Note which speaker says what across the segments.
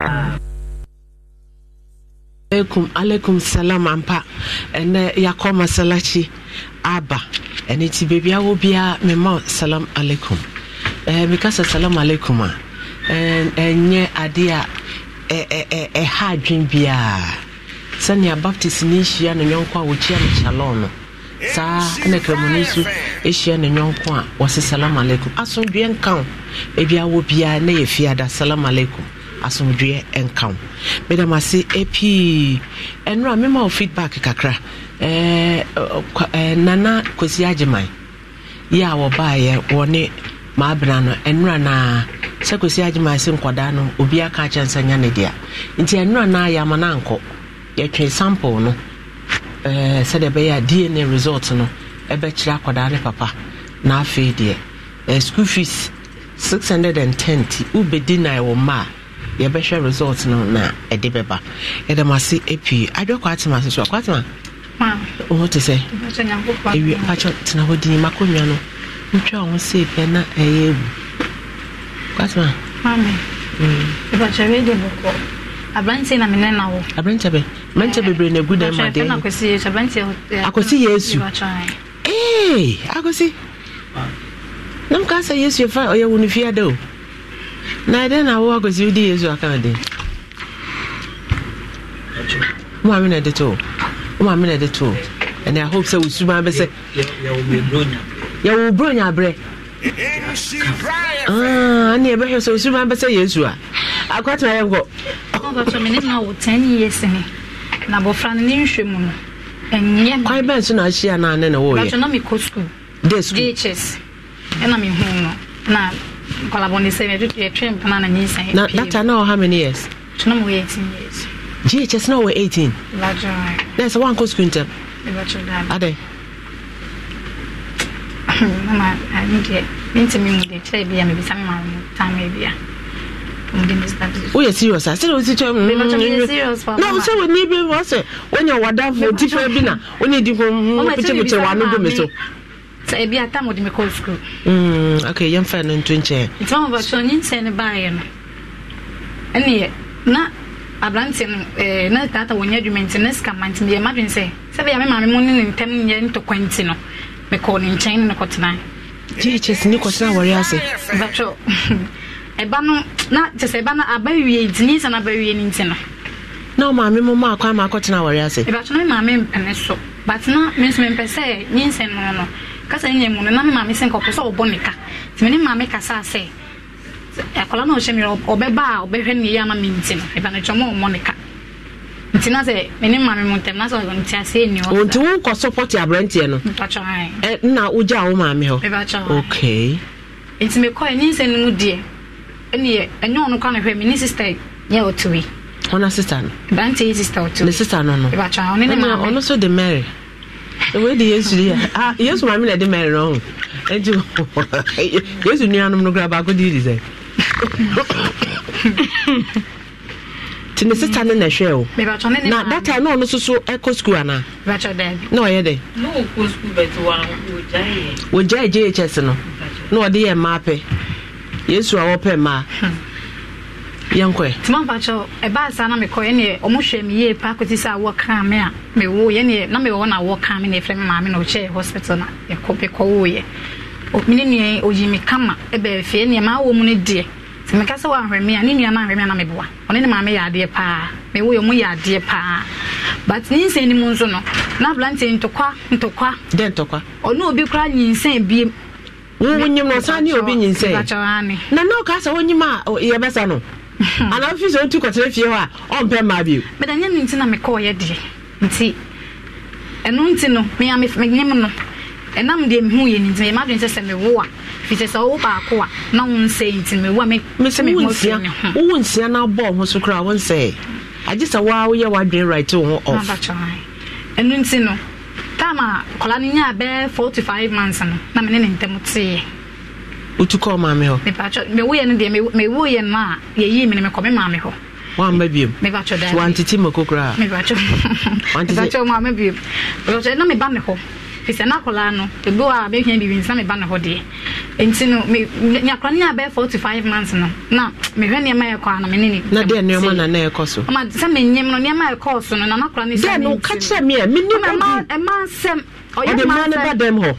Speaker 1: alaikum alaikum salam ampa ɛnɛ yakɔ masalachi aba ɛne ti beebi awo biara mema salam alaikum ɛɛ eh, mikasa salam alaikum a ɛnyɛ eh, adeɛ a ɛɛ eh, ɛha adwin biara sɛnea baptist ni hyia ne nyɔnko a wɔkyia no shalom no saa ɛna kramoni nso ɛhyia ne nyɔnko a wɔse salam alaikum asomdwe nka wo ebi awo biara ne yɛ fiada salam alaikum asomdwoeɛ ɛnka wo medam ase ɛpii eh, ɛnora mema wo feedback kakra eh, eh, nana kosi agyeman yɛ a wɔbaeɛ wɔne maabena no ɛnora naa sɛ kosi agyeman se nkɔdaa no obiaa ka kyɛn sɛ nya ne dea nti ɛnora na yɛ ama no ankɔ yɛtwe sample no sɛdeɛ ɛbɛyɛ a dna result no ɛbɛkyerɛ akɔdaa ne papa na afei deɛ school fees 610 ti wobɛdi na ɛwɔ mmaa yɛbɛhwɛ result no na ɛde bɛba yɛde mo ase pii adwɛ kɔ atema ase so akɔatema wo ho te sɛ ɛwi pakyɛ tena hɔ din makɔnnwa no wotwa wo ho sei pɛ na ɛyɛ awu kɔatema
Speaker 2: aberanteɛ na mene na wo
Speaker 1: aberanteɛ bɛ mmeranteɛ bebree na ɛgu dan mu
Speaker 2: adeɛ akɔsi yesu
Speaker 1: ee akɔsi na mka sɛ yesu yɛfa ɔyɛ wo no fiada o na ɛdɛn na wo akɔsi wodi yesu aka ụmụ moame ah, na ɛde too womaame na ɛde too ɛne ahope sɛ wo suma bɛ sɛ yɛwo borɔ nyaberɛ ne yɛbɛhwɛ sɛ osuma ya sɛ yesu a akwatena na bɛn so na ahyia no ane na na
Speaker 2: school school no na na that time
Speaker 1: now how many years
Speaker 2: to no 18 years
Speaker 1: GHS now we 18 larger that's one course quintal ade
Speaker 2: mama i need it minti mi mu de try bia me bisa me ma time bia
Speaker 1: woyɛ serious a sɛde wosi kyɛ na wo sɛ wani bi wɔ sɛ wonya wadafo tifa bi na wone di ho pekyepekyere wano gu me so
Speaker 2: ebi ata mo de mi kɔ sukuu.
Speaker 1: Mm, ok yɛn fɛ no nto nkyɛn.
Speaker 2: nti wɔn bɔ sɔn nyi ne ban yɛ no ɛni yɛ na aberanteɛ no ɛɛ eh, na taata wɔn nyɛ adwuma nti ne sika ma nti yɛ ma dwen sɛ sɛbi yɛ mi maame mu ne ne ntɛm nyɛ ntɔkwa nti no mi kɔ ne nkyɛn ne ne kɔ tena.
Speaker 1: ghs ne kɔ tena wɔre ase.
Speaker 2: bàtɔ ɛba no na kyesɛ ɛba no aba wie nti ne nsa na aba wie ne nti no.
Speaker 1: na maame mu maa kwan maa kɔ tena wɔre ase.
Speaker 2: bàtɔ ne maame mpene so bàtena mi nso mi mpɛ sɛ nyi nsɛn no no. kasa nyɛ mu no na me maame sɛ nkɔkɔ sɛ ɔbɔ ne ka nti me ma maame kasa sɛ akwadaa na ɔhyɛ mi ɔbɛba a ɔbɛhwɛ ne yɛ ama mi nti no ɛbanatwa mu ɔmmɔ ne ka nti na sɛ me ne maame mu ntɛm na sɛ ɔyɛ nti ase ni ɔsa nti
Speaker 1: wo nkɔ sɔpɔti aberanteɛ no
Speaker 2: mpatwa
Speaker 1: na wogya wo maame hɔ mpatwa hàn okay
Speaker 2: nti mi kɔ ɛni nsɛm no mu deɛ ɛni yɛ ɛnyɛ ɔno kwan hwɛ mi ne sista yɛ ɔtɔ yi ɔna sista no aberanteɛ yi sista ɔtɔ yi ne sista no no mpatwa hàn ɔne ne maame ɔno so de
Speaker 1: wei de yesu yi a ah, yesu maame na ɛde mɛri no ho nti yesu nuanom no kora baako de yi sɛ nti ne sista ne na ɛhwɛ o na that time na ɔno nso so ɛkɔ sukuu ana
Speaker 2: na ɔyɛ
Speaker 1: dɛ wɔgyae jhs no na ɔde yɛ mmaa pɛ yesu a wɔpɛ mmaa hmm. yɛnkɔɛ
Speaker 2: tima mpa ɛbaa saa na mekɔ ɛneɛ ɔmo me yie pa kɔsi sɛ a mewo yɛneɛ na mewɔ na me na ɛfrɛ me na hospital na kama ɛbɛɛ fie ɛneɛ mu no deɛ sɛ meka sɛ me a ne nua no na meboa ɔne ne maame paa paa but ne nso no na aberante ntɔkwa ntokwa. dɛ ntokwa. ɔne obi nyinsɛn biem no ne na na ɔka sɛ wonyim a yɛbɛsa no
Speaker 1: anaa fi otu wotu kɔtena fie hɔ a ɔmpɛ mmaa bio
Speaker 2: bɛda nyɛ no nti na mekɔɔyɛ deɛ nti ɛno nti no mea menyem no ɛnam deɛ mehu yɛ no nti mɛma adwene sɛ sɛ mewo a firi sɛ wowo baako a na wo nsɛe nti mewo a mesɛ mehoafiri ne ho wowo
Speaker 1: nsia na abɔɔ ho so koraa wo nsɛe agye sɛ woa woyɛ w'adwene right wo ho off
Speaker 2: nti no a kɔla no nyaa bɛɛ 45 months no na mene ne ntɛm teeɛ
Speaker 1: wotu kɔ maame hɔ
Speaker 2: mewuyɛ no deɛ mewuyɛ no a yɛyii me no mekɔ me maame hɔ wamma biom wantete
Speaker 1: mako koraa na
Speaker 2: meba ne hɔ firi sɛ na akwadaa no ebi a bɛhia biribi nsa meba ne hɔ deɛ nti no me nyakora ne abɛɛ forty five months no na mehwɛ nneɛma yɛ kɔ ana mene ne
Speaker 1: na deɛ nneɛma na na ɛkɔ so
Speaker 2: ɔma sɛ menyim no nneɛma ɛkɔɔ so no na nakora ne sɛ deɛ no ka kyerɛ me a menim ɛma nsɛm ɔyɛ ma nsɛm ɔde ma ne ba dɛm hɔ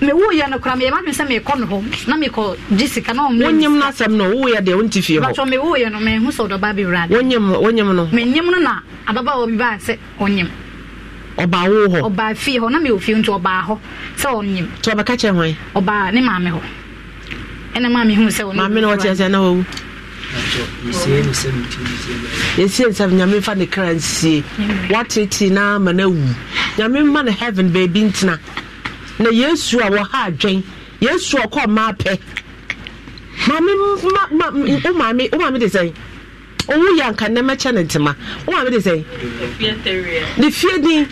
Speaker 2: me wo no kora me yɛma sɛ mekɔ me hɔ na mekɔ gye sika na wonyim
Speaker 1: no asɛm no wowoyɛ deɛ wonti fie hɔ
Speaker 2: me no mehu sɛ wodɔba bewurade no menyim no na ababaawa bi baa sɛ ɔnyim ɔbaa wo hɔ ɔbaa fie hɔ na mewɔ fie nti ɔbaa hɔ sɛ ɔnyim nti ɔbɛka kyerɛ hwan ɔbaa ne maame hɔ ɛna maame hu sɛ maame no wɔkyerɛ sɛ na wɔwu
Speaker 1: yɛsie nsɛm nyame fa ne kra nsie woatete na ama no awu nyame mma no heaven baabi ntena na yesu a wɔha adwɛn yesu a ɔkɔ ɔmaa pɛ maame ma ma o maame o maame de sɛn owó yɛ anka nnɛma kyɛ ne ntoma o maame de sɛn ne fie din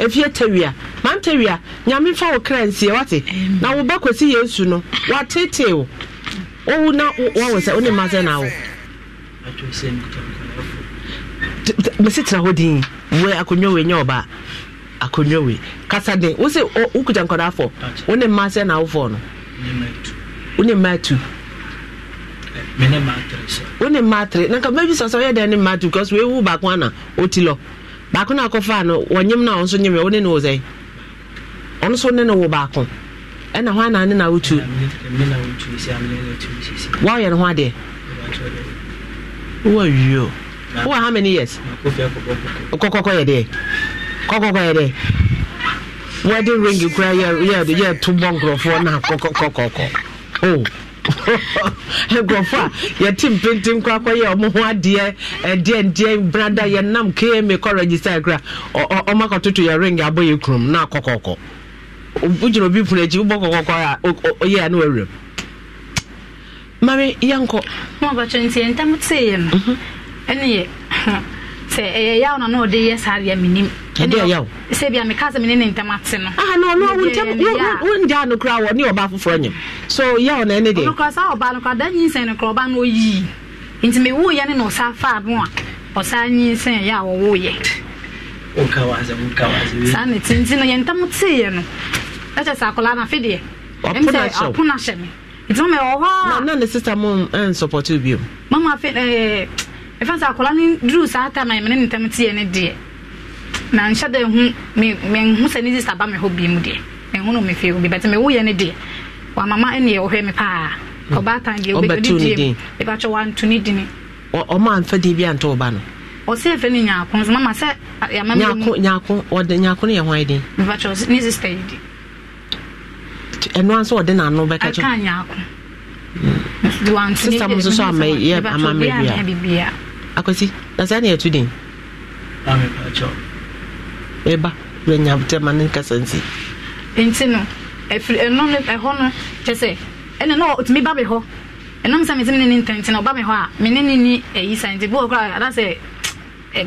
Speaker 1: efie tawia maame tawia nyame fa wo kra nsie wate na wo ba kɔsi yesu no watete o na wawo sɛ o ne ma sɛ na awo mesi tena hɔ din wo akonnwa wo nyɛ ɔbaa. akonnwa wei kasa den wo sɛ wokuta nkɔdaa wo ne mma sɛ na wofoɔ no wo ne mma atu wo ne mma atere na nka mɛbi sɛ sɛ woyɛ dɛn ne mma atu baako ana ɔti lɔ baako no akɔfaa no wɔnyem no a ɔno nyemɛ wo ne ne wo sɛ ɔno nso ne ne wo baako ɛna hɔ anaa ne na wotu woayɛ no ho adeɛ wowɔ o wowɔ how many years yɛ kɔkɔkɔyɛ dɛ wɔde ringi kura yɛto bɔ nkurɔfoɔ na akɔkɔkɔkɔ ah, o nkurɔfoɔ a yɛte mpenten kɔ ɔmo ho adeɛ ɛdeɛ ndeɛ brada yɛnam kma kɔ register kura ɔmo akɔtoto yɛ eh, ringi abɔ yɛ kurom na akɔkɔkɔ wogyina obi pono akyi wobɔ kɔkɔkɔ a ɔyɛ a ne wawerɛm
Speaker 2: mame yɛnkɔ ma ɔbɛtwe nti yɛntam teeɛ no ɛne sɛ ɛyɛ yaw na na ɔde yɛ saa deɛ menim sɛ meka sɛ mene ne ntɛm ate no ah wɔ
Speaker 1: ne ɔba foforɔ nyɛ so yaw na ɛne deɛ
Speaker 2: saa ɔba no da nyinsɛn no kura ɔba no oyi nti me yɛ ne na ɔsa fa no a ɔsa nyinsɛn yɛ a wɔwo yɛ saa ne tinti no yɛ ntɛm teeɛ no ɛkyɛ sɛ akɔla na afei deɛ
Speaker 1: ɔpona hyɛ me nti mama a na ne sista mo eh, nsɔpɔte bio
Speaker 2: mama afei ɛɛ eh, ɛfa sɛ akwadaa no duru saa a ne ntam teɛ deɛ na nhyɛ dɛ hu menhu sɛ ne sista ba me hɔ bi mu deɛ menhu no mefie obi bɛte mewoyɛ ne deɛ wamama ɛneɛ wɔhwɛ me paa ɔbaatan deɛ wanto ne dini
Speaker 1: ɔma bi anto no ne
Speaker 2: nyaako mama sɛ no yɛ ne sista yi di
Speaker 1: ɔde n'ano bɛka
Speaker 2: nyaako sista nso so akwasi
Speaker 1: na saa ne ɛto den ɛba yɛnya tɛma ne kasa nsi
Speaker 2: e nti no ɛfiri e ɛno e no ɛhɔ no kyɛ sɛ ɛne na ɔtumi ba me hɔ ɛnam sɛ mesɛ mene ne ntɛnti na ɔba me hɔ a mene ne ni ayi saa nti bɛwɔ koraa ada sɛ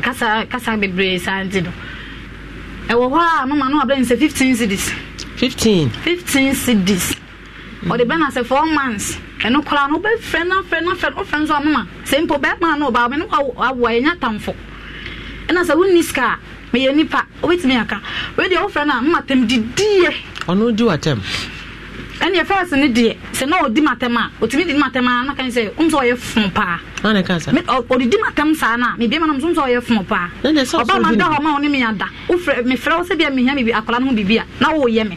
Speaker 2: kasa kasa bebree saa nti no ɛwɔ hɔ a mama no abrɛ ne sɛ fifteen cities fifteen fifteen cities ɔde bɛ na sɛ 4 months ɛno koraa no wobɛfrɛ no afrɛ no afrɛ no wofrɛ no sɛ ɔmoma sɛ mpo bɛɛma no ɔbaa me no awoa ɛnya tamfo ɛna sɛ wonni sika a meyɛ nipa wobɛtumi aka wei deɛ wofrɛ no a mamatɛm didiɛ
Speaker 1: ɔno di watɛm
Speaker 2: ɛne ɛfɛs no deɛ sɛ na ɔdi matɛm a ɔtumi di matɛm a na kan sɛ wom sɛ ɔyɛ fo paa
Speaker 1: ɔdedi
Speaker 2: matɛm saa no a mebiama nom so wom ɔyɛ fo paa ɔba mada hɔ ma wo ne meada mefrɛ wo sɛ bia mehia akɔla no ho biribi a na woyɛ me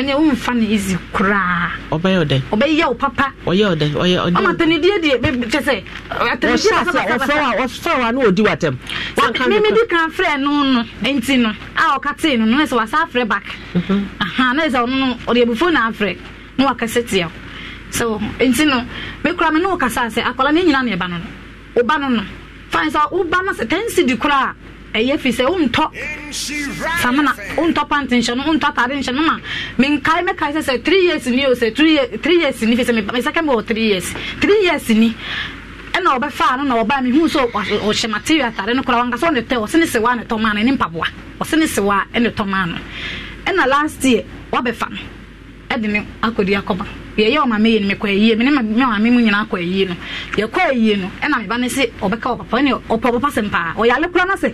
Speaker 2: ɛnyɛ womfa ne easy koraa ɔbɛyɛ wo dɛn ɔbɛyɛ wo papa
Speaker 1: ɔyɛ wo dɛn ɔyɛ ɔdi ɔma
Speaker 2: tanidiɛ deɛ kyɛ sɛ atanidiɛ asabasaba
Speaker 1: wɔfrɛ wa ne ɔdi watam memedi
Speaker 2: kan frɛ no no ɛnti no a ɔka tee no no ne sɛ wasa afrɛ back mhm. aha na ɛsɛ ɔno no ɔde abufo na afrɛ na wakasɛ tia wo so ɛnti no mekora me ne wo kasa sɛ akwala ne nyina ne ɛba no no woba no no fine sɛ woba no sɛ tansi di koraa ɛyɛ fi sɛ wontɔ samana wontɔ pante nhyɛ no wontɔ atade nhyɛ no ma menkae mɛkae sɛ sɛ three years ni o sɛ three years ni fi sɛ mesɛkɛ mɛ wɔ three years three years ni ɛna e ɔbɛfaa no na ɔbaa mehu sɛ ɔhyɛ material atade no kora wankasɛ ɔne tɛ ɔse ne sewa ne tɔmaa no ɛne mpaboa ɔse ne sewa ɛne tɔmaa no ɛna last year wabɛfa no ɛde ne akɔdi akɔba yɛyɛ ɔma meyɛ no mekɔ ayie me ne mame mu nyinaa kɔ ayie no yɛkɔ ayie no ɛna e meba ne se ɔbɛka ɔpapa ne ɔpɛ ɔpapa sɛm paa ɔyɛ ale kora no sɛ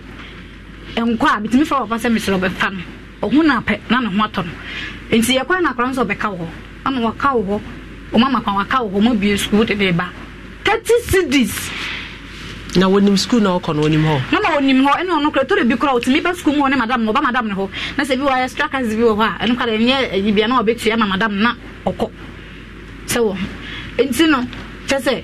Speaker 2: nkɔ a metumi fa wɔpa sɛ mesrɛ ɔbɛfa no ɔho no apɛ na ne ho atɔ no nti yɛkwan no akora no ɔbɛka wo hɔ ama waka wo hɔ ɔma ma kwan waka wo hɔ ma bie sukuu de de ba thirty cds
Speaker 1: na wɔnim sukuu na ɔkɔ no wɔnim hɔ
Speaker 2: na ma wɔnim hɔ ɛne ɔno kora tɔre bi kora ɔtumi ba sukuu mu madam no ɔba madam ne hɔ na sɛ bi wɔ ayɛ strakas bi wɔ hɔ a ɛno kora ɛnyɛ ayi bia na ɔbɛtua ama madam na ɔkɔ sɛ wɔ nti no kyɛ sɛ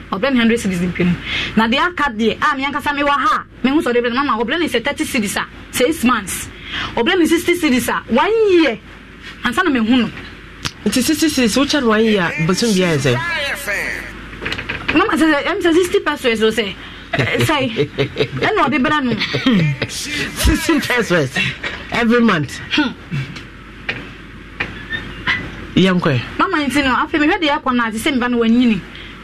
Speaker 2: ɔbrɛ mi hundred series mpem na deɛ aka deɛ a ah, mi ankasa mi wɔ ha mi ho sɔ de brɛ mama ɔbrɛ mi sɛ thirty series a ah, six months ɔbrɛ mi sixty series a ah, one year ansa na mi hu no. nti sixty series wokyɛ no one year bosom bi ayɛ sɛ. mama sɛ ɛmi sɛ sixty pesos o sɛ sɛi ɛna ɔde brɛ no.
Speaker 1: sixty pesos every
Speaker 2: month. Hmm. yɛnkɔɛ. mama nti no afei mi hwɛ deɛ akɔ na ati sɛ mi ba no wɔn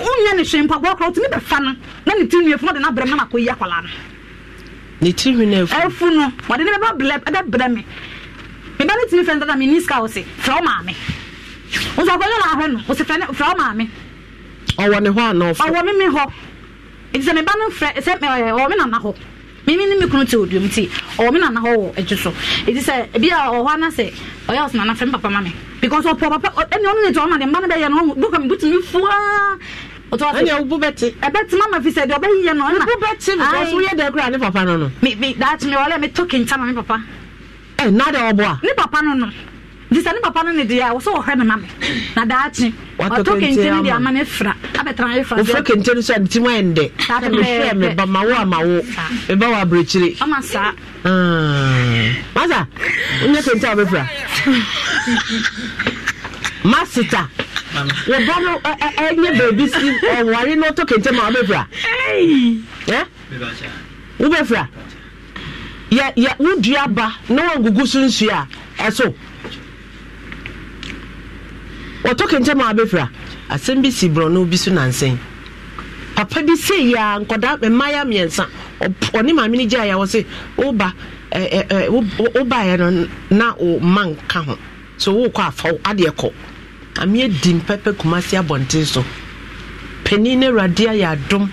Speaker 2: wonya ne hwee mpaboa kora wotumi bɛfa no na ne tiri nnuafu ɔde no abrɛ na makɔyi akwala no ne tiri hwi no afu no wɔde ne bɛba bɛbrɛ me meba ne tumi fɛ no tata menni wo se frɛ wo maame akɔnyɛ no ahwɛ no wo frɛ wo maame ɔwɔ ne hɔ ana ɔfrɛ ɔwɔ me hɔ ɛti sɛ meba no frɛ sɛ ɔwɔ me nana hɔ mimi ne me kunu te oduom ti ɔwɔ nana hɔ wɔ adwo so sɛ ebi a ɔwɔ ana sɛ ɔyɛ papa ma because ɔpɔ papa ɔno ne ɔma de mba no fuaa ɛnna ɛwubu bɛ Ebe mama fi sɛ ɛdi ɔbɛ yiyɛ nɔ ɛna. ɛwubu bɛ ti because wuyɛ kura ne papa nono. mi mi daati mi mi to mi papa. ɛ e, n'a de ɔbɔ a. ne papa nono disa ne papa nono di wɔhɛ ne ma mi na ɔtɔ kente ama ne fira fira. bɛɛ
Speaker 1: bɛɛ a ba wa ɔma sa. masa n kente bɛ yɛba no e, e, e, baabi si ɔware na ɔtɔ kente ma wobɛfra wobɛfra wodua ba na wangugu so a ɛso wobɛfra asɛm bi si borɔno bi so nansɛn papa bi nkɔda mmiɛnsa ɔne maame se no na nka ho so adeɛ kɔ ame adi mpɛpɛ kumase abɔnten so panin no awurade ayɛ adom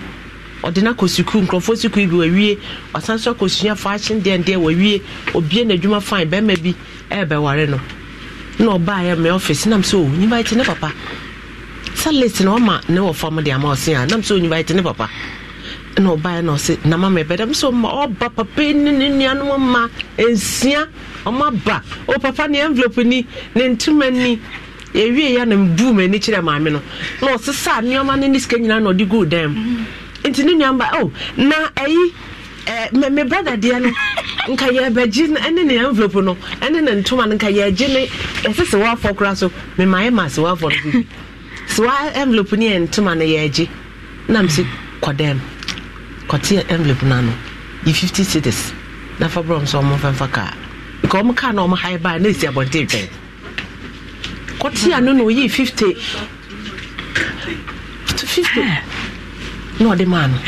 Speaker 1: ɔde no akɔ sukuu nkurɔfoɔ sukuu bi wawie ɔsan so akɔsua fashion deɛndeɛ wawie obie n'adwuma fine bɛrima bi ɛrebɛware no na ɔbaeɛ mɛ office nam sɛ o oh, nyima ɛte ne papa sɛ list na ɔma ne wɔ fam de ama ɔse a nam sɛ o nyima ɛte ne papa na ɔbaeɛ na ɔse nama mɛ bɛdɛm sɛ ɔma ɔba papa ne ne nuanom ma nsia ɔma ba o papa ne envelope ni ne ntoma ni ewie ya na mbu m'ani kyerɛ maame no na ɔsesa nneɛma ne ne sika nyinaa na ɔde gu dan mu nti ne nneɛma oh na ɛyi ɛɛ mɛ mɛ brada deɛ no nka yɛ bɛgye no ɛne ne envelope no ɛne ne ntoma no nka yɛ gye ne ɛsɛ sewa afɔ kora so mɛ maa yɛ maa no sewa envelope ne yɛ ntoma no yɛ gye na m kɔ dan mu kɔte envelope n'ano yi fifty cities na fa brɔ m sɛ ɔmo fɛn fa kaa nka ɔmo kaa na ɔmo ha yɛ na esi abɔnten twɛn kɔte ano na oyii fifty fifty na ɔde maa no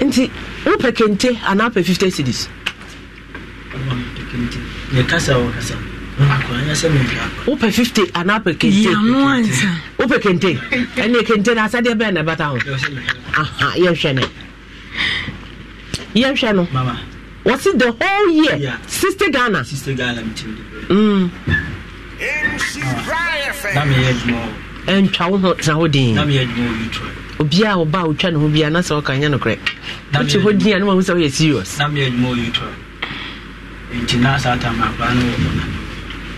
Speaker 1: nti wopɛ kente anaa pɛ fifty cities. wopɛ 50 anaa pɛ kente wopɛ kente ɛne kente no asadeɛ bɛɛ na ɛbɛta ho yɛhwɛ no yɛhwɛ no it the whole year yeah. sixty ghana. Sister ghana mi kyerɛ Mm. wo ho tena a ɔba otwa ne ho biara na sɛ ɔka nyɛ no korɛ.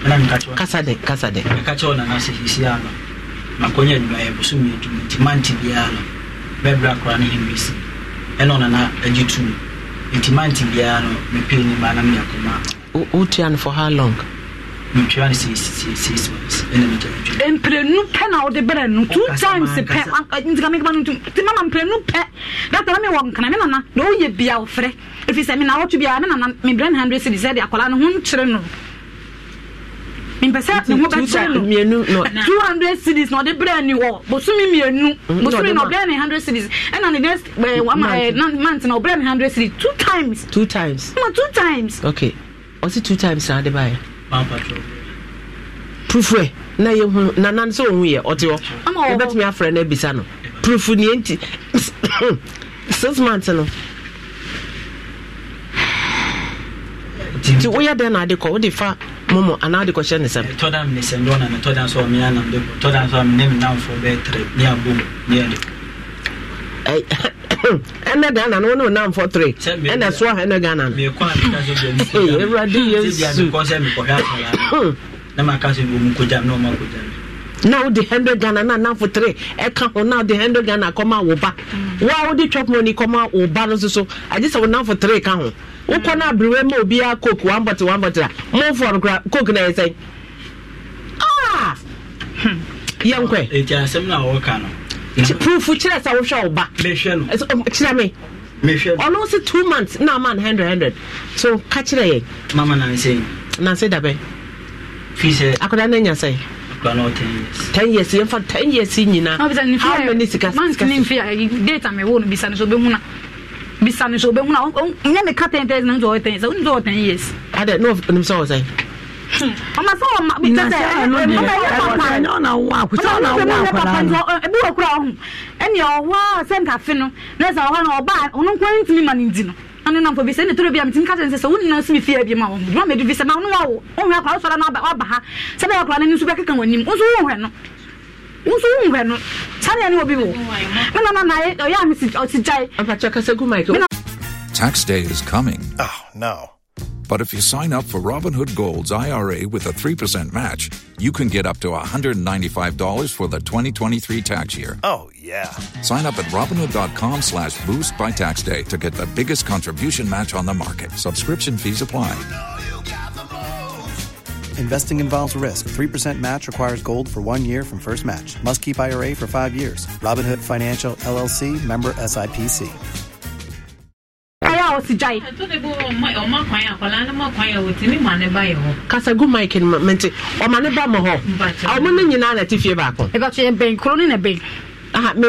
Speaker 3: no hɔ kasa sɛ nti mante biara no mepɛ anim ana me akoma
Speaker 1: wotua no for how long mprɛnu
Speaker 2: pɛ na wode berɛ no two times pɛ mprɛnu pɛ data mewɔ nkana me nana na woyɛ bia wo frɛ ɛfiri sɛ menawɔtwe biara me nana mebrɛ ne hundred cedi sɛ de akɔla no ho nkyere no mpɛsɛ ne ho bɛkyɛ no two hundred cities na ɔde brɛ ni wɔ bosome mmienu mm, bosome na ɔbrɛ ne hundred cities ɛna ne next eh, eh, month na ɔbrɛ ne hundred cities two times two times ma two times okay
Speaker 1: ɔsi two times na ade baayɛ prufue na yɛ hu na nan sɛ ohun yɛ ɔte hɔ ɛbɛtumi afrɛ na ebisa no proof. ni enti six months no. nti woyɛ dɛn na ade kɔ wode fa momo anaa ade kɔhyɛ ne sɛm tɔda mene sɛm dɛ ɔname tɔda nso ɔme anam de kɔ
Speaker 3: tɔda nso amene me namfoɔ bɛɛ tere ne abom ne ade
Speaker 1: ɛnɛ da na no ne wo namfoɔ tere ɛnɛ soa ha ɛnɛ ghana no awurade yesu
Speaker 3: na maka sɛ ɔmu kɔgyam na ɔma kɔgyam
Speaker 1: na wode hundred ghana na anafo tere ɛka ho na wode hundred ghana kɔma wo ba wo wode twap money kɔma wo ba no nso so agye sɛ wo namfo tere ka ho wokɔ no aberewa ma obiaa coke one bottle one bottle a momfoɔ no kora coke na ɛsɛn yɛnkɔ proof kyerɛ sɛ wohwɛ wo ba kyerɛ me ɔno sɛ two months na ama no hundred hundred so ka kyerɛ yɛn mama nansɛ nansɛ dabɛn akwadaa no anya sɛn ten years yɛmfa ten years nyinaa
Speaker 2: how many sika sika bisa hmm. no so obɛhu na nyɛ meka ten years na nso ɔyɛ ten years nso ɔyɛ ten years. adɛ n'o nim sɛ ɔsɛ. ɔmɔ sɛ ɔma bi tɛ sɛ ɔmɔ yɛ papa ɔmɔ yɛ papa nti ebi wɔ kura ɔho ɛni ɔwɔ sɛntafe no ne sɛ ɔhɔ no ɔbaa ɔno nkɔ ntumi ma ne nti no ɔno nam fo bi sɛ ne toro bi a mi ti nka sɛ sɛ wo nyinaa sumi fie bi ma wɔn mo dwuma du bi sɛ ma ɔno wa wo ɔhun akɔla ɔsɔrɔ na ɔba ha sɛbɛn akɔla ne nso bɛ keka wɔn anim nso wɔn hwɛ no. nso no sani obi wo ɔyɛ oh si
Speaker 1: ɔsi
Speaker 4: Tax day is coming. Oh no. But if you sign up for Robinhood Gold's IRA with a 3% match, you can get up to $195 for the 2023 tax year. Oh, yeah. Sign up at Robinhood.com slash boost by tax day to get the biggest contribution match on the market. Subscription fees apply. You know you
Speaker 5: Investing involves risk. 3% match requires gold for one year from first match. Must keep IRA for five years. Robinhood Financial LLC member SIPC.
Speaker 1: kasagu mike no mente ɔma ne ba mɔ hɔ ɔmo no nyinaa na ne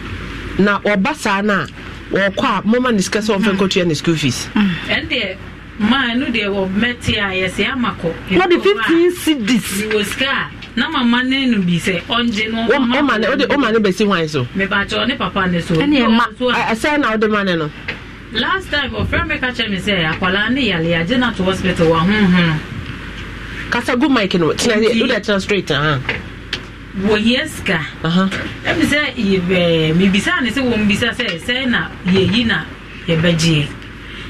Speaker 1: na ɔba saa na a wɔkɔ a moma ne sika sɛ ɔmfa nkɔtua ne school fees
Speaker 2: mm. maa no deɛ wɔ mɛte a yɛsɛ ama kɔ wɔde fifteen cedis wɔ sika a na mama ne no bi sɛ ɔngye no ɔma
Speaker 1: ne o ma ne bɛsi hwan so
Speaker 2: mebakyɛ ɔne papa ne so ɛne ɛma
Speaker 1: ɛsɛn na ɔde ma ne no
Speaker 2: last time ɔfrɛ me ka kyerɛ me sɛ akwadaa ne yale agye na to hospital wɔ ahohoro
Speaker 1: kasa gu mic no tena wode tena
Speaker 2: straight ah uh -huh. wɔ yɛ sika ɛmi sɛ ɛɛ eh, mibisa ne sɛ wɔn bisa sɛ sɛ na yɛyi na yɛbɛgyeɛ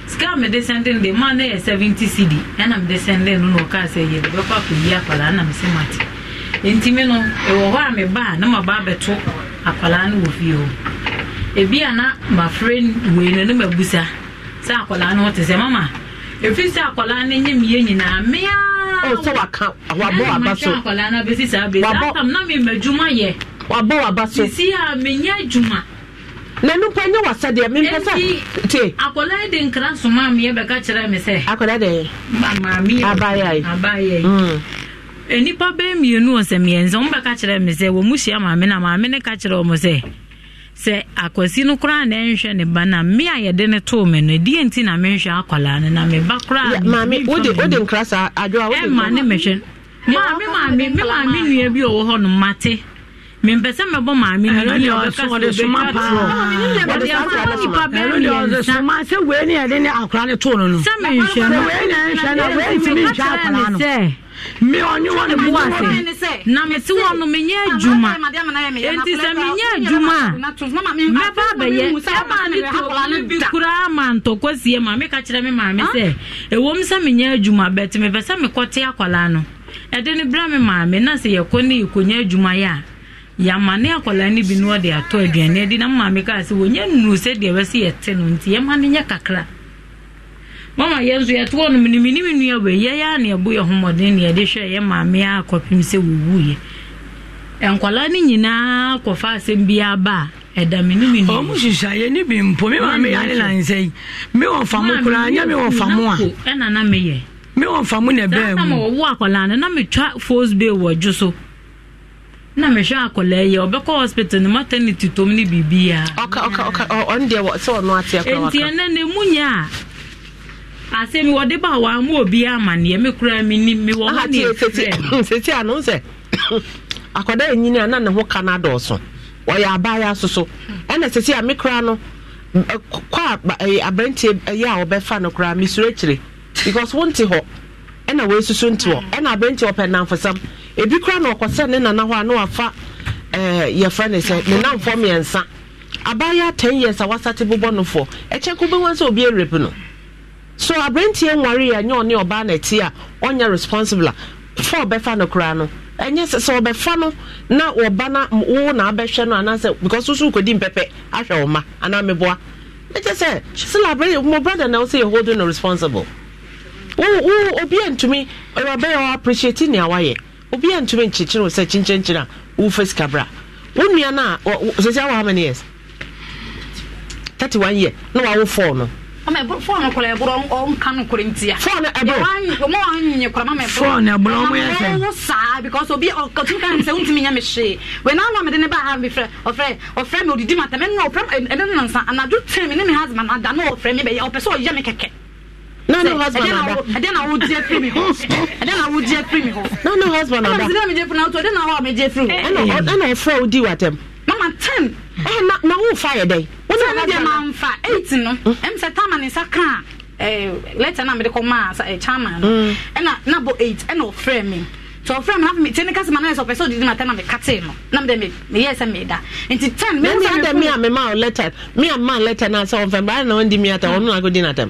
Speaker 2: sika mi de sɛnden de maa ne yɛ seventy cd ɛna mi de sɛnden no na ɔka sɛ yɛ bɛkɔ akɔyi akwadaa ɛna mi sɛ ma te ntumi no ɛwɔ hɔ a mi ba na ma ba abɛto akwadaa no wɔ fie hɔ ebi a na ma fere wei na ne ma busa sɛ akwadaa no te sɛ mama. efiri sɛ akwadaa no nye mie nyinaa mmea. o sɛ
Speaker 1: waka wabɔ waba so ɛna akwadaa no abesi saa bee saa
Speaker 2: na mi ma adwuma yɛ. wabɔ waba so sisi a menya adwuma. na nipa nye wasa deɛ mi mpɛ sɛ te. akwadaa de nkira soma mie bɛka kyerɛ mi sɛ. akwadaa de. maame yɛ abaayewa yi abaayewa yi. Mm. nipa bɛɛ mmienu ɔsɛ mmiɛnsa wɔn bɛka kyerɛ mi sɛ wɔn mu hyia maame na maame ne ka kyerɛ wɔn sɛ. sɛ akwasi no koraa na ɛnhwɛ ne na me a yɛde ne too me no ɛdeɛ nti na menhwɛ akwalaa no na meba koraama ne mehwɛ maame nnua bi ɔwɔ hɔ no mate mempɛ sɛ mɛbɔ maame nnua sɛ menhwɛ
Speaker 6: no sɛ mi ɔnye wɔ ne bo ase
Speaker 2: na mete wɔ no menyɛ adwuma enti sɛ menyɛ adwuma a mɛba abɛyɛ ɛbaa ne toola no bi koraa ma ntɔkwasie ma meka kyerɛ me maame ah? sɛ ɛwom sɛ menyɛ adwuma bɛte mepɛ sɛ mekɔte akwadaa no ɛde ne bra me maame na sɛ yɛkɔ ne yɛkɔnya adwumayɛ a yàmà ní akwadaa ni bi ní ɔde atɔ aduane adi na maame kaa sɛ wɔnyɛ nnuro sɛ deɛ ɛbɛsi yɛte no nti yɛma ne nyɛ kakra. mama yɛn nso yɛtoɔ no yɛyɛ a na ɛbo yɛ ho mmɔden na yɛde hwɛ yɛ maame akɔpem sɛ wɔwuiɛ nkwadaa no nyinaa kɔfa asɛm aba a ɛda me ne me ɔmo hyehyɛ ne na yi
Speaker 6: mi wɔ famu koraa nyɛ mi wɔ a.
Speaker 2: ɛna na na ɛbɛɛ mu. saa na wɔwɔ akwadaa no fos bay wɔ so na mehwɛ akwadaa yi ɔbɛkɔ hospital ne ne biribi a.
Speaker 1: ɔka ɔka ɔka ɔno deɛ sɛ ɔno
Speaker 2: asɛm wɔde ba wa ama obi amanneɛ mi kura mi ni mi wɔ hɔ ne efirɛ. sisi ano sɛ
Speaker 1: akɔda enyini a na ne ho ka na dɔɔso wɔyɛ abaayewa soso ɛna sisi a mi kura no kɔ aberanteɛ ɛyɛ a wɔbɛfa no kura mi soro akyire because wɔn ti hɔ ɛna wɔn esusu nti hɔ ɛna aberanteɛ ɔpɛ nanfosam ebi kura na ɔkɔsɛ ne nana hɔ a na ɛɛ yɛfrɛ ne sɛ ne nanfo mmiɛnsa abaayewa ten years a wasa te bobɔ no fo ɛkyɛ kó wɔn sɛ obi no. so nware yɛ ɔne ɔbaa na a ɔnyɛ responsible a fa ɔbɛfa no koraa no ɛnyɛ sɛ sɛ ɔbɛfa na wɔba na wo na abɛhwɛ no anaasɛ because woso wokɔdi mpɛpɛ ahwɛ wo ma anaa meboa ɛkyɛ sɛ mo brother na wo sɛ yɛ no responsible wo obi a ntumi ɔbɛyɛ ɔ appreciate nea wayɛ obi a ntumi nkyekyere wo sɛ a sika bra wo no a sɛsia wɔ 31 year na wawo 4 no
Speaker 2: mama ɛboro fɔɔn no kɔlɔ ɛboro ɔnka no kɔlɔ ntia. fɔɔn ɛboro mo anyi kɔlɔ mama ɛboro. fɔɔn ɛboro mo yɛ fɛ. ɔmo saa because obi ɔtun ka nsɛ ntumi nya mi hyee wɛ n'anu amadi ne ba ha mi frɛ ɔfrɛ ɔfrɛ mi odidi ma tɛmɛ nna ɔfrɛ ɛdɛ nna nsa anadu tɛn mi ne mi husband ada na ɔfrɛ mi bɛyɛ ɔpɛ sɛ ɔyɛ mi kɛkɛ. na ne husband ada ɛdɛ na awo diɛ firi mi hɔ ɛdɛ na awo diɛ firi mi hɔ. na
Speaker 1: ne husband ada ɛdɛ na mi
Speaker 2: diɛ firi mi hɔ ɛdɛ na awo mi diɛ firi mi hɔ. ɛna
Speaker 1: ɛfrɛ odi wa tɛm.
Speaker 2: mama ten. ɛ eh, na na o fa yɛ dɛ sɛ ne deɛ mamfa eight no ɛm sɛ tama ne nsa ka a eh, letter na mede kɔmaa eh, chairman, no mm. ɛna nabɔ eight ɛna ɔfrɛ me tɔ ɔfrɛ mi nafe mi tiɛ ne kasa ma na yɛ sɛ ɔpɛ sɛ ma tɛ na mi kate no na mi dɛ mi mi yɛ sɛ mi da nti ten. mi n sɛ de mi a mi
Speaker 1: ma letter mi a ma letter na sɛ ɔfɛn ba na ɔn di mi ata ɔno na ko di na tɛm.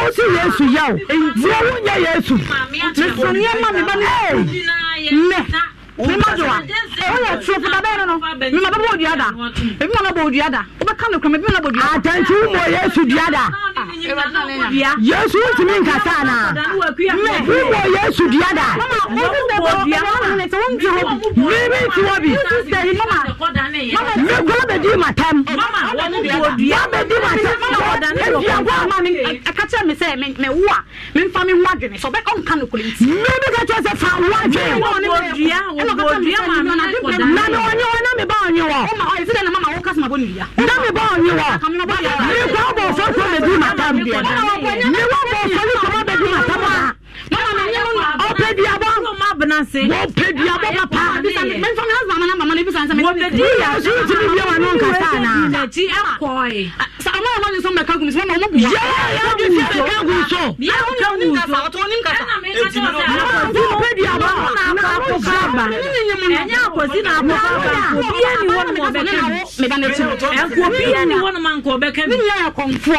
Speaker 2: wo si yesu yaw nti nye yesu
Speaker 4: mesu nneɛma mi ba ne ɛ nɛ mímọ jù wa ó yẹ tiẹ ti bàbá yẹn nínú mímọ bàbá wò duada
Speaker 2: ebi mọ bàbá wò duada ó bẹ ká lóko mi ebi mọ bàbá wò duada. àtẹ̀ntì mọ yéésù duada yéésù tì mí nkà sáà nà mẹ mọ yéésù duada. mímí ti wọ bi mi kọ́ bẹ di ma tẹ́m wà bẹ di ma tẹ́m ebi àgọ́ àmà mi akatsẹ́ mi sẹ́ mi wù a mi nfa mi wù adùn mi sọ bẹ́ẹ̀ ọ̀ nkà lóko mi. mímí kẹ́kẹ́ sẹ́ fa wù adùn bodua maame na kɔda na mi wɔnyi wɔ na mi ba wɔnyi wɔ. o ma ɔ yɛ sida na ma ma o kasi ma bɔ nin ya. na mi ba wɔnyi wɔ mi kɔ bɔ fɛn fɛn bɛ di ma ta mi. mi wɔ bɔ fɛn fɛn bɛ di ma ta ma ọpẹ di abọ wọpẹ di abọ papa wọyà sùn ti di bíyà wà nù nkàtà nà. sàmà wọn ni sọmọ ẹka gùn sọmọ ọmọ bùyà. yẹ ẹ di fi ẹka gùn sọ. yẹ ẹ di fi ẹka gùn sọ. eti mi lọ. ọpẹ di abọ na akọ bàbà. ẹnyẹ akọsi na akọ bàbà. bíyẹn ni wọn mọ bẹkẹ mi. ẹnkọ bíyẹn ni wọn mọ nkọ bẹkẹ mi. mi yẹ ẹkọ nfọ.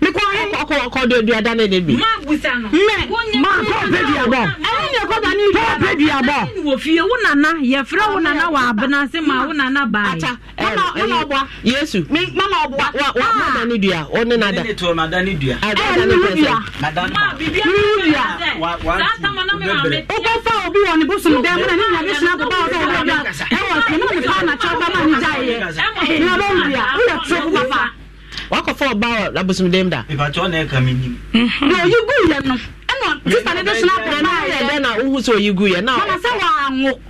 Speaker 2: mekɔ ɔkɔduada ne de bi mɛ ma kɔ pɛ duabɔ ɛne ne ɛkɔba ne kɔ pɛ duabɔ wɔ fie wo nana yɛfrɛ wo nana wɔ abena se ma wo nana
Speaker 6: baayɛ yesu mama ɔboa mada ne dua ɔne nada
Speaker 2: wobɛfa obi wɔ ne bosom dɛ mona ne nyame sena boba wo sɛ wobɛdua ɛwɔ mena mefa nakyɛ ba ma ne gyaeɛ ne ɔbɛwudua woyɛ toro wobafa
Speaker 1: wakɔfa ɔba abosomdam da mm-hmm. na ɔyi guyɛ no ɛna sista
Speaker 2: ne de sona berɛ no dɛ
Speaker 6: na
Speaker 1: wohu sɛ ɔyi guyɛ na sɛ wɔanwo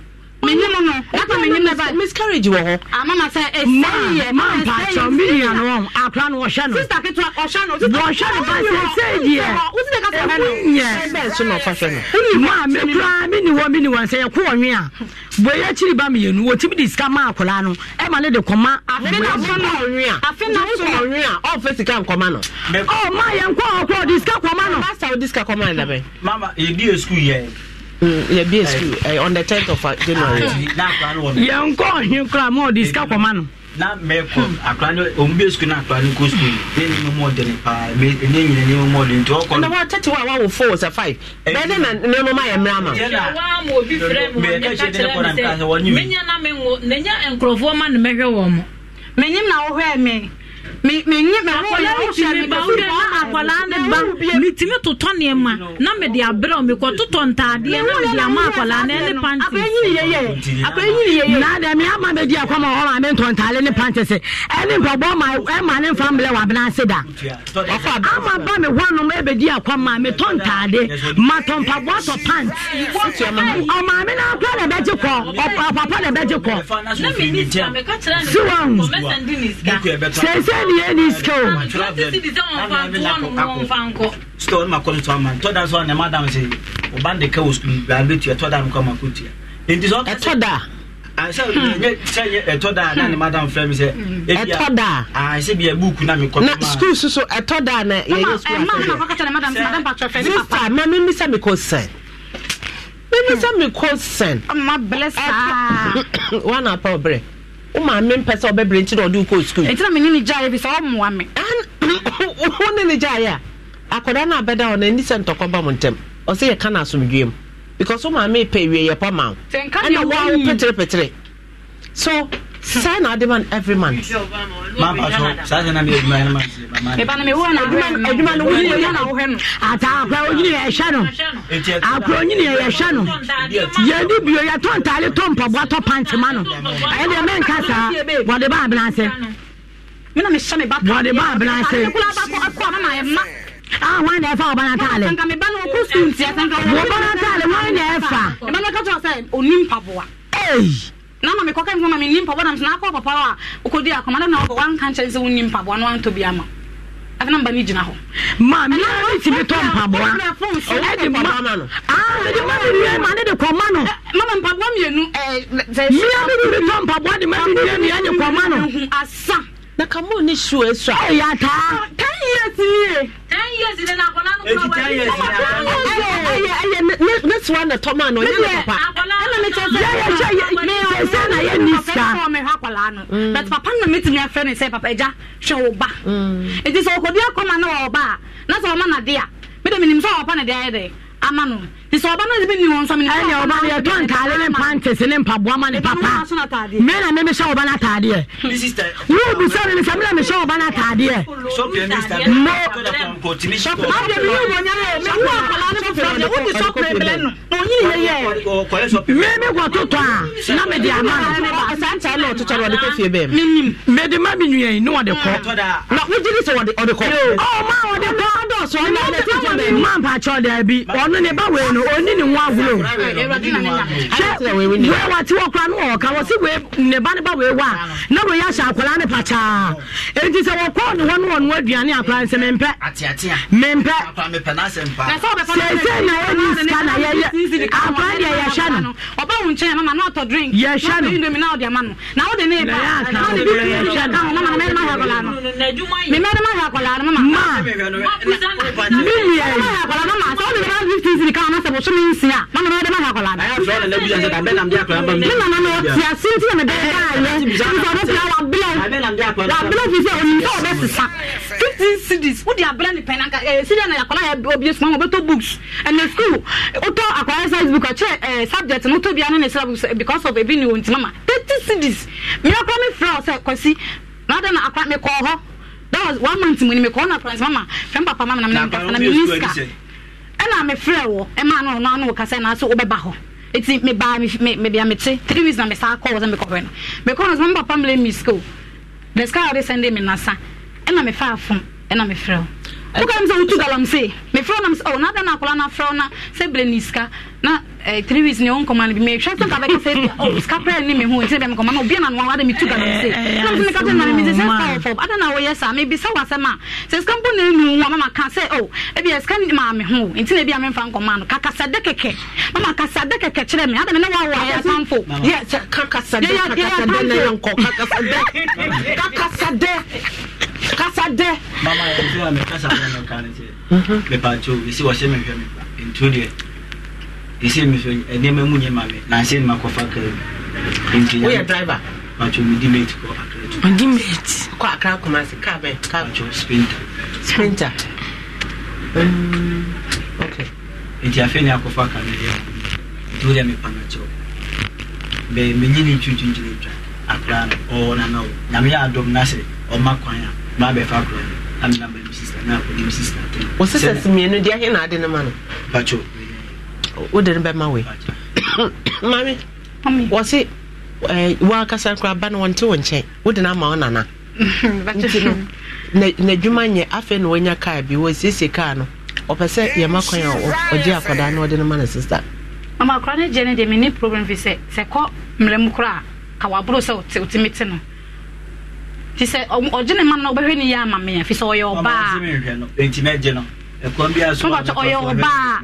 Speaker 1: menyim ah, eh, eh, no ɛka menyim eh, na ba miscarriage wɔ hɔ
Speaker 2: amama sɛ ɛsɛyɛ ma mpakyɛ me nua
Speaker 6: no akora no wɔhwɛ no sista ketewa ɔhwɛ no wɔhwɛ no ba sɛ sɛ deɛ wosɛ ka sɛ ɛnyɛ bɛɛ so na ɔfa hwɛ no woni mu a me kora me ni wɔ me ni wɔ sɛ yɛko ɔnwe a bɔyɛ akyiri ba mmienu wɔtumi de sika ma akora no ɛma ne de kɔma afe na so na ɔnwe a afe oh, oh, na so na ɔnwe a ɔfɛ sika nkɔma no
Speaker 1: ɔ ma yɛnkɔ ɔkɔ de sika kɔma no masa wo de sika kɔma no dabɛ
Speaker 3: mama yɛdi yɛ sukuu yɛ
Speaker 1: Mm, yɛbi esu eh. eh, on the tenth of uh, january. Ah, yɛn kɔ ɔhin kura mɔ
Speaker 3: ɔdi sika kɔma no. na mɛkɔ akura ni òun bi esu na akura ni ko sukuu ne ni mo mɔ deni paa ne nyina ne mo mɔ deni nti ɔkɔ. ndabɔ tɛti wa wa wo four sɛ five bɛɛ de na ne mo ma yɛ mìíràn ma. yɛlɛ wa mo bi fɛrɛ mu ɔn yɛ kakyɛrɛ mi sɛ mɛ nyɛ
Speaker 2: na mi ŋo ne nya nkurɔfoɔ ma ni mɛ hwɛ wɔn mo mɛ nyim na wɔhwɛ mi mi mi nyi mi akɔ yɛ ɔhyɛ mi kasi bɔ akwadaa ne ba mi ti totɔ nneɛma na mi de abere mi kɔ totɔ ntaadeɛ na mi de ama akwadaa ne ne panti. abɛyi yeye abɛyi yeye. na dɛ mi ama mi di akɔma
Speaker 6: hɔ ma ntɔ ntaale ne panti sɛ ɛni mpɔbɔ ma ɛma e ne nfa mbilɛ wa bena ase da ama ba mi hɔ nom ebedi akɔma mi tɔ ntaade ma tɔ mpɔbɔ panti ɔma mi na akɔ na bɛ gye kɔ ɔpapa na bɛ gye kɔ
Speaker 2: sɛnsɛn yɛ
Speaker 1: wo maame mpɛ sɛ ɔbɛbrɛ nti na ɔde wokɔ sukuu
Speaker 2: ɛntina mene ne gyaeɛ bi sɛ wɔmmoa me
Speaker 1: wo ne ne gyaeɛ a akwadaa no abɛda ɔ no ani sɛ ntɔkɔ ba mo ntɛm ɔsɛ yɛka no asomdwue mu because wo maame pɛ awieyɛ pa ma wo
Speaker 7: ɛna woa wo
Speaker 1: peterepɛtere so saa na adi every month. maa ba sọ saa sẹ na mi edwuma yẹn ma se ma ma. ìbánu
Speaker 6: mi wúwo na edwuma edwuma ni wúwo yẹn na wúwo nù. ata akura onyini yẹ ẹhẹ nù akura onyini yẹ ẹhẹ nù yẹn ni bio yẹ tó ntaade tó mpọbọ tó panti ma nù ẹ dẹ mẹ nka saa
Speaker 2: wọde bá abena ase. wọde bá abena ase. Ah, wọn na ɛfa ɔba na taale. Wɔba na taale wọn na ɛfa. Ɛbɛn mi ka tɔ sɛ onim paboa. Ee na ma mekɔka mi ma mi ni mpaboa na msena akɔ papa a okɔdi akɔma na na ɔbɔ wanka nkyɛn sɛ wonni mpaboa no antɔ bi ama afei na mba ne gyina hɔ
Speaker 6: maame ara ne tumi tɔ mpaboa ɛde ma ɛde ma ne nua ma ne de kɔma no
Speaker 2: mama mpaboa mmienu ɛɛ mia ne de tɔ
Speaker 6: mpaboa de ma ne nua mia ne kɔma no asa na kamu ni shoe eso. ẹ yà tá. ten years ni.
Speaker 2: ten years ni na akɔla nu kura wɛrɛ. ten years ni ayɛ
Speaker 6: ayɛ
Speaker 1: ayɛ ne suwa na
Speaker 2: tɔ maa na ɔyɛ ne papa. ɛna ne kyerɛ sɛ yɛ yɛ yɛ mi yɛ sɛ na yɛ ni sa. papa fɔ mi hɔ akɔla nu. but papa na mi ti mi afɛ ne sɛ papa ɛja hwɛ o ba. eti mm. sɛ okodi akɔma na wɔ ɔba na sɛ ɔma na di a mi de mi nim sɛ ɔpa na di ayɛ dɛ ama no sɛ ɔba no de bi ni
Speaker 6: wɔn nsɔm ne ɛnɛ ɔba no yɛtɔ ntaade ne pantes ne mpaboa ma ne papa me na me mehyɛ ɔba no ataadeɛ
Speaker 3: wobu sɛ ne sɛ me na mehyɛ ɔba no ataadeɛ
Speaker 6: meme kɔtotɔ a na mede ama mede ma me nuai ne wɔde kɔ na wogyere sɛ ɔde kɔ ma
Speaker 3: ɔde kɔ ma
Speaker 6: mpakyɛ ɔde abi ɔno ne ba wei no no ɔni ne ho ahoro hwɛ wei wate wɔ kora no wɔ ɔka wɔ se wei ne ba ne na wei ahyɛ akwadaa ne pataa enti sɛ wɔkɔɔ ne hɔ no wɔ no aduane akwadaa nsɛ mempɛ mempɛ
Speaker 3: sɛsɛ na ɛni sika na yɛyɛ akwadaa deɛ yɛhwɛ no
Speaker 2: ɔba wo nkyɛn mama na ɔtɔ drink yɛhwɛ no indomie na ɔde ama no na wode ne ba na wode bi bi yɛhwɛ no mama na ma hɛ akwadaa no me ma hɛ akwadaa no mama ma me yɛ akwadaa no ma sɛ wode ne ba 15 sika na sɛ bosome nsia na mena wode mama akɔla menana na ɔte ase
Speaker 6: nti na mede baayɛ nti
Speaker 2: ɔbɛpia waberɛ waberɛ fi sɛ ɔnim sɛ ɔbɛsesa 15 cities wode aberɛ ne pɛn sidia na yɛakɔla yɛ obie suma wobɛtɔ books ɛnɛ school wotɔ akɔla size book akyerɛ eh, subject no wotɔ bia ne ne sra because of ebi ne wɔ nti mama 30 cities meakora me frɛ wo sɛ kɔsi na wode na akora mekɔɔ hɔ that was one month mu ni mekɔɔ na akora nti mama fɛm papa mama na menamkasa na menni sika ɛna mefrɛ wɔ ɛma no ɔno ano wɔkasa na so wobɛba hɔ ɛti mebaa mebia mete three weeks na mesaa kɔɔ sɛ mekɔhwɛ no mekɔɔ no sɛ mepapa mlɛ mi school the scar ɔde sɛnde me nasa ɛna mefaa fom ɛna mefrɛ wo wokam sɛ wotu galamsey mefrɛ nam sɛ ɔnada no akɔla no afrɛ wo na sɛ berɛ ne sika na eh, three weeks oh, ni wọn kọ ma ni bi mɛ twɛ sɛnta bɛ kasa ebi ɔ sikapɛ ni mi hu ntɛ bɛ mi kɔ ma na obi na nuwa de mi tu ga mi se ɛna mi na mi se sɛ fɔ fɔ ada na wɔyɛ sa mi bi sɛ wasɛ ma sɛ sika mpo na enu wa mama kan sɛ ɔ ebi yɛ sika maa mi hu nti na ebi yɛ mi nfa nkɔ ma mama kasa de kɛkɛ kyerɛ mi ada mi na wa wɔ ayɛ panfo. yɛ ka kasa de ka de na yɛ nkɔ ka de ka de kasa dɛ. mama yɛ n
Speaker 3: tora mi kasa dɛ n'o kan ne tɛ. mɛ pa tso esi wɔsi mi hwɛ mi pa ntu deɛ ɛsɛ mi so nneɛma mu nyɛ ma mi nansi ni ma kɔ fa mu woyɛ driver matwo mi di mate
Speaker 1: kɔ akara tu ɔdi mate kɔ akara kumasi kaa bɛn kaa matwo sprinter sprinter
Speaker 8: um,
Speaker 1: okay nti afei ni akɔfa akara mi yɛ
Speaker 3: duro yɛ mi panga kyɛw bɛɛ mi nyi ni tuntun gyina akara no ɔwɔ nana o nyame yɛ adɔm n'asɛ ɔma kwan a maa bɛ fa akara mi ami na ma mi sista na akɔ di
Speaker 1: sista ten. wosisɛ si mienu di ahe na adi ne ma no. patro wode no bɛma wei mame wɔse eh, woakasa nkora ba no wɔnte wo nkyɛn wode no ama wo nana
Speaker 6: nti no
Speaker 1: n'adwuma nyɛ afei na wanya kaa bi wɔsiesie kaa no ɔpɛ sɛ yɛma kwan a ɔgye akwadaa na ɔde no ma ne sista
Speaker 2: mama akora no gye no deɛ menne problem fi sɛ sɛ kɔ mmerɛ mu koraa ka waboro sɛ wotumi te no ti sɛ ɔgye ne ma no ɔbɛhwɛ ne yɛ ama me a fi sɛ ɔyɛ ɔbaa ɔyɛ ɔbaa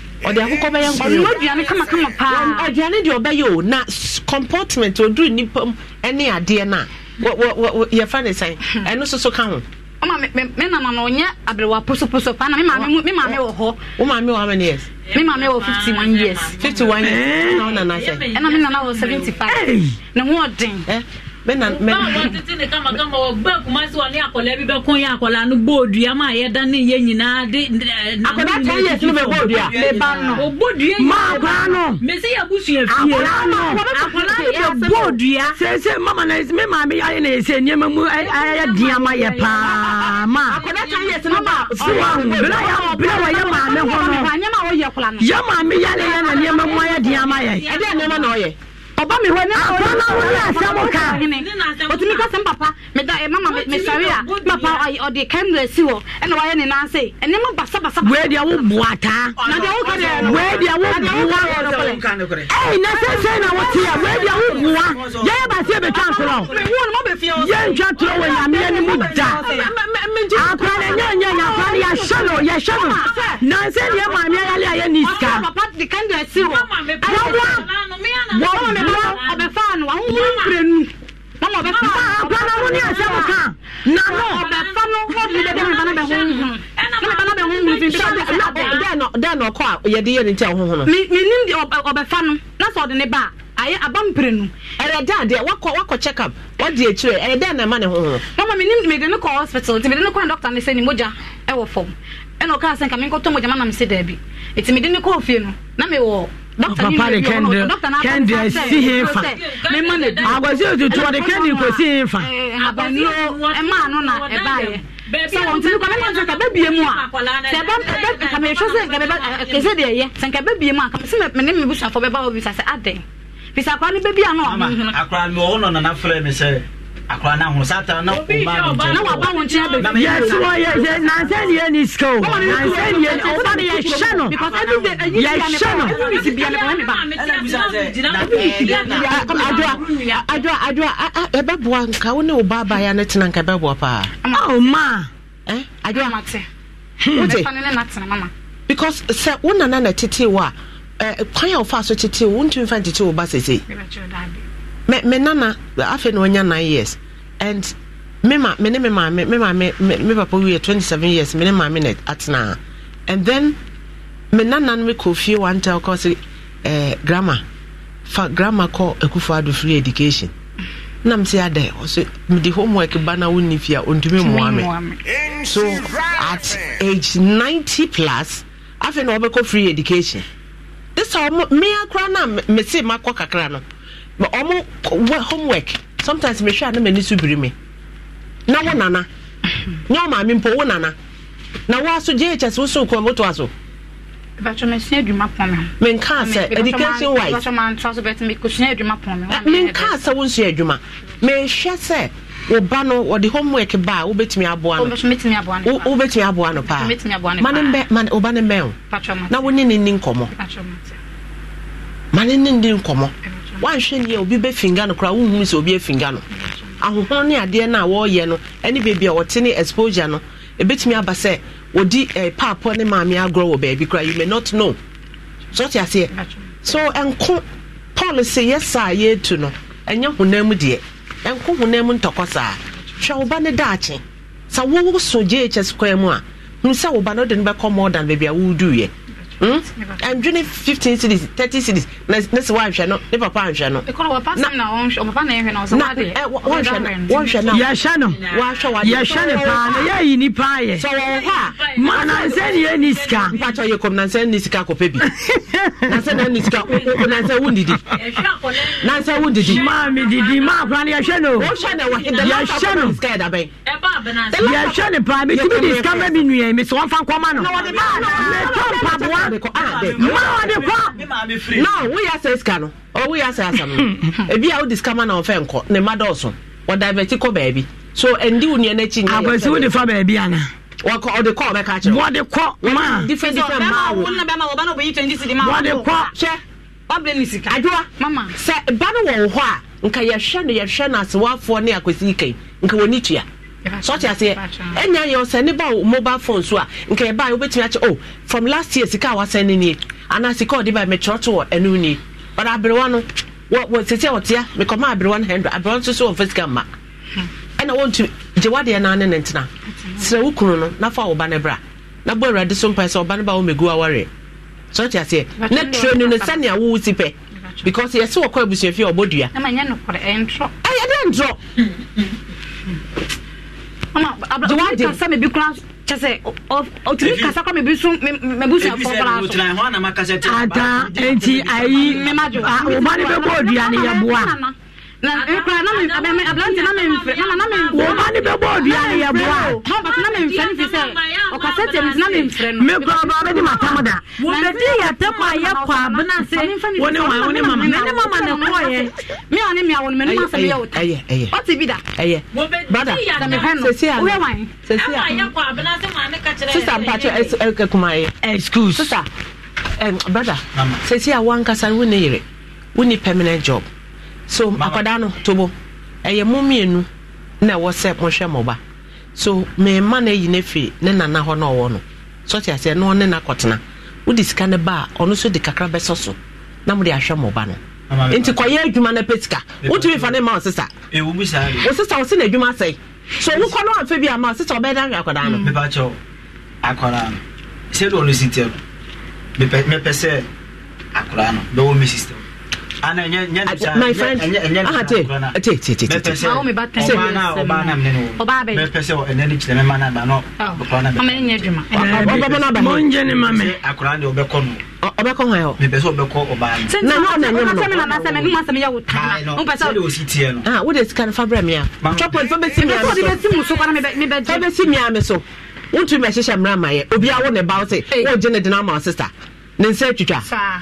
Speaker 1: ɔde akokɔ bɛyɛ nkuro aduane kamakama paa aduane deɛ ɔbɛyɛ o na comportment oduru nipa mu ne adeɛ no a yɛfa ne sɛn hmm. ɛno nso so ka ho
Speaker 2: ɔma me mama no ɔnyɛ aberewa posoposo paa na me maame wɔ hɔ wo maame wɔ amane years me maame wɔ 51 years 51 years na wo nana sɛ ɛna me nana wɔ 75 ne ho ɔden bẹ́ẹ̀na mẹ. báwo wọn títí ní kàmàkàmà wọ gbẹ kumasi wọn ní akɔlẹ bíbẹ kún yẹ akɔlẹ anu bóòdùyà máa yẹ dání yẹ nyinaa de. akɔlẹ tẹ yẹ sinu bẹ bóòdùyà. bẹ bá nù. o bóòdùyà yìí. máa kura nù. mèsì yẹ busu yẹ fiye. akɔlẹ nù. akɔlẹ nù bẹ bóòdùyà. sese mama na mi maa mi ayé na
Speaker 6: ese níyẹn mu ayé diɲama yẹ paa ma. akɔlẹ tẹ yẹ sinu bá. siwa bila yà bila wà yẹ maa mi
Speaker 2: kɔnɔ. yẹ maa mi yà ọba mi hɔ ne ɔyɛ akɔnɔ wo ne asɛm ka otumi ka sɛm papa meda ɛ eh, mama mesɔre a ah. papa ɔde kɛmira si hɔ ɛna wayɛ ne nan se ɛnɛma basabasa. wɛɛ deɛ wo bu ataa wɛɛ deɛ wo bu wa
Speaker 3: ɛyi
Speaker 2: na sɛnsɛn na wo tia wɛɛ deɛ wo bu wa yɛyɛ baasi ebe twa nkorɔ
Speaker 6: yɛ ntwa turo wɔ nyameɛ ne mu da akɔrɔ nyɛ nyɛ nyɛ akɔrɔ yɛhyɛ no yɛhyɛ no nansɛn deɛ maame ayale a yɛ ni sika
Speaker 2: wɔn wa wɔn kura ɔbɛfa no ahohoro mfirɛ nu mama ɔbɛfa akura
Speaker 6: na mo ne ahyɛ mo ka na no ɔbɛfa no ɔde bɛbɛ ne ba no bɛhohoro ne ba no bɛhohoro fi mpɛ
Speaker 1: dɛn na ɔkɔ a yɛde yɛ ne nti ahohoro menim deɛ ɔbɛfa no
Speaker 2: na sɛ ɔde ne ba ayɛ aba mpere no ɛyɛ dɛ adeɛ wakɔ wakɔ check up wadi akyire ɛyɛ dɛ na ɛma ne hohoro mama menim mede ne kɔ hospital nti mede ne kɔ doctor ne sɛ ne mogya ɛwɔ fam ɛna ɔkaa sɛ nka menkɔtɔ mogya ma nam sɛ daabi nti mede ne kɔɔ fie no na mewɔ papa de kɛndi kɛndi esi hin fa agbasi otutu ɔde kɛndi kò si hin fa. agbasi o ɛma ano na ɛba yɛ sɛ wɔn tini kɔ mɛma nsɛ kɛbɛ bie mu a sɛ ɛbɛ ɛbɛ kàmɛ ehwɛ sɛ kɛbɛ kɛse deɛ yɛ sɛ nkɛbɛ bie mu a kàmɛ si mɛ ne mi bu safo bɛ ba wɔ bi sase adɛ bisakora ni bɛ bi ano.
Speaker 3: akora mi ɔwɔ nɔ nana filɛ mi sɛ akora na ahun sata na ọba na wàá bá wọn tiẹ bẹbẹ. yẹsi wọ yẹsẹ
Speaker 2: nansẹ ni yẹ ni sikawo
Speaker 6: nansẹ ni yẹ ọba ni yẹ sẹ nọ yẹ sẹ nọ.
Speaker 1: adua adua adua ẹ bẹ bọ nka wọn ni ọba abaya ne tena nka ẹ bẹ bọ paa.
Speaker 2: ọ oh, ma adua ma tẹ o tẹ
Speaker 1: because sẹ wọn nana na tete wa kwan yà ọfa so tete wọn tún fẹ tete ọba sese me me nana afei na ɔnya nine years and me ma me ne me ma, me ma me, me papa wiye twenty seven years me ne maame na atena and then me nana no me kɔ one time eh, kɔ se grammar fa grammar kɔ ekufo ado free education na m si adɛ ɔsɛ me de homework ba na wonni fie a ontumi mmoa
Speaker 8: so
Speaker 9: at
Speaker 1: age ninety plus afei na ɔbɛkɔ free education this time mmea koraa na me se makɔ kakra no. ɔmo homework sometimes mehwɛ a na m'ani so biri me na wo nana nyɛ wo maame mpo wo nana na wo so kɔn motoa so
Speaker 2: menkaa sɛ education wise menkaa
Speaker 1: sɛ adwuma mehwɛ eh, sɛ wo no wɔde homework ba a wobɛtumi aboa no aboa no paa woba na ne nkɔmmɔ ma ne ne nkɔmmɔ wanhwɛ nie obi bɛfinga no koraa wohum sɛ obi afinga no ahohoro ne adeɛ no a wɔreyɛ no ne baabi a wɔte ne exposure no ɛbɛtumi aba sɛ wɔdi eh, paapɔ ne maame agorɔ wɔ baabi koraa you may not know so ɔte aseɛ so nko policy yɛ saa yɛtu no ɛnyɛ honam mu deɛ nko honam mu ntɔkɔ saa hwɛ wo ba ne daakye sɛ wowo so gyehs kwan mu a hu sɛ wo ba no wode no bɛkɔ more baabi a wowoduiɛ andwene hmm? 15 cities 30 cities na ne si wanhwɛ no ne papa anhwɛ no. yɛhwɛ
Speaker 2: eh, no yɛhwɛ no paa na yɛyi ni paa yɛ. sɛ wɔn hɔ a. ma nansɛn
Speaker 1: ni yɛ ni sika. mpatɔ yɛ kɔm nansɛn ni sika kɔpɛ bi nansɛn na ni sika nansɛn
Speaker 6: wo didi nansɛn no, didi. maa mi didi maa kura ni yɛhwɛ no. yɛhwɛ no yɛhwɛ no paa mi tibi di sika mɛ mi nu yɛ mi sɔn fa nkɔma no. mɛ tɔ mpaboa maame kɔ a ah, dɛ mmaa de kɔ na woyɛ asɛ
Speaker 1: sika no ɔwoyɛ asɛ asam no ebi a wodi sika ma na ɔfɛ nkɔ ne mma dɔɔso ɔda bɛti kɔ baabi so ɛndi wo nua n'akyi nyɛ akwasi ah, wodi fa baabi ana wɔkɔ ɔde kɔ ɔbɛka akyerɛ wɔde kɔ maa different different maa wo
Speaker 2: wɔde kɔ hyɛ ɔbɛn ni sika adwa mama
Speaker 1: sɛ ba no wɔ hɔ a nka yɛhwɛ no yɛhwɛ no asewafoɔ ne akwasi yi kan nka wɔn ni tua. sɔɔte aseɛ ɛnya yɛ ɔsɛ ne ba mobile phone so a nka ɛba a wobɛtumi akyɛ oh from last year sika a wasɛn no nie anaa sika ɔde ba mekyerɛ to wɔ ɛno nie but aberewa no sɛsɛ ɔtea mekɔma aberewa no hundred aberewa nso so wɔmfa sika ma, ɛna wɔntumi gye wadeɛ naa ne ne ntena serɛ kunu no na fa wo ba no bra na bɔ awurade so mpa sɛ ɔba no ba wo na tire no no sɛnea wowo si pɛ because yɛse wɔkɔ ɔbɔ dua
Speaker 2: ntorɔ gyewaade sɛ mebi kora kyɛ sɛ ɔtumi kasa kora mebi so mebusuafoɔ
Speaker 3: kora so adaa enti ayi wo
Speaker 2: ma ne bɛbɔ aduane yɛboa na nkura eh, na mi abɛmɛ eh, abirante na mi nfɛ na ma na mi nfɛ. wò ma ni bɛ bɔ ɔdua ni yɛ bu a. ha bàtà na mi nfɛ ni fi sɛ ɔkasa tɛm na mi nfɛ no. mi kura ɔba ɔbɛ di ma tam da. wò bɛ di yɛ tɛ kɔ a yɛ kɔ a bɛna se wo ni wa wo ni mama. ne ni mama ne kɔ yɛ. mi a ni mi awɔ nimɛ ni ma sɛbi yɛ o ta. ɛyɛ ɛyɛ ɔti bi da. ɛyɛ bada sami hɛn no o yɛ wan. sisi a sisan mpatsɛ ɛ
Speaker 1: ɛ kuma ye. excuse sisan ɛ bada sisi a wankasa wo ne yɛrɛ wo ni permanent job so akwadaa no tobo ɛyɛ mu mmienu na ɛwɔ sɛ mohwɛ mo ba so mmarima no ayi no firi ne nana hɔ na ɔwɔ no sɔte aseɛ na ɔne nakɔtena wode sika no ba a ɔno nso de kakra bɛsɔ so na mode ahwɛ mo ba no nti kɔyɛ adwuma no pɛ sika wotumi fa ne ma wo sesa wo na adwuma sɛe so wokɔ no amfa bi ama wo sesa wobɛda hwɛ akwadaa no mm,
Speaker 3: mepakyɛw akwadaa no sɛdeɛ ɔno si tiɛ no mepɛ sɛ akwadaa no bɛwɔ me system my friend ahate
Speaker 1: ate ate ate ate
Speaker 3: mepɛ sɛ ɛnɛ ne kyerɛ mɛma no oh. aba no
Speaker 2: ɔbɛbɔ no aba mɔngye ne ma me
Speaker 3: akora ne ɔbɛkɔ no ɔbɛkɔ hɔ ɛhɔ mepɛ sɛ ɔbɛkɔ ɔbaa na na ɔna
Speaker 1: nyɛ
Speaker 2: mu no sɛde ɔsi
Speaker 1: tiɛ no ah, wode sika no fa brɛ me a twɔpɔ fa bɛsi me a fa bɛsi me a me so wontumi ɛhyehyɛ mmara ma yɛ obiaa wo ne ba wo sɛ wogye ne dena ma wo sister ne nsa atwitwa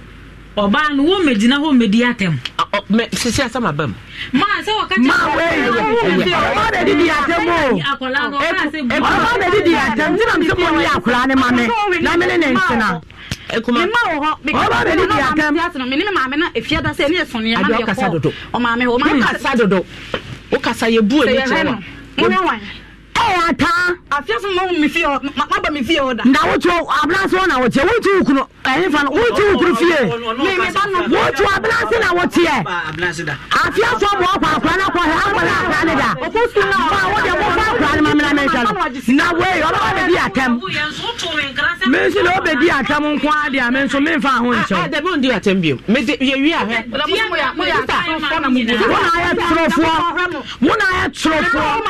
Speaker 2: ɔbaa no wɔn mɛgyina hɔ mɛdi atɛm. mɛ sisi asam abam. maa sɛ wɔka ti sɛ ɔbaa na didi atɛm o ɔbaa na didi atɛm ti o, mi sɛ mo ni akora ne ma mi na mi ne ne nsena. ekuma mma wɔ hɔ ɔbaa na didi atɛm mi ni mi maame na efia da sɛ ne yɛ sɔnni yɛ na mi yɛ kɔ ɔmaame hɔ ɔmaame kasa dodo o kasa yɛ bu ebi kyerɛ wa ɛyɛ ataa afiase ma wo me fie hɔ ma ba me fie hɔ da nda wotu abrase hɔ na wɔteɛ wotu wokunu ɛhe fa no wotu wokunu fie wotu abrase na wɔteɛ
Speaker 6: afiase ɔbɔ ɔkɔ akora no kɔ hɛ akɔla akora ne da ma wode mofa akora no mamena mehwɛ no na wei ɔbɛba bɛdi atɛm
Speaker 8: mensi na wobɛdi
Speaker 6: atɛm nko
Speaker 9: a deɛ me nso memfa ho nkyɛw wondi atɛm biom mede yɛwie ahɛ
Speaker 2: wona ayɛ torofoɔ
Speaker 6: wona ayɛ torofoɔ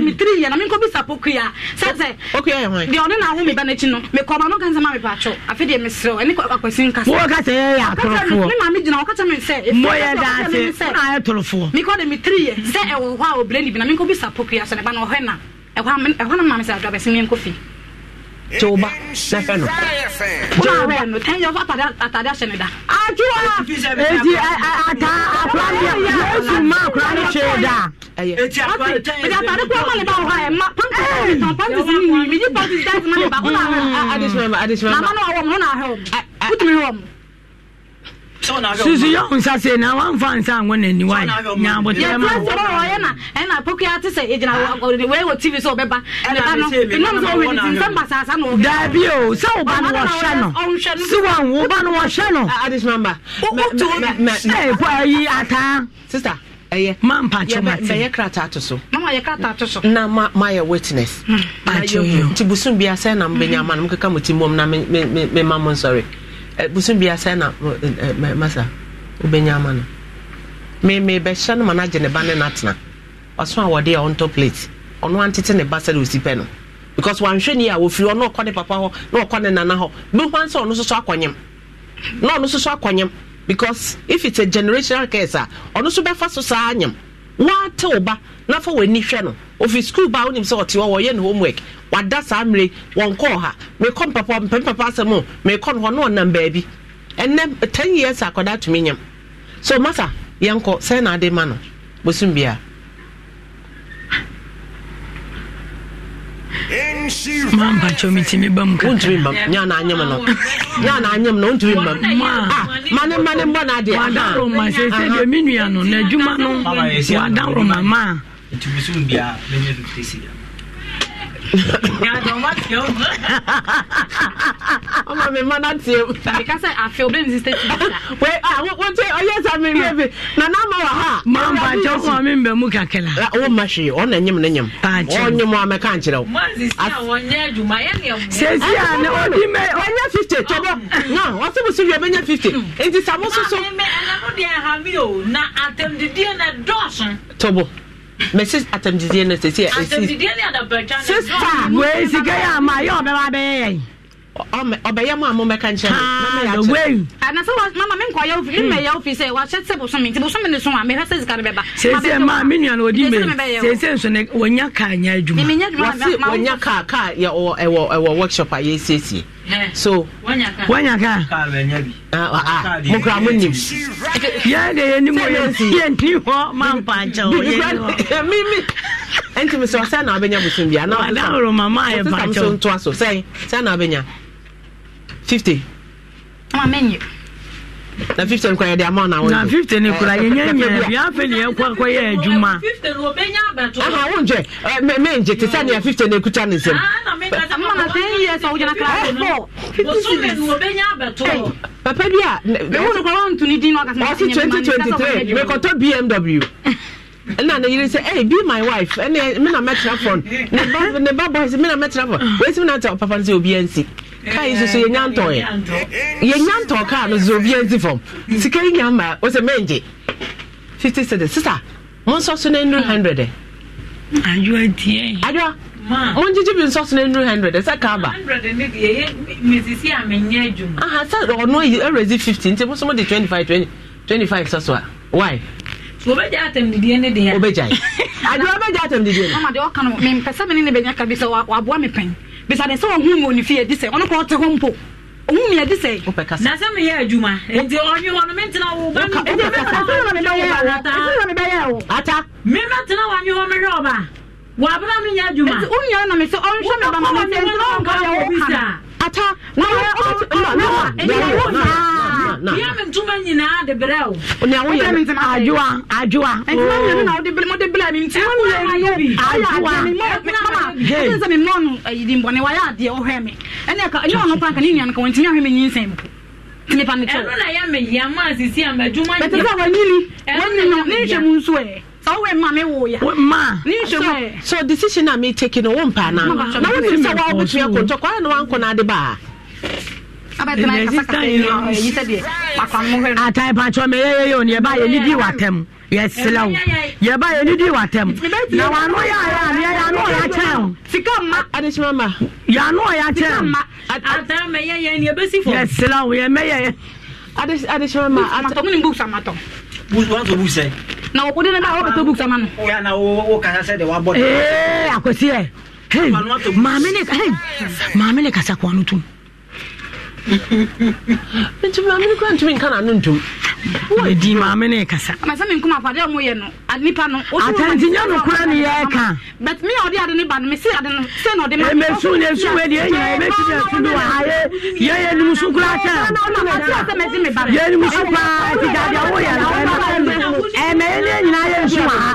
Speaker 2: sɛ me tiri yɛ na menkɔ bisa pokua sɛ sɛ deɛ ɔne na aho ba n'akyi no mekɔma no ka sɛ ma mepaakyɛw afei deɛ meserɛw ɛne akwasi nkasɛwɔka sɛ yɛyɛ atorofoɔ me maame gyina wɔka kyɛ me sɛ mmɔyɛ daase ayɛ torofoɔ mekɔ de me tiri yɛ sɛ ɛwɔ hɔ a ɔbrɛ ni bi na menkɔ bisa pokua sɛ ne ba na ɔhɛ na ɛhɔ na maame sɛ adoabɛse menkɔ fie
Speaker 6: tí o bá no. nù.
Speaker 2: wọ́n rẹ̀ nù tẹ́yìn ọ̀fọ̀ àtàdé àṣẹ nìdá. àjùwà èjì àtà
Speaker 6: àkùránìyà yéésù má àkùránì ṣe é dà. èjì àtàdé kúrò ọmọ nìbá wà ẹ̀ má pàǹtí sọ̀rọ̀ pàǹtí sí mi yí pàǹtí sí dáìsì má nìbá kó náà àdìsí rẹ̀ mà àdìsí rẹ̀
Speaker 2: mà susu yɛ wo
Speaker 6: nsa se na wamfa nsa anwo n'ani wa nyabotɛmayɛ
Speaker 2: na ɛna pokua te sɛ ɛgyina wei wɔ tv sɛ wobɛba neba no nam sɛ wɔwɛ ne nsɛm basasa no daabi o sɛ woba no wɔhwɛ no se wan woba no wɔhwɛ
Speaker 6: no ayi ataa sister ɛyɛ ma
Speaker 2: mpakyɛ ma ti bɛyɛ
Speaker 1: krataa to so
Speaker 2: na ma yɛ krataa to so na ma
Speaker 1: ma yɛ witness mpakyɛ yɛ nti busun bi asɛ na mbɛnyama na mo ti mom na me me me ma mo Eh, bosom biasɛ na eh, eh, masa wobɛnya ama no memebɛhyɛ no ma no agye ne ba ne natena ɔso a wɔde a ɔntɔ plate ɔno antete ne ba sɛde ɔsi pɛ no because wanhwɛ ni a wɔfiri ɔno ɔkɔ ne papa hɔ na ɔkɔ ne nana hɔ bihuan sɛ ɔno soso akɔnyem na ɔno soso akɔnyem because if it's a generational case a ɔno so bɛfa so saa anyem woate ba na fa w'ani hwɛ no ofi skul ba wonim sɛ ɔte hɔ wɔyɛ no homework wada saa mmere wɔnkɔɔ ha mekɔ mpapa mpɛmpapa asɛm mekɔ no hɔ na ɔnam baabi ɛnɛ 10 years akɔda tumi nyam so masa yɛnkɔ sɛ na ade ma no bosom biara
Speaker 6: ma mpatwɛ metumi ba mu wontumi mam nyana anyem no nyana anyem no wontumi mam mane ah, mane mbɔ no adeɛ wadaroma sɛ sɛ deɛ me nua no n'adwuma no wadaroma ma a ọmọ mi mọ náà tiẹ mu. bìkà sẹ àfẹ obìnrin mi ti tẹ ti. wẹ a wọ́n ti ọyẹ sami mi bi nana ma wà ha. máa ń bá jọ fún
Speaker 1: mi bẹ mú kakẹ́la. o ma ṣe ọ na ẹnyẹm n'ẹnyẹm. pàjẹ́ ọ nyẹmọ amẹ ká n kyerẹ o.
Speaker 6: mọ́ọ̀sì sí àwọn yẹn jùmọ̀ ayé ni ẹ̀wọ̀n. sèzí à ní o di mẹ. wọ́n yẹ fifty tọ́bọ̀ náà wọ́n
Speaker 1: sọ musu yẹ bẹ́ yẹ fifty.
Speaker 6: nti sàmúsùsù. màmí mi ẹnlẹ́nu di ẹ̀hà mi o na àtẹ̀mùdídìẹ́ na dọ́ọ̀sùn.
Speaker 1: tọ́bọ̀ mɛsi atɛmdidiɛ e na sɛsi
Speaker 2: ɛsi sista wei sika yɛ ama yɛ ɔbɛba
Speaker 1: bɛyɛ yɛ ɔbɛyɛ mu a
Speaker 2: mo mɛka nkyɛn haa the way. anase wa mama mi nkɔ yawu fi mi mɛ hmm. yawu fi sɛ wa hyɛ sɛ bosomi nti bosomi ni sun wa mɛ hɛ sɛ sika ni bɛ ba. sese maa mi nua na odi mɛ sese
Speaker 6: nso ne wonya kaa nya
Speaker 1: adwuma wasi wonya kaa kaa yɛ ɛwɔ ɛwɔ workshop a yɛ esiesie so
Speaker 8: wanya ka
Speaker 1: ah, ah, ah. mokra mo nim
Speaker 8: yɛde yɛnim
Speaker 1: yɛnti hɔ mampa nkyɛwmimi ɛnti me sɛ sɛ na wobɛnya bosom bia nmamaayɛsɛmso ntoa so sɛ sɛ na wobɛnya 50 mamenye na fifty no kora yɛde ama na wɔn na fifty no kora eh, yɛnyɛ nyɛ bi afɛ ne yɛkɔ kɔ yɛ adwuma
Speaker 2: eh, aha wɔn jɛ
Speaker 1: ɛ mɛ mɛ njɛ te sɛ ne yɛ fifty no ekuta ne nsam. Ah,
Speaker 2: mma ten years ɔwɔ gyina kra ɛfɔ eh, fifty
Speaker 1: papa bi a mehu no
Speaker 2: kora ɔntu ne din na ɔkasa na ɔsi twenty twenty three mekɔtɔ
Speaker 1: bmw ɛna ne yere sɛ ɛy be my wife ɛne me na mɛtena fɔ ne ba ne ba bɔ ɛsɛ me na mɛtena fɔ wɔsi me na ta papa no sɛ obi
Speaker 8: kaa yi soso yɛnya ntɔn
Speaker 1: yɛ yɛnya ntɔn kaa no zoro bi nsi fam sika yi nya mma o sɛ mɛngye fifty cedi sisa mo nsɔ so na nnuru hundred ɛ. adwa diɛ. adwa mo ngyegye bi nsɔ so na nnuru hundred ɛ sɛ kaa ba.
Speaker 2: hundred ne deɛ yɛ mizisi a
Speaker 6: menyɛ adwuma. aha sɛ ɔno ayi
Speaker 1: ɛrɛzi fifty nti mo so mo de twenty five twenty twenty five sɔ a why.
Speaker 2: obɛgya atam didiɛ ne deɛ. obɛgya yi adwa obɛgya atam mama deɛ ɔka no mɛ mpɛsɛ mi ne ne bɛ nya kabisa wa aboa mi pɛn bisade sɛ ɔhu mi ɔne fie adi sɛ ɔno kora ɔte hɔ mpo ɔhu mi adi sɛ. na adwuma nti ɔnwi hɔ no mi ntena wo ba hɔ mi ɔba wa abena yɛ adwuma. nti na mi sɛ ɔnhwɛ mi ata na yɛme ntoma nyinaa de berɛ no no saa wo ma me wo ya ma ni nhwɛ
Speaker 6: so decision a me
Speaker 1: take no wo mpa na na wo fi sɛ wo obutu akonto kwa na wanko na ade ba
Speaker 2: atae pakyɛ
Speaker 6: mɛyɛyɛyɛ o ne yɛba
Speaker 2: yɛne di
Speaker 1: watam
Speaker 6: yɛserɛ wo yɛba yɛne di watam na wano yɛyɛne ɔyɛkyerɛ wo sika ma adekyima ma yɛano ɔyɛkyerɛ wo yɛserɛ wo yɛmɛyɛyɛ adekyima ma atɔmne bu samatɔ wọn tó bukisɛ.
Speaker 2: na o de ne na o eh, e. ka to bukisɛ ma nù. o yà na o kasa sɛ de wa bɔ. ee
Speaker 6: akosi yɛ. maame ne maame ne kasa kɔn no tun
Speaker 2: nti maame no kora ntumi nka nano ntom ɛdi maame no ɛkasa masa menkum apade a moyɛ no nipa no atantinya nokora ne yɛɛka but me a ɔde ade ne ba no mese ade no sɛ na ɔde mamɛsu eh, ne su ɛdeɛ nyina yɛbɛsi da su do ayɛ yɛyɛ nim so kora kyɛ yɛnim so paa nti dadeɛ woyɛ no ɛmɛyɛ eh, ne nyinaa yɛ nsu wɔ ha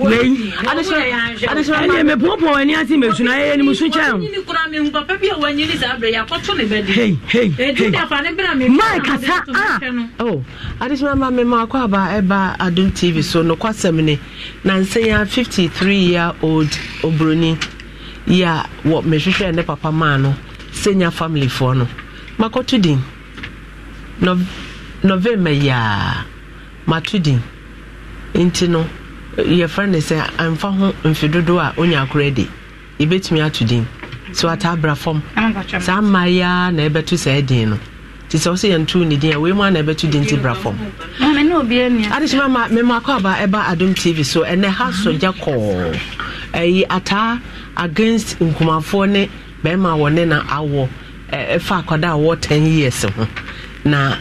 Speaker 2: wei ɛne mepɔpɔ w'ani
Speaker 6: ase mɛsu na ɛyɛ nimu so kyɛn
Speaker 2: mae kasa a adesoma
Speaker 1: ma mema akɔ aba ɛba adom tv so nokwasɛm ne nansɛ ya 53 year old obroni yi a wɔ mehwehwɛ ne papa maa no senya familyfoɔ no makɔto din november yi a mato din nti no yɛfrɛ no sɛ amfa ho mfe mfedodoɔ a ɔnya akorɛ de yɛbɛtumi ato din so ata abra fam saa mmaayaa na ɛbɛto saa din no nti sɛ wo sɛ yɛnto ne din a wei mu ana ɛbɛto din nti bra fam adekyima ma memaakɔ aba ɛba adom tv so ɛnɛ ha gya kɔɔ ɛyi ataa against nkumafoɔ ne bɛrima wɔ ne na awɔ ɛfa akwadaa wɔ 10 years ho na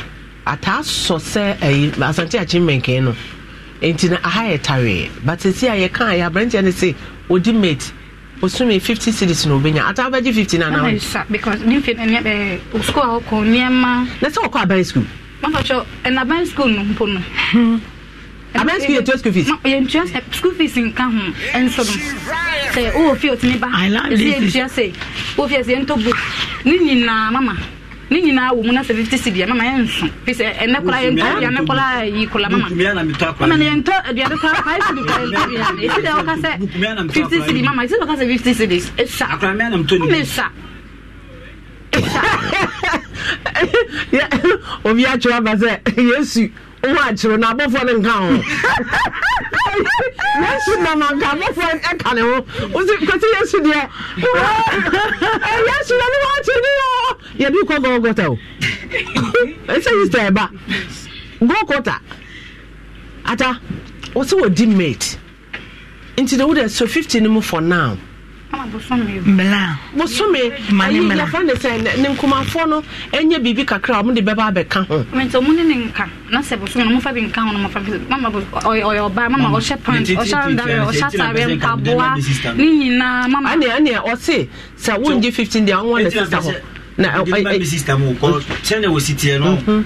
Speaker 1: ataa sɔ sɛ ɛyi asante akyi mmɛnkɛn no nti na aha yɛ tareɛ but esi a yɛka yɛ aberanteɛ no se odi mate osumi fifty cities na obenya ata abɛgye fifty na na.
Speaker 2: ɛnsa because ne nfe ɛnɛ ɛɛ sukuu a ɔkɔ nneɛma.
Speaker 1: na sɛ ɔkɔ aban sukuu.
Speaker 2: mafɔtɔ ɛnaban sukuu no mpo no. Hmm. aban sukuu yɛ tua sukuu fees. yɛ tua sukuu fees nka ho ɛnso no sɛ owó fi otimi ba. i like this. ɛsi yɛ tua sɛ owó fi ɛsɛ yɛn to book ne nyinaa mama ne nyinaa wɔ mu na sɛ fifty si deɛ mama yɛn nso pisɛ ɛnɛ koraa yɛn ntɔ aduane koraa yi koraa mama mama ne yɛn ntɔ aduane koraa five cedi koraa yɛn ntɔ aduane esi deɛ wɔka sɛ
Speaker 3: fifty cedi mama
Speaker 2: esi deɛ wɔka sɛ fifty cedi esa ɔmo esa esa.
Speaker 9: obi atwerɛ aba sɛ yesu
Speaker 1: wo akyerɛ na abɔfoɔ no nka ho
Speaker 6: yesu nam anka abɔfoɔ ɛka ne ho wosi kɔsi yesu deɛ eh, yesu na ne wɔakyere ne
Speaker 1: yɛ yɛde kɔ gɔgɔta o ɛsɛ yista ɛba gɔgɔta ata wɔsɛ wɔ di mate nti de wo de so 50 no mu for now mbela bosome ayi yafa
Speaker 2: ne sɛ ne nkumafoɔ
Speaker 1: no ɛnyɛ biribi kakra a ɔmo de bɛba abɛka. mɛnti
Speaker 2: ɔmo ne ne nka na sɛ bosome mama ɔyɛ ɔbaa mama ɔhyɛ pant ɔhyɛ ndareɛ ɔhyɛ atareɛ mama. ani ani ɔse sɛ wɔn gye fifteen de ɔmo ne sista hɔ.
Speaker 1: na ɛɛ
Speaker 3: ɛɛ ɛɛ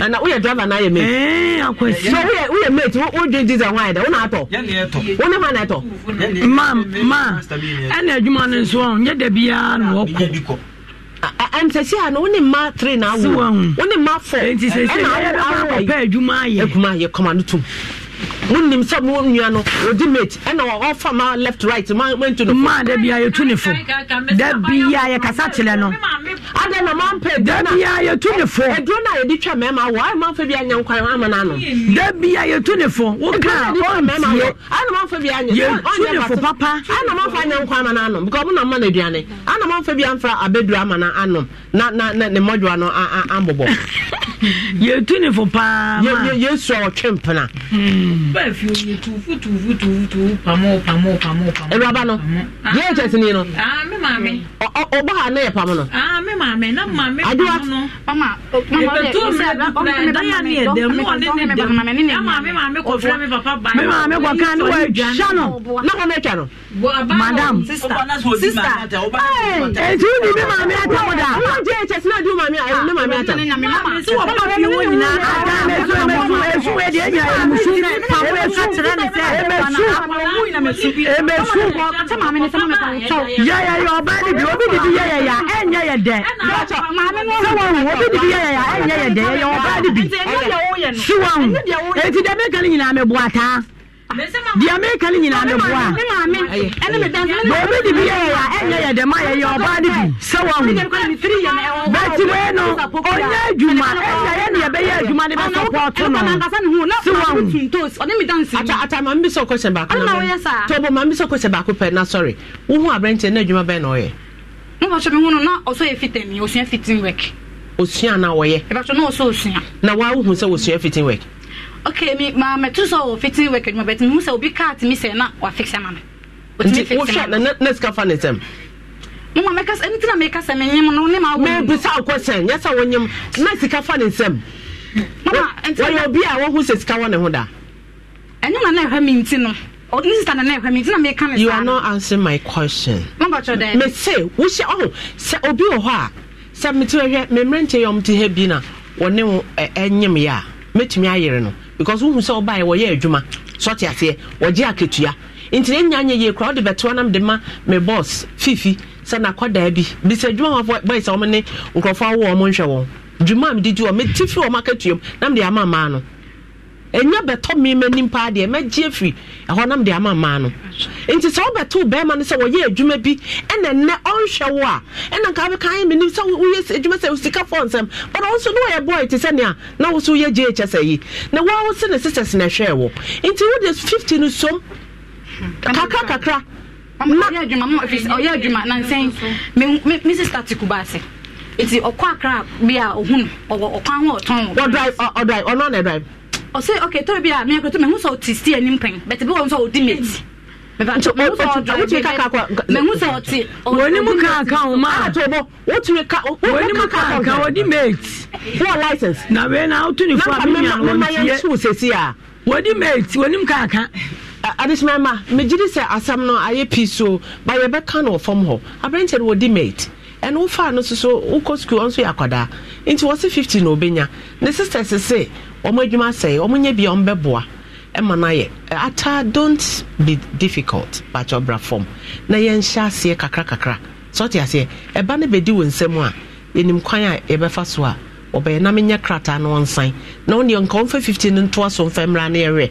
Speaker 1: ana woyɛ driver na ayɛ mate eh, so woyɛ woyɛ mate wodwe diesel ho ayɛ dɛ wona atɔ
Speaker 10: wone
Speaker 1: ho na ɛtɔ
Speaker 10: mam ma
Speaker 6: ɛna adwuma no nso nyɛ da biara na wɔkɔ ntɛsi a no wone mma three na awo wone mma four ɛna awo awo pɛ
Speaker 1: adwuma ayɛ ekuma ayɛ kɔma no tum wonim sɛ mo nua no ɔdi mate ɛna ɔfa ma left right ma ntu no ma da bia yɛtu ne fo da bia yɛkasa kyerɛ no adɛ na mampɛ da bia yɛtu ne fo ɛduro no a yɛde twa mmarima wɔ ayɛ mamfa bi anyɛ nkwan ama no ano da bia yɛtu ne fo woka ɔntie ana mamfa bi anyɛ yɛtu ne fo papa ana mamfa anyɛ nkwan ama no ano because ɔmo na ma no aduane ana mamfa bi amfra abɛduru ama no ano na na ne mmɔdwa no ambobɔ yɛtu ne fo paa yɛsu a ɔtwe
Speaker 2: mpena bá fi omi tuufu tuufu tuufu tuufu pamọ́ pamọ́ pamọ́ pamọ́. ẹ̀rọ aba nọ yé ẹ̀kyẹ́ sí ni nọ. aa ah, mi maa mi. ọbọ ha ne yẹ pamọ́ nọ. aa ah, mi maa mi na maa mi pamọ́ nọ. mama ebetu mi na daya ni ẹdẹm ní ọdẹ ni dẹm ya maa mi maa mi kọ fúra mi papa ba. mi maa mi kọ kan ni wọ́n ẹ̀kyá nọ ne
Speaker 8: kọ́ n'ẹ̀kyá
Speaker 1: nọ. madam sista sista ẹ̀ ǹtí ni mi maa mi ata mo da. ọmọ jẹ́
Speaker 6: ẹ̀kyẹ́ sí náà di maa mi ayé ne maa mi ata. mama mi sọ wọ́n bá mi wọ́n nyinaa emesu emesu yɛyɛyɛ ɔba ni bi obi di bi yɛyɛyɛ ɛnyɛ yɛ dɛ
Speaker 2: siwanwu obi di bi yɛyɛyɛ ɛnyɛ yɛ dɛ yɛyɛ ɔba ni bi siwanwu eti dɛmɛ kɛlɛ nyinaa mi bu ata di amerika ni nyinaa meboa baabi de bi yɛyɛ a ɛnyɛ yɛ dɛma yɛyɛ ɔbaa no bi sɛ wahu bɛti wei no ɔnyɛ adwuma ɛna yɛ ne yɛbɛyɛ adwuma ne bɛsɔpɔɔto no
Speaker 1: sɛ wahutama mbisɛ kɔhyɛ baako tɔbɔ ma mbisɛ kɔhyɛ baako pɛ na sɔre wohu aberɛnkyɛ na adwuma bɛn na ɔyɛ
Speaker 2: mobɛhwɛ me hu no na ɔsɔ yɛ fitami ɔsua fitin work
Speaker 1: ɔsua na wɔyɛ ɛbɛhwɛ na ɔsɔ ɔsua na woawohu sɛ wɔsua fitin work
Speaker 2: okay mi maa mɛ tu sɔ o fitiri wɛ kɛnɛma bɛti mu sɛ obi kaati mi sɛ na wa fikisɛ ma mɛ
Speaker 1: o ti mi fikisɛ ma mɛ. nti wohwɛ na
Speaker 2: ne ne sika fa ne nsɛm. mo ma mɛ kasa ɛni tina mɛ kasa mɛ nyim no ne ma wo. mɛ bisa akɔ sɛn yasa wo nyim na sika fa ne nsɛm. mama nti wɔyɛ obi
Speaker 1: a wɔn ho sɛ sika wɔ ne ho da.
Speaker 2: ɛnu na na ɛhwɛ mi nti no o ni sita na na ɛhwɛ mi nti na ka ne saa. you are
Speaker 1: not answering my question.
Speaker 2: mo bɔ tɔ dɛ. mɛ se wohyɛ ɔho oh, sɛ obi wɔ hɔ a
Speaker 1: sɛ mi ti wɔ hwɛ mɛ mmerɛ nkyɛn yɛ ɔmo ti hɛ bi na wɔne ɛnyim yɛ a mɛtumi ayere no because wohu sɛ wobaeɛ wɔyɛ adwuma sɔte aseɛ wɔgye akatua nti ne nya nyɛ yie kora wode bɛtoa nam de ma me bos fifi sɛ nakɔdaa bi bisɛ adwuma hɔfo bɔi sɛ wɔm ne nkurɔfoɔ awoɔ mo nhwɛ wɔn dwuma a mede di wɔ mete fi wɔ m akatua na mede ama maa no ɛnyɛ bɛtɔ mmɛma nim paa deɛ mɛgye firi ɛhɔ nam deɛ ama mmaa no nti sɛ wobɛto bɛrima no sɛ wɔyɛ adwuma bi ɛna nnɛ ɔnhwɛ wo a ɛna nka bɛka ayɛ menim sɛ woyɛ adwuma sɛ sika fɔ nsɛm but ɔwo so ne wɔyɛ bɔɔ te sɛ nea na wo so woyɛ gye kyɛ sɛ yi na woa wo se ne sisters na ɛhwɛɛ wɔ nti wode 50 no som kakra kakra
Speaker 2: ɔyɛ adwuma nansɛn me sister te kubaase nti ɔkɔ akra bi a ɔhu no ɔkwan ho ɔtɔn ɔdrive ɔno na ɛdrive ɔsɛ ok tɔrɔ bi a mi akɔtɔ mɛ n sɔ ɔti si ɛni pɛn bɛtɛ bi wɔn sɔ ɔdi mɛti wotumi ka
Speaker 6: wɔnimu ka ka wo ma wotumi ka wɔnimu ka ka wɔdi mate wɔ license na wei na woto ne fo a menya no wɔntiɛ so
Speaker 1: sesi a wɔdi mate wɔnim ka ka adesima ma megyere sɛ asɛm no ayɛ pii so ba yɛbɛka no wɔ hɔ aberɛnkyɛ wɔdi mate ɛno wofaa no so wokɔ skuul ɔnso yɛ akwadaa nti wɔ se 50 na obɛnya ne sister sese ɔmo adwuma sɛe ɔmo nyɛ bia ɔmo bɛboa ɛma no ata don't be difficult bakyɛ ɔbra fam na yɛnhyɛ aseɛ kakra kakra sɛ ɔte aseɛ ɛba no bɛdi wɔ nsɛm a yɛnim kwan a yɛbɛfa so a ɔbɛyɛ na menyɛ krataa na ɔnsan na wo neɛ nka ɔmfa 50 no ntoa so mfa mmra ne yɛwerɛ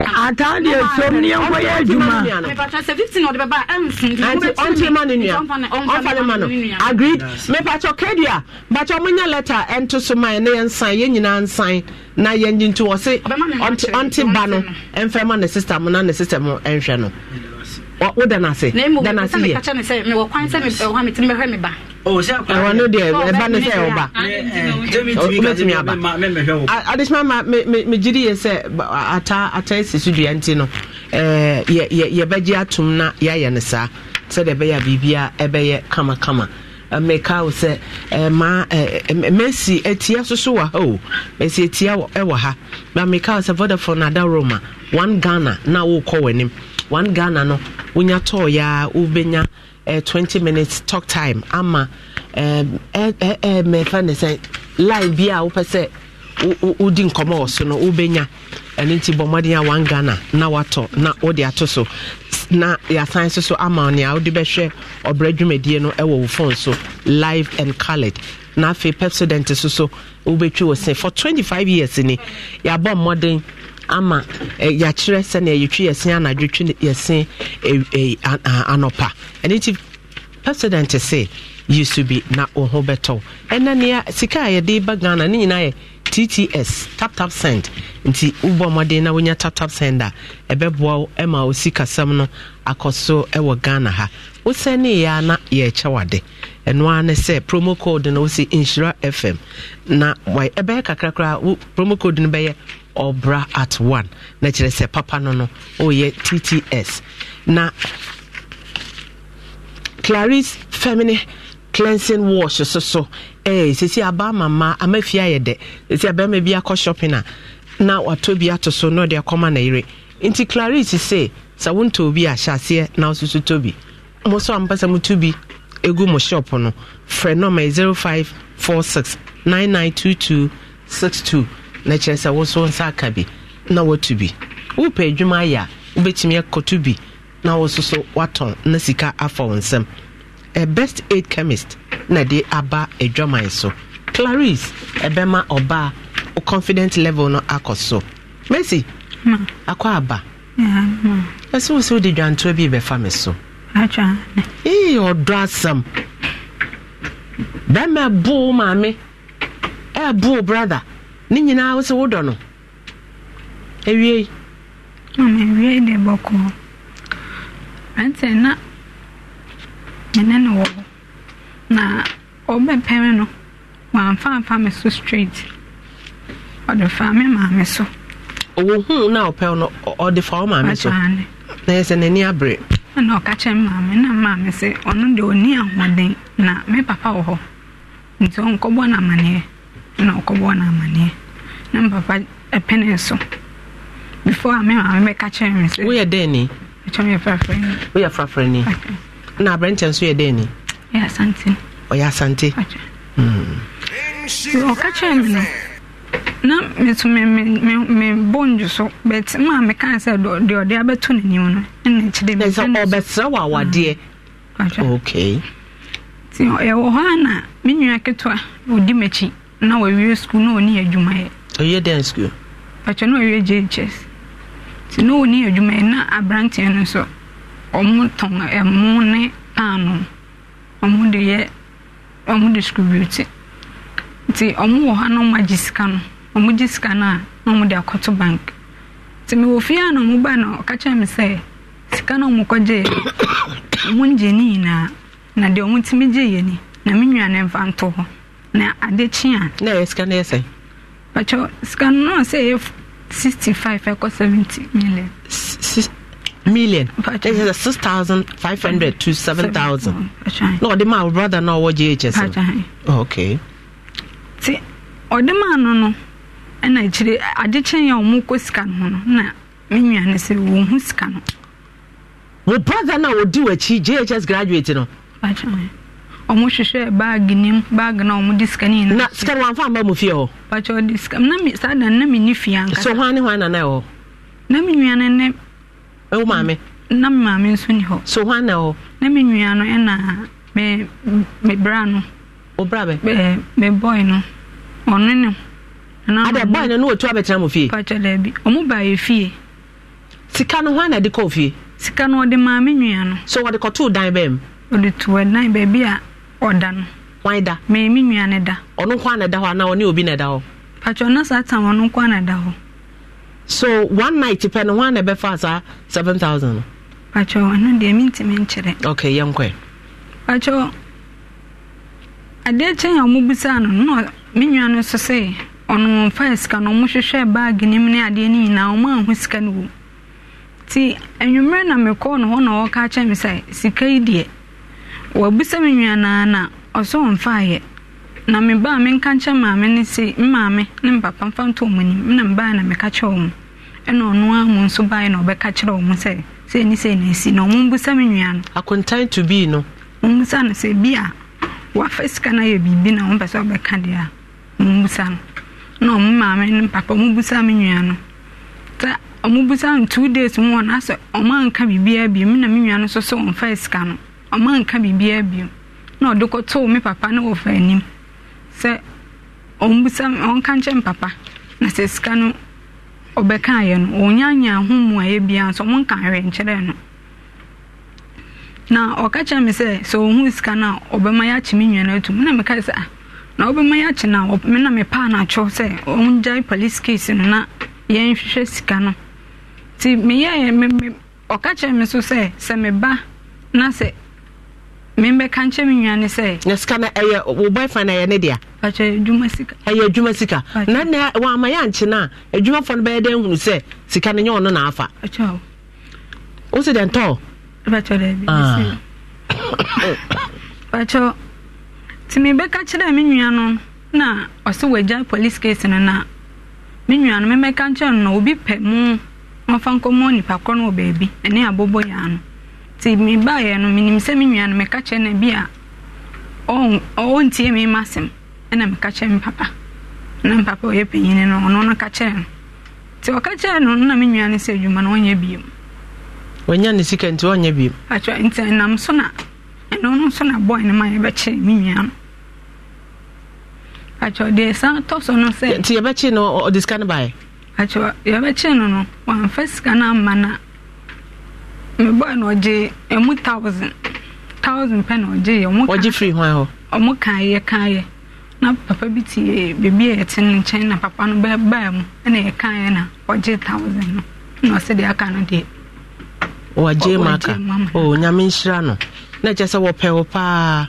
Speaker 5: ataa deɛ som ne yɛnkɔ yɛ adwuma
Speaker 2: nti ɔnte ma no nua agreed
Speaker 1: mepakyɛ kadua bakyɛ ɔmonyɛ lɛta ɛnto so ma ne yɛnsan yɛn nyinaa nsan na yɛngye nti wɔ se ɔnte ba no ɛmfɛ ma ne system na ne system ɛnhwɛ no wo da n'ase da n'ase yɛ. na
Speaker 2: emu sɛ mewɔ kwan sɛ ɛwɔ mi ti mɛhwɛ mi ba.
Speaker 1: o oh, sɛ akwa ɛwɔ no deɛ ɛba ne sɛ ɛwɔ ba obetumi eh, eh, aba adesima ma me gyiri yɛ sɛ ata ata esi so dua nti no ɛɛ eh, yɛ yɛ yɛbɛgye atum na yɛayɛ ne saa sɛdeɛ ɛbɛyɛ a biribiara ɛbɛyɛ kamakama. mmeka wo sɛ ma mesi atia so so wɔ ha o mesi atia wɔ ha na mmeka wo sɛ vodafone ada roma one ghana na wokɔ w'anim one ghana no wonya tɔɔyɛ ya wobɛnya uh, 20 minutes talk time ama eh, eh, eh, mɛfa ne sɛ line bi a wopɛ sɛ wodi nkɔmmɔ wɔ so no wobɛnya ɛno nti bɔ a one ghana na watɔ na wode ato so na yɛasan so so ama nea wode bɛhwɛ ɔbrɛ dwumadie no wɔ wo phone so live and coloured na afei pepsodent so so wobɛtwi wɔ se for 25 years ni yɛabɔ mmɔden ama eh, yɛakyerɛ sɛnea yɛtwi yɛse anadwotwi yɛse eh, eh, anɔpa ɛno nti president se yisu bi na wo ho bɛtɔw ɛna nea sika a yɛde ba ghana ne nyinaa yɛ tts taptap send nti wobɔ mmɔden na wonya taptap send a ɛbɛboa wo ma wo sikasɛm no akɔ so ɛwɔ ghana ha wosɛneeɛ a na yɛrekyɛ wade ɛno ara ne sɛ promo code no wo sɛ nhyira fm na ɛbɛyɛ kakra koraa promo code no bɛyɛ ɔbra at one na kyerɛ sɛ papa no no ɔyɛ tts na clarice feminine cleansing wash so so ɛɛ eh, sisi aba mama amafie ayɛ dɛ sisi abɛrima bi akɔ shopping a na watɔ bi ato so na ɔde akɔma na yere nti clarice se sɛ wontɔ obi a hyɛ aseɛ na ɔsoso tɔ bi mo nso ampa sɛ motu egu mo shop no frɛ nɔma zero five four six nine nine two two six two na kyerɛ sɛ wo nsa aka bi na watu bi wopɛ adwuma ayɛ a wobɛtumi akɔto bi na wososo so so woatɔn na sika afa wo nsɛm best aid chemist na de aba adwaman so clarice ɛbɛma ɔbaa wo confident level no akɔ so mercy hmm. akɔ aba
Speaker 7: hmm.
Speaker 1: ɛsɛ wo sɛ wode dwantoa bi bɛfa me so ee ɔdɔ asɛm bɛma ɛboo maame ɛboo brother ne nyinaa wo sɛ wodɔ no
Speaker 7: awiei mama awiei de bɔkɔ ɛntɛ na mene ne wɔ na ɔbɛpɛme no wamfaamfa me so straight ɔde faa me maame so
Speaker 1: ɔwɔ hu na ɔpɛw no ɔde fa wo maame so na sɛ n'ani abere
Speaker 7: na ɔka maame na maame sɛ ɔno ɔni ahoɔden na me papa wɔ hɔ nti ɔnkɔbɔ na ɔkɔbɔ na papa pɛne so before me maame bɛka kyerɛ me sɛ woyɛ dɛn ni ɛkyɛm yɛ frafrɛni
Speaker 1: woyɛ frafrɛni
Speaker 7: na aberɛnkyɛ nso yɛ dɛn ni yɛ asante ɔyɛ asante ɔka kyerɛ me no na meso mebɔ ndwo so but ma mekaa sɛ deɛ ɔde abɛto n'anim no ɛna mm. kyerɛ me sɛ ɔbɛsrɛ wɔ awadeɛ okay nti ɛwɔ hɔ a na me nua ketewa ɔdi m'akyi na wawie sukuu na ɔni adwumayɛ
Speaker 1: ɔyɛ dɛn school.
Speaker 7: pàtó náà ɔyɛ jhs tí náà wọn ní adwuma yẹn na aberanteɛ no nso wɔn tɔn ɛmo ne paano wɔn de yɛ wɔn distribute nti wɔn wɔ ha na wɔn agye sika no wɔn gye sika no a na wɔn de akɔto bank nti mi wɔ fie a na wɔn ba na ɔka kyerɛ mi sɛ sika na wɔn kɔgye wɔn gye ne nyinaa na deɛ wɔn ti mi gye yɛ ni na mi nwa ne mfa nto hɔ na adekyi na ɛyɛ sika na ɛyɛ sɛn bàtchɛ scan no sɛ ɛyɛ sixty five ɛkɔ seventy million. S
Speaker 1: million ɛsɛ six thousand five hundred to seven thousand na ɔde ma brother na ɔwɔ ghs no okay
Speaker 7: ti ɔde ma no no ɛna akyire adekyɛn a ɔmo kɔ sika no ho no na me nua no sɛ wɔn ho sika
Speaker 1: wò brother na odi wɔ akyi JHS graduate no.
Speaker 7: bàtchɛ ɔmo hyehyɛ baagi nim baagi na ɔmo di sika ne nyinaa. na sika no wanfa ba mu fie hɔ. pàtó ɔdi sika na mi saa dan na mi ni fie ankasa. so hwan ne hwan nana wɔ. na mi nua no ne. ɛwɔ maame. na mi maame nso ni hɔ. so hwan na wɔ. na mi nua no ɛna mɛ mɛ bra no. o bra bɛ. ɛɛ mɛ bɔi no ɔno ne. ada bɔi no no wotu abɛtena mu fie. pàtó dɛbi ɔmo ba yɛ fie. sika no hwan na ɛde kɔɔ fie. sika no ɔde maame nua no. so wɔde kɔtoo dan bɛɛ mu. ɔde tuwɛ dan baabi a ɔda no wan da me me nua ne da
Speaker 1: ɔno nko ana ɛda hɔ anaa ɔne obi na ɛda hɔ
Speaker 7: patwɛ ɔno saa tam ɔno nko ana ɛda hɔ
Speaker 1: so one night pɛ no ho ana ɛbɛfa saa seven thousand
Speaker 7: patwɛ ɔno deɛ mentimi nkyerɛ
Speaker 1: okay yɛnkɔɛ
Speaker 7: patwɛ adeɛ kyɛn a ɔmobisaa no na me nua no so sɛ ɔno ɔmfa sika no ɔmohwehwɛ baage no mu ne adeɛ no nyinaa ɔma aho sika no wɔ mu nti na mekɔɔ no hɔ na ɔka kyerɛ me sɛ sika yi deɛ wɔabisa me nuanaa na ɔsɛ ɔmfaayɛ na mebaa menka nkyɛ maame ne se maame ne mpapa mfa nto ɔmo anim na na meka kyerɛ ɔmo ɛna ɔno a nso na ɔbɛka kyerɛ ɔmo sɛ na asi na ɔmo mbusa me nua no to bii no no sɛ bi a wafa sika na yɛ biribi na ɔmo pɛ ɔbɛka deɛ a na ɔmo maame ne papa ɔmo busa me nua na me ɔma nka biribiara bio na ɔde kɔtoo me papa na wɔfa anim sɛ ɔmbusa ɔnka nkyɛn papa na sɛ sika no ɔbɛkaeɛ no ɔnyanya ho ayɛ biara nso nka ahwɛnkyerɛ no na ɔka kyerɛ mi sɛ sɛ ɔhu sika no a ɔbɛma yɛakye me no na meka sɛ ah, na ɔbɛma yɛakye no a na mepaa no sɛ ɔngyae police case no na yɛnhwehwɛ sika no nti ɔka kyerɛ sɛ sɛ na sɛ membɛka nkyɛ me nnuane sɛ na sika no ɛyɛ eh, eh, wo boyfriend ɛyɛ eh, ne dea akyɛ adwuma ɛyɛ adwuma
Speaker 1: sika na na waama yɛ ankye no a adwumafoɔ no bɛyɛ dɛ hunu sɛ sika no nyɛ ɔno na afa akyɛw
Speaker 7: wo oh. se dɛn tɔɔ bɛkyɛ daabi bakyɛ nti mebɛka kyerɛ me no na ɔse wɔagya police case no na me nua no memɛka nkyerɛ no na obi pɛ mu ɔmfa nkɔmmɔ nnipa korɔ no wɔ baabi ɛne abɔbɔ yɛ ano nti mebaeɛ no menim sɛ me nua no meka kyerɛ no bi a ntie me ma asɛm ɛna meka kyerɛ me papa na mpapa ɔyɛ panyini no ɔno no ka kyerɛ no nti ɔka kyerɛ no na me nua no sɛ adwuma no ɔnyɛ biom
Speaker 1: ɔnya ne sika nti ɔnyɛ biom
Speaker 7: atwa nti ɛnam so na ɛno no so na bɔe no ma yɛbɛkyere me nua no atwa deɛ san tɔ so no sɛ nti yɛbɛkyere no ɔde sika no baeɛ atwa yɛbɛkyere no no wamfa sika no amma no a mebɔɔ na ɔgye ɛmu pɛ na ɔgye yɛ ɔgye firi hɔ ɔmo na papa bi ti beebi a yɛte ne nkyɛn na papa no bɛɛ baa mu ɛna yɛ kan na ɔgye thousand no na ɔsɛ deɛ aka no deɛ
Speaker 1: ma o oh, nyame nhyira no na ɛkyɛ sɛ wɔpɛ wo paa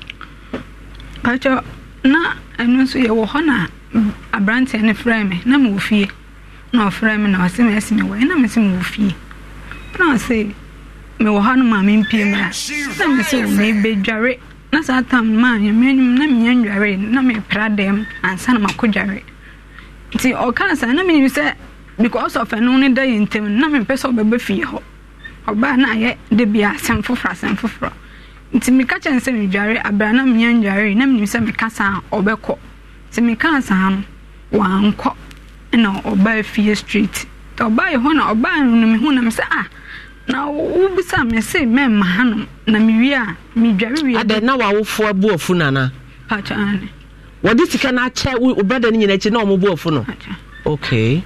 Speaker 7: na ɛno nso hɔ na aberanteɛ no frɛ na mewɔ fie na ɔfrɛ me na ɔse me ɛse me wɔɛ na mese mewɔ fie na ɔse mewɔ hɔ a maame mpie mu a na mesɛ wo mebɛdware na saa tam maa yɛmɛnum na menyɛ ndware na mepra dɛm ansa na makɔ dware nti ɔkaa saa na menim sɛ because of ɛno ne da yɛ ntam na mempɛ sɛ ɔbɛba fie hɔ ɔbaa na ayɛ da bia asɛm foforɔ asɛm foforɔ nti meka kyɛ sɛ medware abra na menyɛ ndware na menim sɛ meka saa ɔbɛkɔ nti mekaa saa no wankɔ na ɔbaa fie street nti ɔbaa yɛ hɔ na ɔbaa no me hu na me sɛ ah na wobisa me se mɛmma hanom na mewie a medware wie adɛn na
Speaker 1: wawofoɔ bu afu nana
Speaker 7: pakyane wɔde sika no akyɛ wo brada no nyina akyi na ɔmo
Speaker 1: afu no okay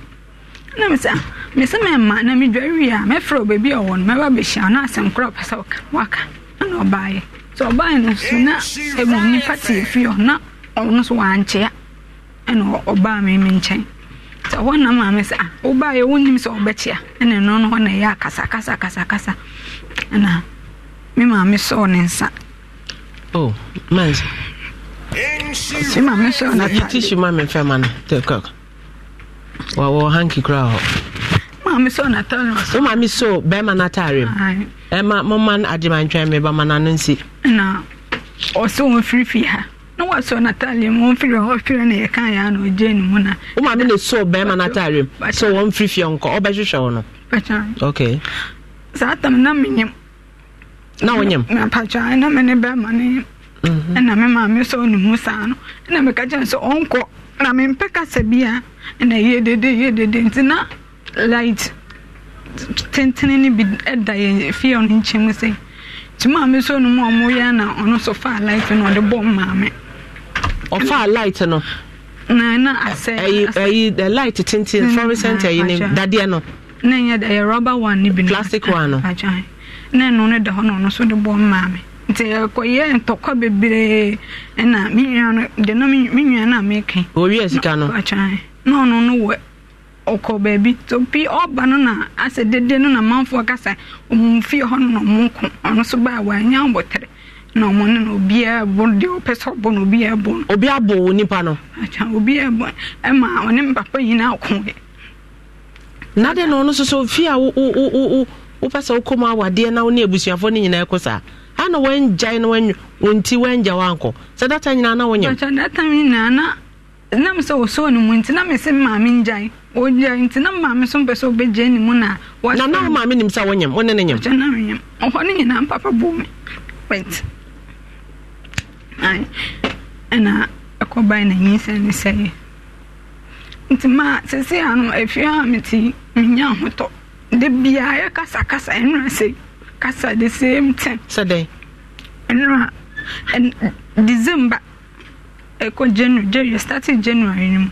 Speaker 7: na mesɛ mesɛ mɛmma na medware wie a mɛfrɛ wo baabi a ɔwɔ no mɛba bɛhyia na asɛm korɔ pɛ sɛ woka waka ana ɔbaeɛ sɛ ɔbaeɛ no so na ɛmu nnipa te afie hɔ na ɔno so wankyea ɛna ɔbaa me me nkyɛn hɔ na maame sɛ ah wobaeɛ wonim sɛ wobɛkyea ɛne ɛno no hɔ na ɛyɛ akasa kasa kasa kasa ɛna me maame sɔɔ ne nsa
Speaker 1: oh nice
Speaker 7: me maame sɔɔ ne nsa
Speaker 1: tissue ma me fɛ ma no tɛkɔ wɔwɔ hanky kora hɔ
Speaker 7: maame sɔɔ n'ataare ma sɔɔ maame sɔɔ
Speaker 1: bɛrima n'ataare mu ɛma mɔma agyemantwɛn mi ba ma n'ano nsi na ɔsɛ wɔn firifiri
Speaker 7: ha na wasɔ n'ataare mu wɔn firi hɔ firi na yɛka yɛ ano gye ne mu na.
Speaker 1: o maame na so bɛrima n'ataare mu so wɔn firi fie nkɔ ɔbɛhwehwɛ wɔn no. pàtàkì ok.
Speaker 7: saa tam na mi nyam. na wɔn nyam. na pàtàkì na mi ne bɛrima ne nyam. Mhm. ɛna mi maame so ne mu saa no ɛna mi kakyɛ nso ɔnkɔ na mi mpɛ kasa bi a ɛna yie dede yie dede nti na light tenten ni bi ɛda yɛ fie ɔno nkyɛn mu sɛ nti maame so ne mu a ɔmo yɛ na ɔno so fa light na ɔde bɔ maame. ɔfaa light no ɛyi light tenten mm, fluorescent ɛyi ne dadeɛ no na ɛyɛ ɛyɛ rubber one ne bi plastic one no na da hɔ na ɔno nso de bɔ mmaa mi nti yɛ ntɔkwa bebree ɛna me nua no de na a no na ɔno no to ɔba no na asɛ dede no na manfoɔ kasa ɔmo fie hɔ no na ɔmo ko ɔno baa na ɔmo no na obiara bɔ no deɛ ɔpɛ sɛ ɔbɔ no obiara bɔ no. obi abɔ wo nipa no. akyɛ obiara bɔ ɛma ɔne mpapa nyinaa ko yɛ.
Speaker 1: na de na ɔno soso fi a wo wo wo wo wopɛ sɛ wokɔ mu awadeɛ na wo ne abusuafoɔ no nyinaa kɔ saa ana wɔngyae na wɔn nti
Speaker 7: wɔngya wankɔ sɛ data nyinaa na wɔnyam. akyɛ data nyinaa na nam sɛ wɔsɔ ne mu nti na mese maame ngyae ɔgyae nti na maame so mpɛ sɛ ɔbɛgyae ne mu na. na na wo maame nim
Speaker 1: sɛ wɔnyam wo ne ne nyam. akyɛ na wɔnyam
Speaker 7: ɔhɔ ne nyinaa mpapa bɔ ɛna ɛkɔban na nyinsɛn ne sɛɛ nti maa sese ano efie a mete nya ahotɔ de bia yɛ kasa kasa nnura se kasa the same time. sɛdɛn. nnura ɛn december ɛkɔ january january starting january no mu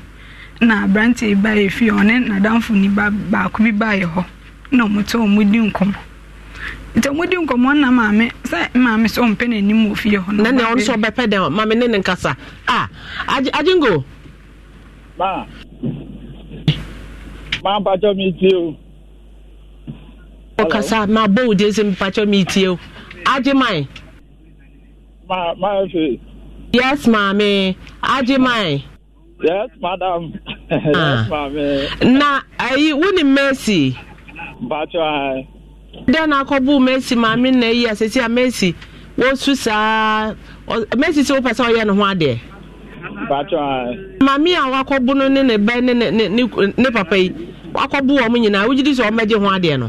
Speaker 7: na aberanteɛ ba yɛ fie ɔne n'adamfo ni ba baako bi ba yɛ hɔ na wɔn to wɔn di nkɔmɔ. nti mudi nkɔmmɔ na maame sɛ maame sɛ ɔmpɛ n'anim wɔ fie hɔ na ɔno sɛ ɔbɛpɛ maame ne ne nkasa a Maa
Speaker 1: ma ma mpakyɛ metie o kasa ma bɔ wo deɛ sɛ mpakyɛ metie o ma ma yes maame agye
Speaker 10: yes madam ah. yes maame
Speaker 1: na ayi wo ne mercy mpakyɛ dɛn na akɔbu messi maame na eyi asese a messi wosu saa mesi si wopɛ sɛ ɔyɛ ne ho adeɛ maame a wakɔbu no ne ne bɛ ne ne ne ne papa yi wakɔbu wɔn nyinaa wogye di sɛ ɔmɛgye ho adeɛ no.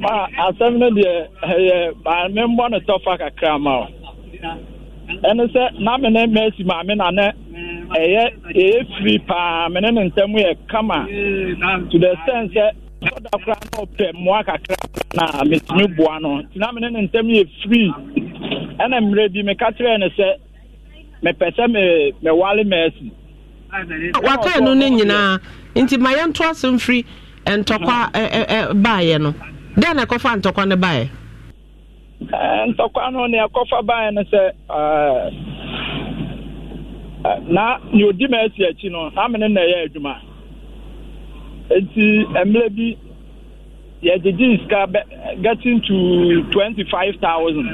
Speaker 8: ma
Speaker 10: asɛm no deɛ ɛyɛ maame mbɔ ne tɔfa kakra ma o ɛne sɛ na me ne messi maame na ne ɛyɛ e ɛyɛ e firi paa me ne ne ntɛm yɛ kama to the sense da koraa na mmoa kakra na metumi boa no nti na ne ntɛm yɛ frii ɛna mmerɛ bi meka kyerɛɛ no sɛ mepɛ sɛ me nyinaa nti ma no
Speaker 1: na no baeɛ
Speaker 10: ntɔkwa no ne ɛkɔfa no na nea odi maasi akyi no na na adwuma nti mmerɛ bi yɛgyegye sika getting to twenty five thousand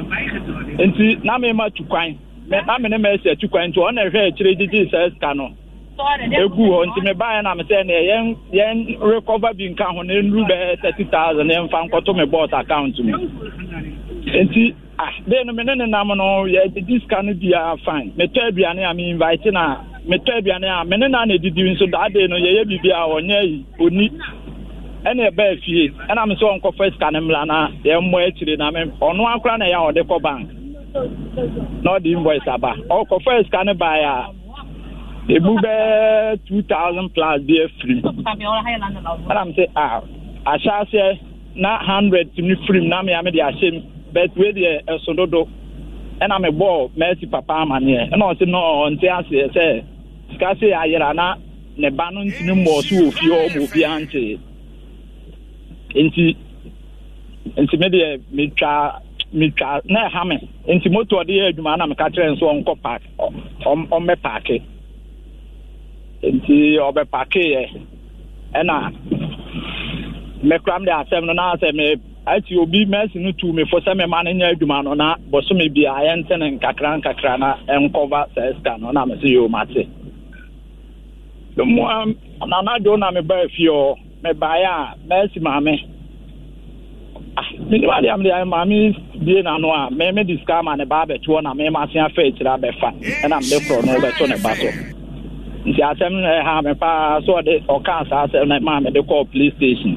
Speaker 10: nti na mema tu kwan na me ma asi atu kwan nti ɔna ɛhwɛ akyire gyegye saa sika no
Speaker 8: egu hɔ nti
Speaker 10: mebaeɛ na mesɛ ne yɛn yɛn recover bi nka ho na ɛnuru bɛyɛ thirty thousand yɛmfa nkɔto me bɔɔt account mu nti ah dee no uh, me ne ne nam no yɛdidi sika no bi a fine metɔ aduane a me invite na metɔ aduane a me ne na na edidi nso daa dee no ye biribi a ɔnyɛ yi oni ɛna ɛbaa fie ɛna me sɛ ɔnkɔfɔ sika no mmra na yɛmmɔ akyire na me ɔno akora na y'a a ɔde kɔ bank na ɔde invoice aba ɔkɔfɔ sika no baeɛ a emu bɛɛ two thousand plus bi afiri
Speaker 2: ɛna me sɛ
Speaker 10: ah ahyɛ aseɛ na hundred ne firim na me ya me de ahyɛ but wei deɛ ɛso dodo ɛna mebɔɔ mercy papa amanneɛ ɛna ɔsi no ɔnte aseɛ sɛ sika se ayera na ne ba eh. uh, no ntini mmɔɔ so wɔ fie hɔ ma obiaa nkyee nti nti me deɛ metwa metwa na ɛha me nti moto ɔde yɛ adwuma na meka kyerɛ nso ɔnkɔ park ɔmmɛ paake nti ɛna mɛkora de asɛm no na asɛ me ati obi mɛsi no tuu mi fo sɛ mɛma no nyɛ adwuma no na bɔsɔmi bi a yɛnte ne nkakra nkakra na nkɔba saa sika no na mɛ si yɛ ɔma te mu nana do na mɛ ba efie hɔ mɛ ba yɛ a mɛsi maame ah, minimu adi amidi ayi maame bie n'ano a mɛmɛ di sika ama ne ba abɛto hɔ na mɛma se afɛ ekyirɛ abɛfa ɛna mɛ korɔ no bɛto ne ba so nti asɛm na ɛha mɛ paa so ɔde ɔka asa asɛm na maa mɛ de kɔɔ police station.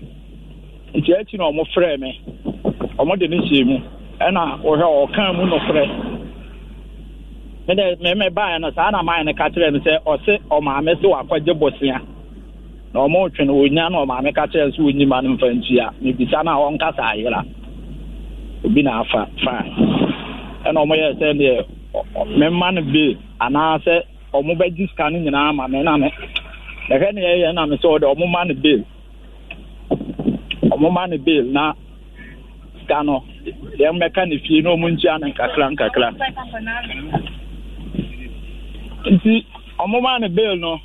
Speaker 10: nti akyi na ɔmo frɛ me ɔmo de ne hyɛ mu ɛna wɔhwɛ ɔkan mu no frɛ mede mɛmɛ baeɛ no saa na maayɛ no ka kyerɛ no sɛ ɔse ɔmaame se wakɔgye bosea na ɔmo twe no onya na ɔmaame ka kyerɛ sɛ onyima no mfa ntua mebisa no na ɔnkasa ayera obi na afa fine ɛna ɔmo yɛ sɛ deɛ mɛma no bee anaasɛ ɔmo bɛgye sika no nyinaa ma me na me ɛhwɛ ne yɛyɛ na me sɛ ɔde ɔmo ma no bee ɔmoma no bail na sika no deɛ mmɛka ne fie na ɔmu ntua no nkakra nkakra nti ɔmoma no bail no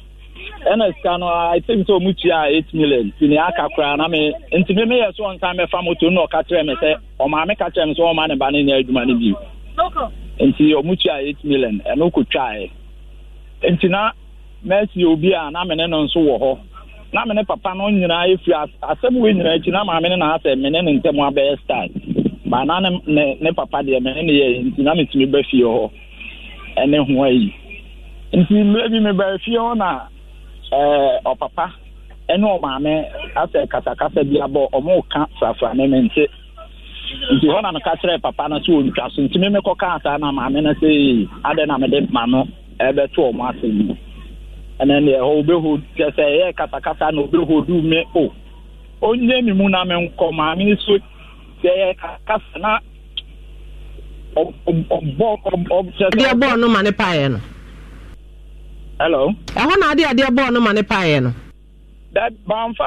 Speaker 10: ɛna sika a i think sɛ ɔmu tua eight million nti ne aka koraa na me nti me meyɛ so ɔnsan mɛfa moto na ɔka kyerɛ me sɛ ɔmaa me ka kyerɛ me sɛ ɔma ne ba ne nyɛ adwuma no bio nti ɔmu tua eight million ɛno kɔtwaeɛ nti na mɛsi obi a na me ne no nso wɔ hɔ na mene papa no nyinaa efi asɛm wei nyinaa akyi na maame no naasɛ mene ne ntɛm abɛyɛ style baana ne ne ne papa deɛ mene ne yɛ nti na metumi ba fie hɔ ɛne ho ayi nti mmerɛ bi meba fie hɔ na ɛɛ eh, ɔpapa ɛne ɔmaame asɛ kasakasa bi abɔ ɔmo ka frafra ne me nte nti hɔ na no ka kyerɛ papa no sɛ ɔntwa so nti me mekɔ kaa saa na maame no sɛ ade na mede ma no ɛbɛto ɔmo asɛm yi ɛnɛ deɛ obeho sɛ ɛyɛ katakata na du o onye mu na nkɔ maame so ɛyɛ katakata na
Speaker 11: ɔbɔ sɛ. adeɛ bɔɔl no ma ne no. hello. ɛhɔ na adeɛ adeɛ ma ne no. dɛ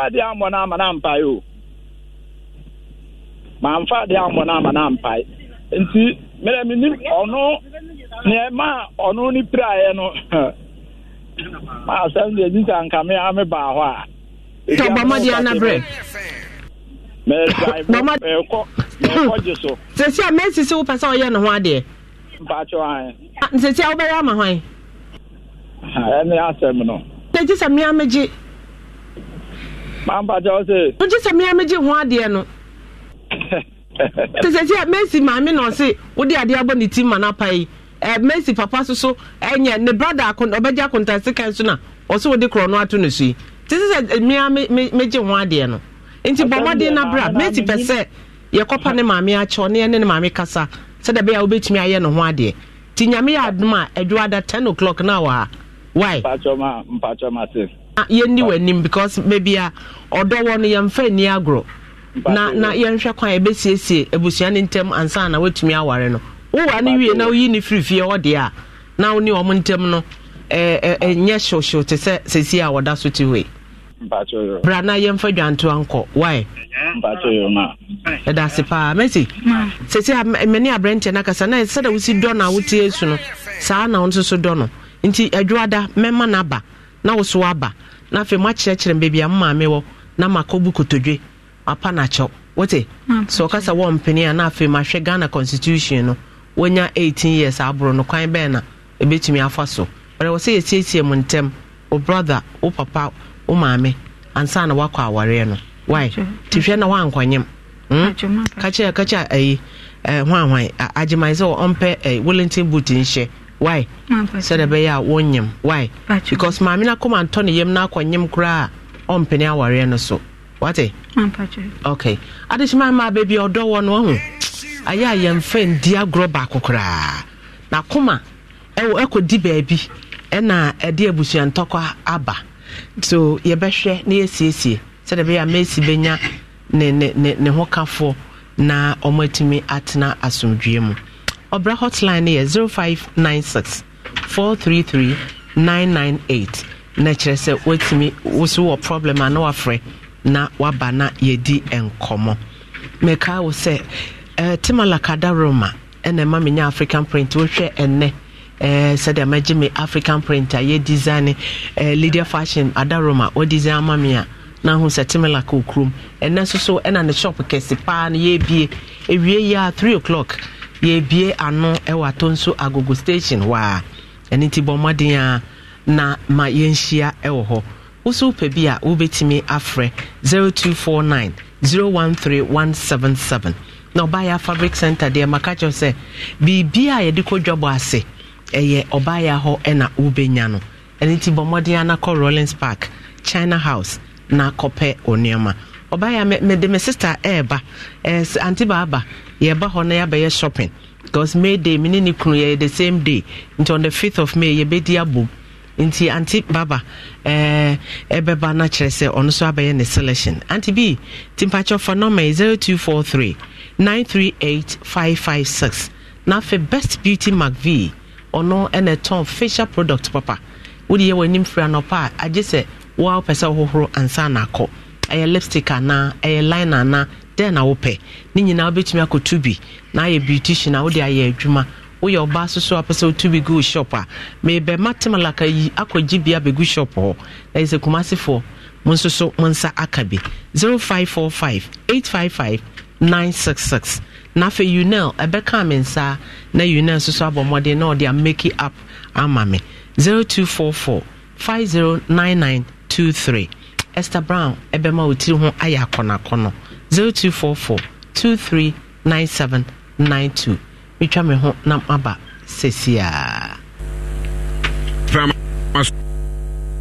Speaker 11: adeɛ amɔ na
Speaker 10: ama na o nti ni ɔno ɔno ma asɛm deɛ ɛdi sɛ anka me a me baa hɔ a bɔmmɔdeɛ na berɛ
Speaker 11: mɛkɔ gye so
Speaker 10: sɛsi a mɛsi sɛ wopɛ sɛ ɔyɛ ne ho adeɛ
Speaker 1: mpakyɛ an nsɛsi a wobɛyɛ ama hwan
Speaker 10: ɛne asɛm no
Speaker 1: sɛgye sɛ me megye
Speaker 10: mampakyɛ wo sɛ
Speaker 1: wogye sɛ mmea megye ho adeɛ no sɛ sɛsi a mɛsi maame na ɔse wode adeɛ abɔ ne tim ma no apa yi eh? Eh, mercy papa soso so ɛnyɛ eh, ne brada ɔbɛgye akontase kan so no a ɔsɛ wɔde korɔ no ato no so yi nti sɛ sɛ mmea megye ho adeɛ no nti bɔ mmɔden no berɛ a mercy pɛ sɛ yɛkɔpa ne maame akyɛw ne ɛne ne maame kasa sɛdeɛ ɛbɛyɛ a wobɛtumi ayɛ ne ho adeɛ nti nyame yɛ adom a adwoada 10 o'clock no a wɔ ha why yɛnni w'anim because baabi a ɔdɔwɔ no yɛmfa ani agorɔ na na yɛnhwɛ kwan yɛbɛsiesie abusua no ntam ansa na woatumi aware no wowa no eh, eh, eh, wie na woyi ne firi fie hɔ deɛ a na wo ne ɔmo ntam no ɛnyɛ hyewhyew te sɛ sɛsie a wɔda so te wei
Speaker 12: bra
Speaker 1: na yɛmfa dwantoa nkɔ wae ɛda se paa mɛsi sɛsi mane aberɛntiɛ no akasa na sɛda wosi dɔ no a wotie su no saa na wo nso so dɔ no nti adwoada mɛma no aba na wo so aba na afei moakyerɛkyerɛ baabi a momaame wɔ na makɔbu kotodwe apa no wote sɛ ɔkasa wɔ mpene a na afei mahwɛ ghana constitution no wonya 18 years aboro no kwan bɛn na ɛbɛtumi afa so ɔrɛ wɔ yɛsiesie mu ntɛm o brother o papa o maame ansa na woakɔ awareɛ no wae nti hwɛ na woankɔnyem hmm? kacha kyerɛ ka kyerɛ ayi hwanhwan agyemae sɛ ɔmpɛ wellington boot nhyɛ why sɛdeɛ ɛbɛyɛ a wonyem why because maame na akɔma ntɔ ne yam no akɔnyem koraa a ɔmpene awareɛ no so wate okay ɔdɔ wɔ no ayɛ a yɛmfa ndi agorɔ baako koraa na koma ɛwɔ ɛkɔdi baabi ɛna ɛde abusuantɔkɔ aba so yɛbɛhwɛ na yɛsiesie sɛdeɛ bɛyɛ a mɛsi bɛnya ne ne ne ne ho kafoɔ na wɔn atumi atena asomdwie mu ɔbra hotline no yɛ zero five nine six four three three nine nine eight na kyerɛ sɛ wɔatumi woso wɔ problem a na wafrɛ na waba na yɛdi nkɔmɔ. mɛkaa wo sɛ uh, timalakada roma ɛna ɛma menya african print wohwɛ ɛnɛ eh, sɛdeɛ magye me african print a yɛ design uh, lydia fashion ada roma ɔdesign ama me a na ho sɛ timalaka okurom ɛnɛ nso ɛna ne shop kɛse paa no yɛbie ewie yi a 3 o'clock yɛbie ano ɛwɔ atonso agogo station waa ɛne ti bɔ mmɔden a na ma yɛnhyia ɛwɔ hɔ woso wopɛ bi a wobɛtumi afrɛ seven seven na ɔbaayɛ fabric center deɛ maka kyerɛ sɛ biribia a yɛde kɔ dwabɔ ase ɛyɛ ɔbaayɛ hɔ ɛna wobɛnya no ɛno nti bɔ mmɔden ana kɔ rollins park china house na kɔpɛ onneɛma ɔbaayɛ mede me sister ɛɛba eh, anti baaba yɛba hɔ na yɛabɛyɛ shopping because may day me ne ne kunu yɛyɛ the same day nti on the fifth of may yɛbɛdi abom nti anti baba ɛbɛba eh, no kyerɛ sɛ ɔno so abɛyɛ ne selection anti bi timpakyɛ fa nɔma 0243 938556 na afei best beauty mcv ɔno ɛna ɛtɔn facial product papa wode yɛ w'anim firi anɔpa a agye sɛ woa wopɛ sɛ wohohoro ansa na akɔ ɛyɛ lipstick anaa ɛyɛ line anaa dɛn na wopɛ ne nyinaa wobɛtumi akɔtu bi na ayɛ beautician a wode ayɛ adwuma woyɛ ɔbaa soso apɛ sɛ wotu bi gu shop a mebɛma temalaka yi akɔgye bi abɛgu shop hɔ na ɛsɛ kumasefoɔ mo nso so mo nsa aka bi 0545 855 966 na afei unel ɛbɛka me nsa na unel nso so abɔ mmɔden na ɔde amake up ama me 0244 509923 esther brown ɛbɛma wo tiri ho ayɛ akɔnakɔnɔ 0244 239792 metwa me ho na maba
Speaker 13: sesiaa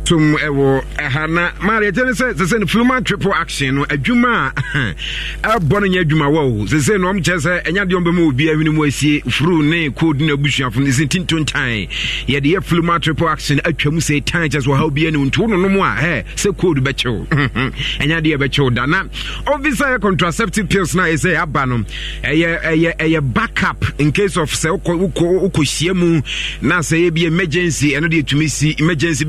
Speaker 13: atom ɛwɔ ɛha na maare yɛkyɛ ne sɛ sɛsɛ no filma triple action no adwuma a ɛbɔ no nyɛ adwuma wɔ o sɛsɛ no ɔmkyɛ sɛ ɛnya deɛ ɔmbɛma obi ahwene mu asie furu ne code ne abusuafo no ɛsɛ tinto ntan yɛde yɛ triple action atwa sɛ tan kyɛ sɛ ɔhaw bia ne nti wononom a ɛ sɛ code bɛkyɛw ɛnya deɛ bɛkyɛw da na obisa yɛ contraceptive pills no a ɛsɛ aba no ɛyɛ ɛyɛ ɛyɛ backup in case of sɛ wokɔ wokɔ wokɔhyia mu na sɛ yɛ bi emergency ɛno deɛ emergency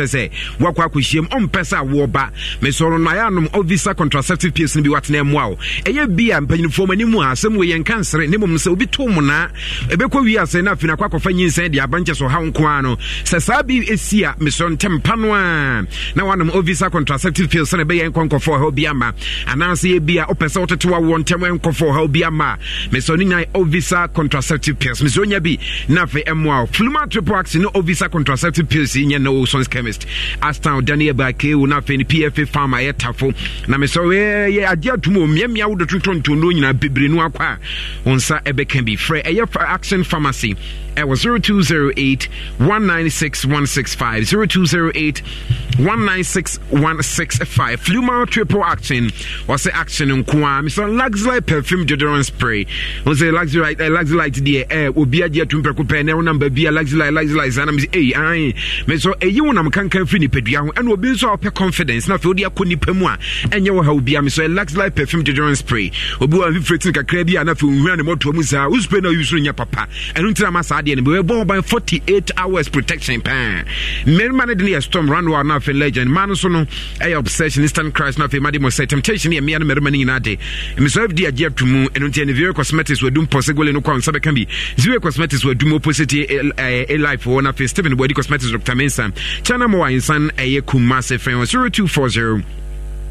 Speaker 13: kyerɛ sɛ woakɔ akɔhyiam ɔmpɛ sɛ woɔba mesɛ no ayɛanom ovisa contraceptive pies no bi watena mmoa o ɛyɛ bi a mpanyinifoɔ mu anim a asɛm wei yɛnka nsere ne mmom sɛ wobi to monaa ɛbɛkɔ wie asɛ no afina no akɔ akɔfa nyinsɛn de abankyɛ so haw nko a no sɛ saa bi ɛsi a mesɛ ntɛmpa no a na woanom ovisa contraceptive pies no ɛbɛyɛ nkɔnkɔfoɔ haw bi ama anaasɛ yɛ bi a wopɛ sɛ wotete wawoɔ ntɛm nkɔfoɔ haw bi ama a mesɛ no nyan ovisa contraceptive pies mesɛ nya bi na afei ɛmmoa wo flumatriple axe ne ovisa contraceptive pies nyɛ na wo sɔnska chemist astown daniel bakeo na afei no pfa farm ayɛ tafo na mesɛ yɛ agye atom o mmeammea wodototontono nyinaa bebree no akɔ a wo nsa ɛbɛka bi frɛ ɛyɛ action pharmacy ɛwɔ 0208 196 165 0208 196 165 Fluma triple action wɔsɛ action nko a mesɛ luxury perfume deodorant spray wo sɛ luxury uh, luxury deɛ ɛ obi agye atum prɛko pɛ na wo namba bi a luxury luxury saa na mesɛ ei ae mesɛ ɛyi wo nam kankan firi nipadua ho ɛna obi nso a eh, wɔpɛ confidence na afei wode akɔ nipa mu a ɛnyɛ wɔ ha obi a mesɛ luxury perfume deodorant spray obi wɔ amfifirɛtin kakra bi a na afei ohwira ne mɔtoa mu saa use no nyɛ papa ɛno ntina ma saa adeɛ no bɛbɛbɔ ɔban 48 hours protection paa mmarima no de no yɛ storm Run ranoa no afei legend ma no nso no ɛyɛ obsession instant crash no afei made mɔ sɛ temptation ne ɛmmea no mmarima no nyinaa de mesɛ fdi agye ato mu ɛno nti ɛne viewe cosmetics wadum pɔ sɛ gole no kɔ nsa bɛka bi ziewe cosmetics wadum opposite A alife wɔ no afei stephen bɔadi cosmetics dr mensa china mɔ wa nsan ɛyɛ kumase fɛn 0240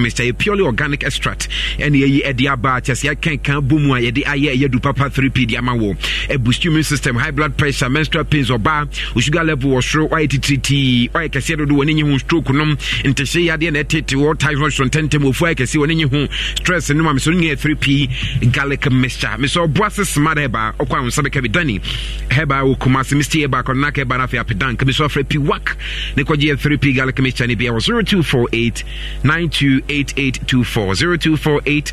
Speaker 13: mixture A purely organic extract ɛne yɛyi ɛde aba kyɛ sɛ yɛkenkan bɔ mu a yɛde ayɛ ɛyɛ dupapa 3p de ama wɔ ɛboost immune system high blood pressure menstrual pains or ɔbaa sugar level wɔ soro white titiritii ɔyɛ kɛseɛ dodo do ne nye ho stroke nom ntɛhyɛ yadeɛ na ɛtete wɔ or so ntɛntɛm ofu ayɛ kɛseɛ wɔ ne nye ho stress nom a mesɛ no nyɛ 3p garlic mixture mesɛ ɔboa se smart hɛba ɔkɔ a wo nsa bɛka bi dani hɛba wɔ kumase mesti hɛba akɔnona ka hɛba no afei apedanka mesɛ ɔfrɛ pi wak ne kɔgye yɛ 3p garlic mixture no bia 0248 8824 0248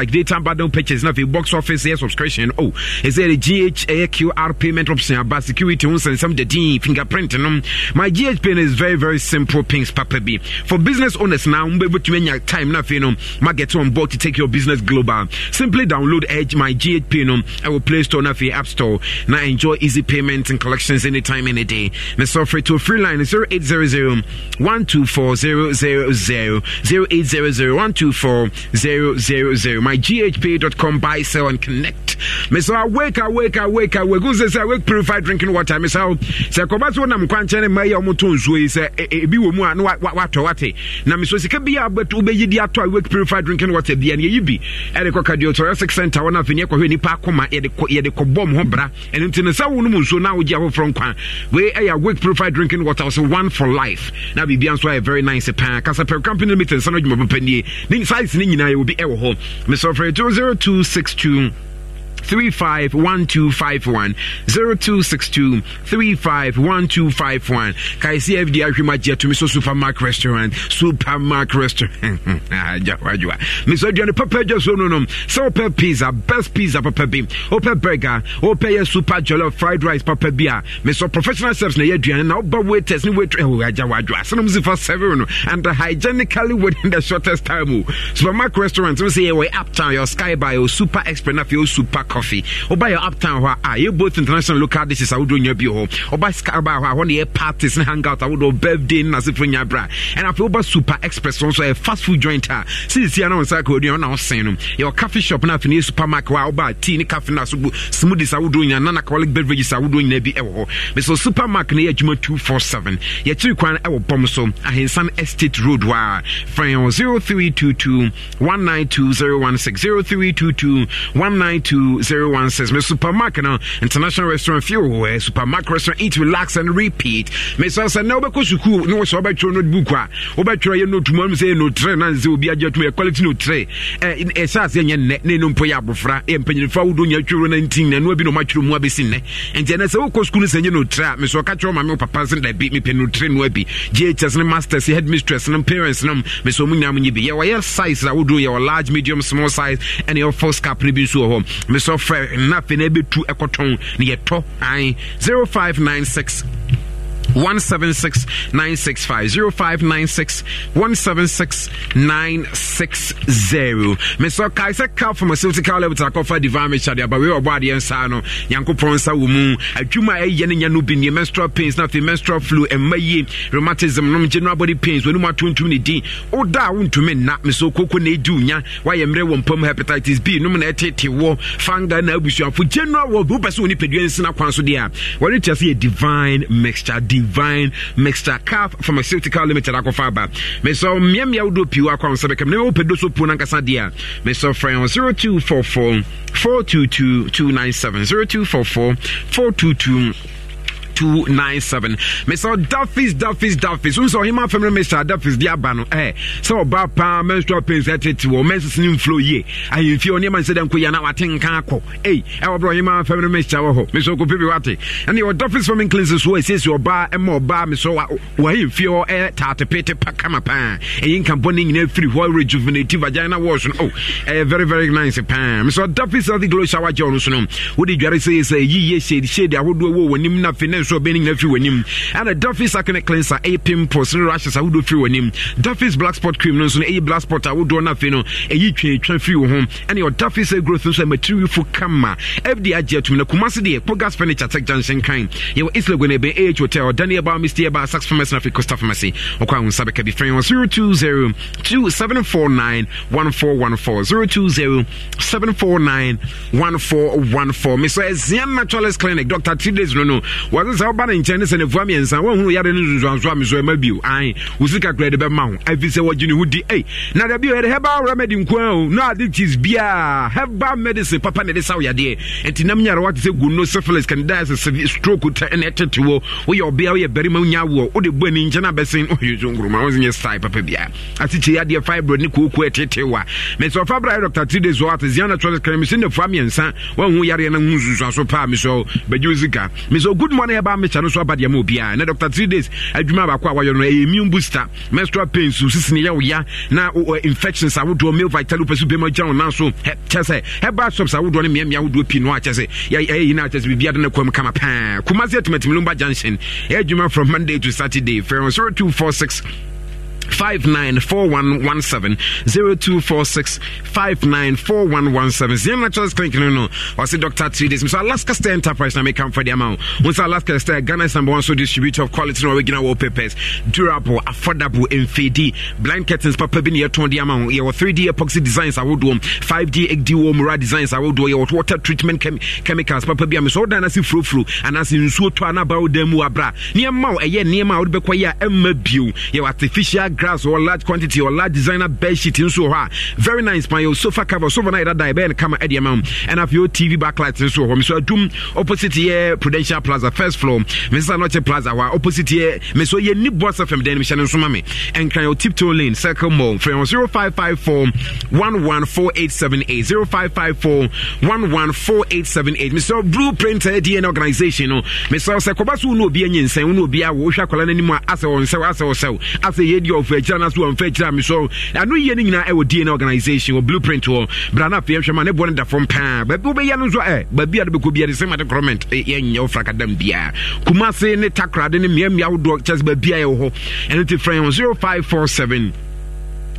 Speaker 13: like daytime bundle purchase, nothing. box office air subscription. Oh, is there a GHAQR payment option about security? And some de D fingerprint. No, my GH is very, very simple. Things, papa B for business owners now. I'm able to your time nothing. You know, market on board to take your business global. Simply download Edge my GH pin on our Play Store now. App Store now. Enjoy easy payments and collections anytime, any day. The software to a free line 0800 124 000 124 000 myghp.com buy, sell, and connect. mesa wake awake awake awake who says awake purified drinking water mesa sɛ kɔba so nam kwankyɛn ne mma yi a wɔto nsuo yi sɛ ebi wɔ mu a na watɔ wate na mesa sika bi a wobɛyi de atɔ awake purified drinking water bia ne yɛyi bi ɛde kɔ cardiothoracic center wɔn afei ne kɔhwɛ nipa akoma yɛde kɔ bɔm ho bra ɛno nti ne sɛ wo nom nsuo na wogye afoforɔ nkwa wei ɛyɛ eh, awake purified drinking water wɔsɛ one for life na biribia nso ayɛ very nice eh, paa kasapɛ company limited nsa no adwuma papa nie ne size ne nyinaa yɛwɔ bi ɛwɔ hɔ mesɔfrɛ 00262 351251 0262 351251 kai CFD ahwema gye to me so supermark restaurant supermark restaurant ajwa ajwa me so aduane papa gye so no no pizza best pizza papa bi burger opɛ super jollof fried rice papa bi so professional service na yɛ aduane na oba waiters ne waitress oh ajwa ajwa so for seven and hygienically within the shortest time oh. supermark restaurant so say yɛ wɔ uptown your sky by your super expert na your super coffee ɔba yɛ uptown wa. a ah, yɛ both international local dishes ahodoɔ nya bi hɔ ɔba scarba hɔ a hɔ ne yɛ parties ne hangout ahodoɔ birthday ne nasefo nya bra And afei woba super express nso yɛ fast food joint ah. See sisi ana wɔn nsa ka odua ɔna ɔsɛn no yɛwɔ coffee shop na afei ne supermarket wa. a tea ni coffee na so bu smoothies ahodoɔ nya nana alcoholic beverages ahodoɔ nyinaa bi ɛwɔ hɔ So supermarket ne yɛ adwuma two four seven yɛkyiri kwan ɛwɔ eh, bɔm so ahensan estate road wa. a frɛn wɔ oh, zero three two two one nine two zero one six zero three two two one nine two. 016. Me supermarket now, international restaurant fuel, where supermarket restaurant, eat, relax, and repeat. Miss Sasa, now, because you cool, no, so about your notebook, ah. about your note, mom say, no, train, and zero be a jet, me a quality no tray. Ah. In a sas, and your net, no, poya, bufra, and penny, for who don't your children, and ting, and no, be no much room, be seen, and then I say, oh, school is a new trap, Miss so my your papa, and I beat me, penny no train, webby, JHS, and masters, headmistress, and parents, and Miss so munyam, ye be, your size, I would do your large, medium, small size, and your first cap, and be so home. Me sɛ frɛ nna na ɛbɛtu ɛkɔtɔn na yɛtɔ an 0596 176 965 0596 176 960. Mr. Kaisa Cal Pharmaceutical Level for Divine Shadia, but we are body and Sano, Yanko Ponsa Wumu, Ajuma Yen and Yanubin, menstrual pains, nothing menstrual flu, and Maye, rheumatism, non general body pains, when you are to D, or down to me, not Mr. Coco Ne Dunya, why am I one pump hepatitis B, nominated war, fanga na abusuafo general wɔ bɛ wopɛ sɛ wo nipadua nsina kwan so deɛ a wɔne tia sɛ yɛ divine mixture divine mixture calf pharmaceutical limited akɔfa aba mesɛ mmeammea wodoɔ pii wɔ akɔ wo sɛ bɛkam ne mɛwopɛ dɔ so puo no ankasa deɛ a 0244 422297 0244 422 0297 mesɛ dafis dafis dafis wo sɛ ɔhema family mr dafis de aba no ɛ eh, sɛ ɔba paa menstrual pains ɛtete wɔ mansesene mflo yie ahemfie ɔnneɛma nsɛ dɛ nkɔyia na wate nka akɔ ei ɛwɔ berɛ ɔhema family mr wɔ hɔ mesɛ ɔkɔpɛ bi wate ɛne ɔdafis family cleanses so ɛsiesie ɔbaa ɛma ɔbaa mesɛ wahemfie hɔ ɛ taatepete pa kama paa ɛyɛ nkampɔ ne nyinaa eh. eh, firi hɔ rejuvenative vagina wash no oh ɛyɛ very very nice paa mesɛ ɔdafis healthy glow shower gel no so no wode dware sɛ yɛ sɛ yiyie shade shade ahodoɔ wɔ w'anim na afei ne sɛ ɔbɛn nyinaa firi w'anim ɛna dafis akene cleanser ɛyɛ pimples ne rashes ahodoɔ firi w'anim dafis black spot cream no nso no ɛyɛ black spot ahodoɔ no afei no ɛyi twɛtwa firi wo ho ɛne ɔdafis hair growth nso ɛmatiri wifo kama fd agye atum na kumase deɛ pogas furniture tech junction kan yɛwɔ isla gwen ah hotel daniel bar mr bar sax pharmacy na afei costa pharmacy ɔkɔ ahu nsa bɛka bi frɛn wɔn 020 2749 1414 020 749 1414 mesɛ ɛziam naturalist clinic dr two no no wɔdze sɛ woba no nkyɛn ne sɛ nefua miɛnsa woahunu yare no nsuanso a meso ɛma bio ae wo sika kora de bɛma ho ɛfiri sɛ wɔgye ne ho di ei na da bio yɛde heba remedy nkoa o no ade cheese biaa heba medicine papa ne de sa wo yadeɛ nam nyarewa te sɛ gono syphilis candidiasis stroke ɛne ɛtete wɔ woyɛ ɔbea woyɛ barima wonya woɔ wode bɔ ani nkyɛn abɛsen ɔyɛ nkuruma wo nyɛ style papa biaa asekyei adeɛ fibro ne kooko ɛtete wa mesɛ ɔfa bra dr three days ɔ artesian natural crime sɛ nefua miɛnsa woahu yareɛ no ho nsusuaso paa mesɛ oh, bɛgye wo sika mesɛ oh, good morning ɛba mehyɛ no so aba deɛ ma obiara na dr three days adwuma baako a wayɛ no ɛyɛ immune booster menstrual pain so sisini yɛ woya na infections ahodoɔ male vital pɛ so bɛma gyina wo nan so kyɛ sɛ herbal shops ahodoɔ no mmeammea ahodoɔ pii no a kyɛ sɛ ɛyɛ yi no a kyɛ sɛ biribiada no kwam kama paa kumase atumatumi lomba junction ɛyɛ adwuma from monday to saturday frɛ 0246 594117 0246 594117 Zion Naturals Clinic no no or say Dr. Three days so Alaska Star Enterprise na make come for the amount once Alaska Star Ghana is number one so distributor of quality no original wallpapers durable affordable mfd blind curtains papa bi ne yɛtɔn de ama ho yɛwɔ 3d epoxy designs awodoɔ 5d agd wɔ mura designs awodoɔ yɛwɔ water treatment chem chemicals papa bi a mesɛ woda anase furofuro anase nsuo tɔ anaba wodan mu abra nneɛma eh, a ɛyɛ nneɛma a wode bɛkɔ yɛ a ɛmma bio yɛwɔ artificial grass or large quantity or large designer bed sheet in hɔ a very nice my. yɛ sofa cover sofa no a yɛdada ɛbɛyɛ no kama ɛde ɛma m ɛna afei o tv backlight nso hɔ mesɛ adum opposite here, prudential plaza first floor mesesa nɔkye plaza Wa opposite here. mesɛ yɛ ni boss fm dan mehyɛ no nso ma me ɛnkran yɛ tiptoe lane circle mall frɛ hɔ 0554 114878 0554 114878 mesɛ blueprint dn organization no mesɛ sɛ kɔba so wo ne obi anyɛ nsɛn wo ne obi a wɔwohwɛ akwadaa no anim a asɛ wɔ nsɛw asɛ wɔ sɛw asɛ yɛdi ɔf wɔmfa akyira no so wɔmfa akyira me so ano yie no nyinaa ɛwɔ dna organisation wɔ blueprint hɔ bra no afei hwɛ ma ne boɔ no paa baabi wobɛyɛ no nso ɛ baabi a no bɛkɔ biade sɛ made krɔment yɛnyɛ wo frakadam biaa kumase ne takrade ne mmeammea wodoɔ kyɛ sɛ baabia yɛwɔ hɔ ɛno nti frɛ 0547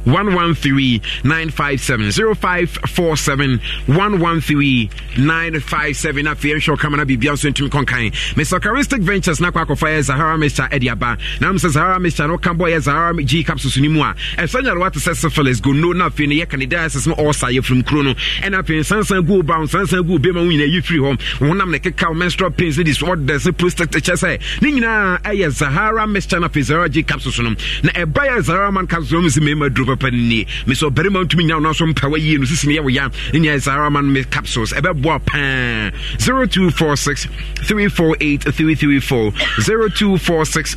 Speaker 13: 113 957 0547 113 957 afei ɛnhwɛ ɔkama no biribia nso ntumi kɔnkan mesacaristic ventures na akɔ akɔfa yɛ zahara mixture ɛde aba nam sɛ zahara mixture no woka bɔ yɛ zahara g capsules no mu a ɛsɛ nyarewa te sɛ syphilis gono na afei no yɛ candidiasis no ɔsa yɛfirim kuro no ɛna afei nsansan gu wo ba wo nsansan gu wo bema wo nyina yi firi hɔ honam ne keka wo menstrual pains ne disorders ne prostate kyɛ sɛ ne nyinaa ɛyɛ zahara mixture na afei zahara g capsules no na ɛba eh, zahara man capsules no mu bɛpa mesɛ ɔbarima ntumi nya wona so mpawa yie no sisimi yɛ wo ya ɛnyɛ saa ma no me capsules ɛbɛboa paa 0246 348 334 0246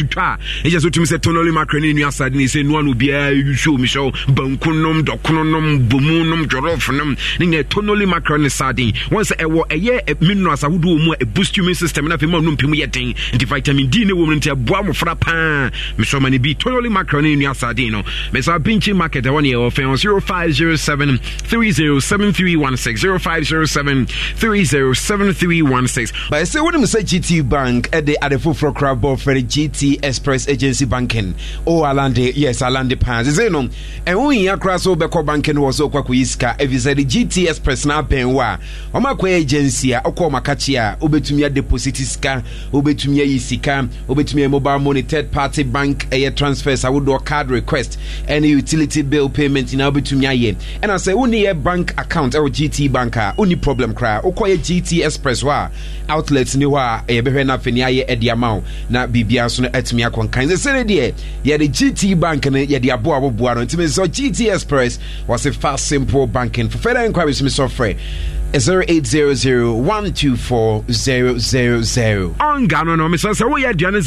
Speaker 13: twitwa a ɛgyɛ sɛ wotumi sɛ tonole macra ne nua asade ne sɛ noa no obiaa yɛhwɛ omihyɛ wo banku nom dɔkono nom bomu nom dwɔrɔf nom ne nyɛ tonole macra ne saden wɔn sɛ ɛwɔ ɛyɛ minerals ahodoɔ wɔ mu a ɛboost human system no afei ma no mpemu yɛ den nti vitamin d ne wɔ mu no nti ɛboa mmɔfra paa mesɔma no bi tonole macra ne nua asaden no mesa pinkyi market ɛwɔ ne yɛwɔ fɛn 0507 307316 0507 307316 wonim sɛ gt bank ɛde ade foforɔ koraa bɔ gt Express Agency Banking. Oh, Alande, yes, Alande Pans. Is it no? And when you cross over call banking was Okwa Kuiska, if you said GT Express na Benwa, Omako Agency, Oko Makachia, Ubetumia Deposit Iska, Ubetumia Isika, Ubetumia Mobile Money, Third Party Bank, Air Transfers, I would card request, any utility bill payment in Ubetumia. And I say, only a bank account, eh, or GT Banker, ah? only problem cry, Okoye GT Express, wa outlets ni wa, a Behena Fenia, Ediamau, na BBA, atumi akɔnkan sɛ sɛne deɛ yɛde gt bank no uh, yɛde aboa woboa no ntimi sɛ gt express wɔse fa simple banking for further inquiries mi sɛ 0800124000 ɔnga no no mesɛ sɛ woyɛ aduane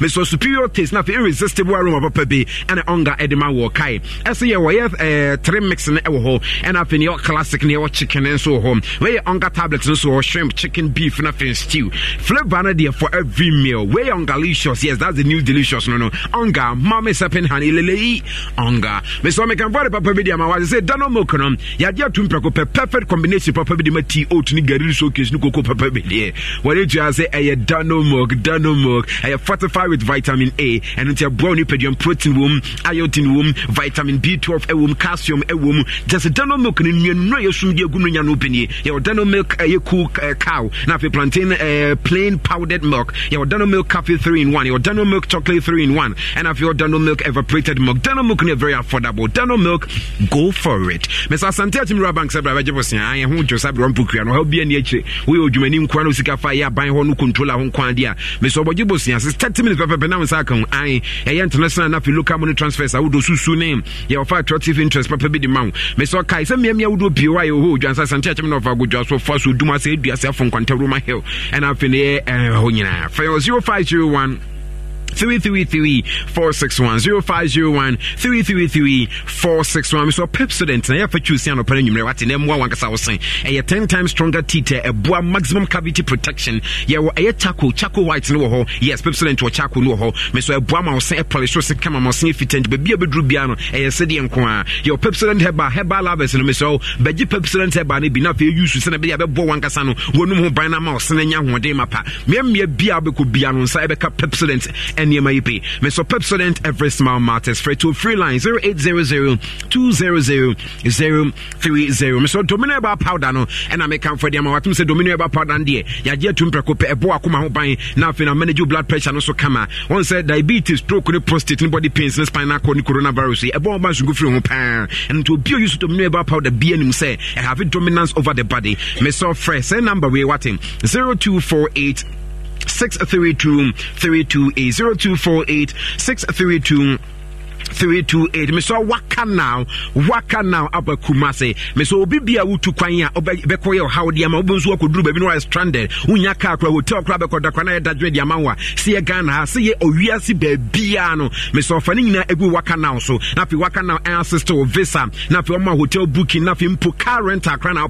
Speaker 13: ni superior taste na afei irresistible aroma papa bi ɛne ɔnga ɛde ma wɔ kae ɛsɛ yɛ wɔyɛ eh, tre mix no ɛwɔ classic ne chicken nso wɔ home. wɔyɛ ɔnga tablet no so shrimp chicken beef na afei stew flavor no for every meal wɔyɛ ɔngalicious yes that's the new delicious no no ɔnga mame sɛpin hane leleyi ɔnga mesɛ mekɛmfɔ de papa wɔde sɛ dano milk no yɛade atom prɛko pɛ perfect combination papa bi de ma tea oat ne gari sokes ne koko papa bi deɛ wɔde tua sɛ ɛyɛ dano milk dano milk ɛyɛ fortified with vitamin a ɛno nti ɛboa wo nipadua protein wom iotin wom vitamin b12 ɛwom calcium ɛwom gyɛ sɛ dano milk no nnuanura yɛsom de agu no nya no wopɛnie yɛwɔ dano milk ɛyɛ cool cow na afei plantain plain powdered milk yɛwɔ dano milk coffee 3 in 1 yɛwɔ dano milk chocolate 3 in 1 and afei yɛwɔ dano milk evaporated milk dano milk no yɛ very affordable dano milk go go for it Mr. asante atimira bank sɛ brabɛgye bo sea yɛho dwo sa berɛ mpokua no ɔhaw bia ni akyire woyɛ odwumani nkoa no sika fa yɛ aban hɔ control a ho nkwa de a mesɛ ɔbɔgye bo sea 30 minutes pɛpɛpɛ na wo sa aka ho ae ɛyɛ international na afei local money transfers I a wodɔ susu ne yɛwɔfa attractive interest papa bi de ma wo mesɛ ɔkae sɛ mmeamia wodɔ pie hɔ a yɛwɔhɔ odwansa asante akyɛm na ɔfa agodwa so fa so dum asɛ adua sɛ afo nkwantabroma hill ɛna afei ne yɛ ɛhɔ nyinaa 0501 333 461 0501 333 461 me so pepsodent na yɛfa twusi anɔpa no nwummerɛ wate na mmoa wankasa wo sen ɛyɛ 10 times stronger tita ɛboa maximum cavity protection yɛwɔ ɛyɛ charcoal charcoal white yes pepsodent wɔ charcoal no wɔ hɔ me so ɛboa ma wo sen ɛpolish wo se kama ma wo sen ɛfitant baabi a bɛduru biara no ɛyɛ sɛdeɛ nko a pepsodent heba heba lavers no me so bɛgye pepsodent heba no bi na afei yusu sɛne bɛde abɛboa wankasa no wɔnum ho ban no ma wo sen anya ahoɔden mapa meammea bia wobɛkɔ bia no nsa ɛbɛka pepsodent nneɛma yi pii meso pepsodent every small matters frɛ to free line 0800 zero zero zero three zero. Mr 030 meso domino ɛba powder no ɛna mekamfo deɛ ma watom sɛ domino ɛba powder no deɛ yɛagye atum prɛko pɛ ɛbɔ akoma ho ban na afei na manage blood pressure no so kama wɔn sɛ diabetes stroke ne prostate ne body pains ne spinal cord ne coronavirus yi ɛbɔ ɔba nsungu firi ho paa ɛno nti obi a use domino ɛba powder bi anim sɛ ɛhave dominance over the body Mr frɛ sɛ number wei wate 0248 632 328 0248 632 Three two eight. Me so waka now waka now aba kumase Me so obi biya wotu kwan a bɛkɔyɛ o deɛ ma wobɛnso wakɔduru baabi no stranded wonya kaa hotel kora bɛkɔda kora na yɛdadwene deɛ ama wo a sɛ yɛ ha sɛ yɛ ɔwiase baabiaa no Me so fani nyinaa egu waka now so na fi waka now ɛassist wo visa na fi ɔma hotel booking na fi mpo car rental kora na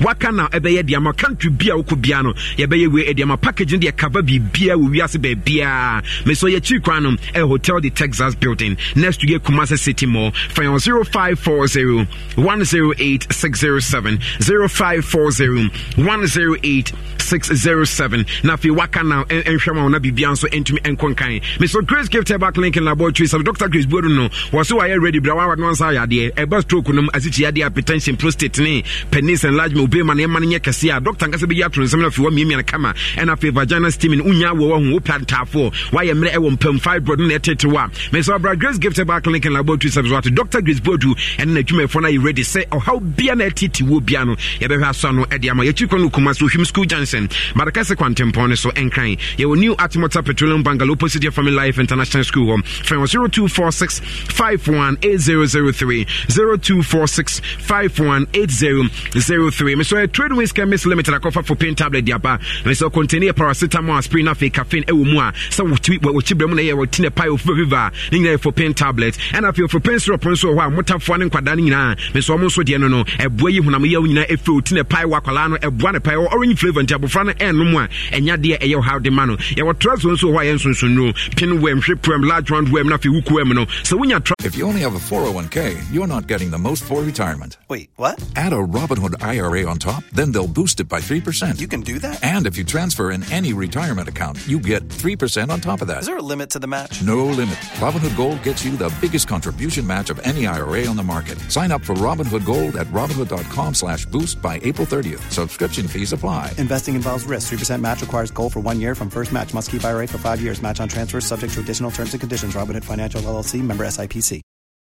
Speaker 13: waka now ɛbɛyɛ deɛ ama country bia wokɔ bia no we wei ɛdeɛ ama package no deɛ kaba biribiaa wɔ wiase baabiaa mesɛ yɛkyiri kwan no ɛ hotel the texas building next to get Kumasi City Mall. phone 0540 108 607 0540 108 Now if you waka now nhwɛ ma wona biribia nso ntumi nkɔ nkan mr grace gave back link in laboratory sɛ dr grace buodu Was who so wayɛ ready bra wawa I nsa ayɛ adeɛ ɛba stroke nom asikyi adeɛ hypertension prostate ne penis enlargement obema na ɛma no nyɛ kɛseɛ a dr nkasa bɛyi ato no nsɛm no afei wamiamia no kama ɛna afei vaginal steaming wonya awoɔ wahu wo pantaafoɔ wayɛ mmerɛ ɛwɔ mpam fibroid no na and wo a mr bra grace gift back link in laboratory sɛ so ato dr grace buodu ɛne n'adwumayɛfoɔ no ayɛ ready sɛ ɔhaw bia na ɛtete wo bia no yɛbɛhwɛ aso ano ɛde ama yɛkyi kɔ no kuma so ohwim school junction Jackson. Marakese Kwantempon so Enkran. Your new Atimota Petroleum Bungalow opposite your family life international school home. Phone 0246 518003. 0246 518003. Mr. Trade Winds Chemist Limited, I offer for pain tablet diaba. Mr. Container paracetamol, aspirin, afi, caffeine, ewumua. Some will tweet what will chip them on a tin a pie for pain tablet. And I feel for pencil so pencil, while Mutafan and Quadanina. Mr. Almost so, dear no, a boy, when I'm yelling, a fruit in a pie, Wakalano, a one a pie or orange flavor and no ɛnom a ɛnya deɛ ɛyɛ ɔhaw de ma no yɛwɔ nso hɔ a
Speaker 4: yɛ nsonsonnuo pin wɛm hwe large round wɛm na afei no sɛ wonya If you only have a 401k, you're not getting the most for retirement. Wait, what? Add a Robinhood IRA on top, then they'll boost it by 3%. You can do that? And if you transfer in any retirement account, you get 3% on top of that. Is there a limit to the match? No limit. Robinhood Gold gets you the biggest contribution match of any IRA on the market. Sign up for Robinhood Gold at Robinhood.com slash boost by April 30th. Subscription fees apply.
Speaker 5: Invest Investing involves risk. 3% match requires goal for one year from first match. Must keep IRA for five years. Match on transfers subject to additional terms and conditions. Robinhood Financial LLC member SIPC.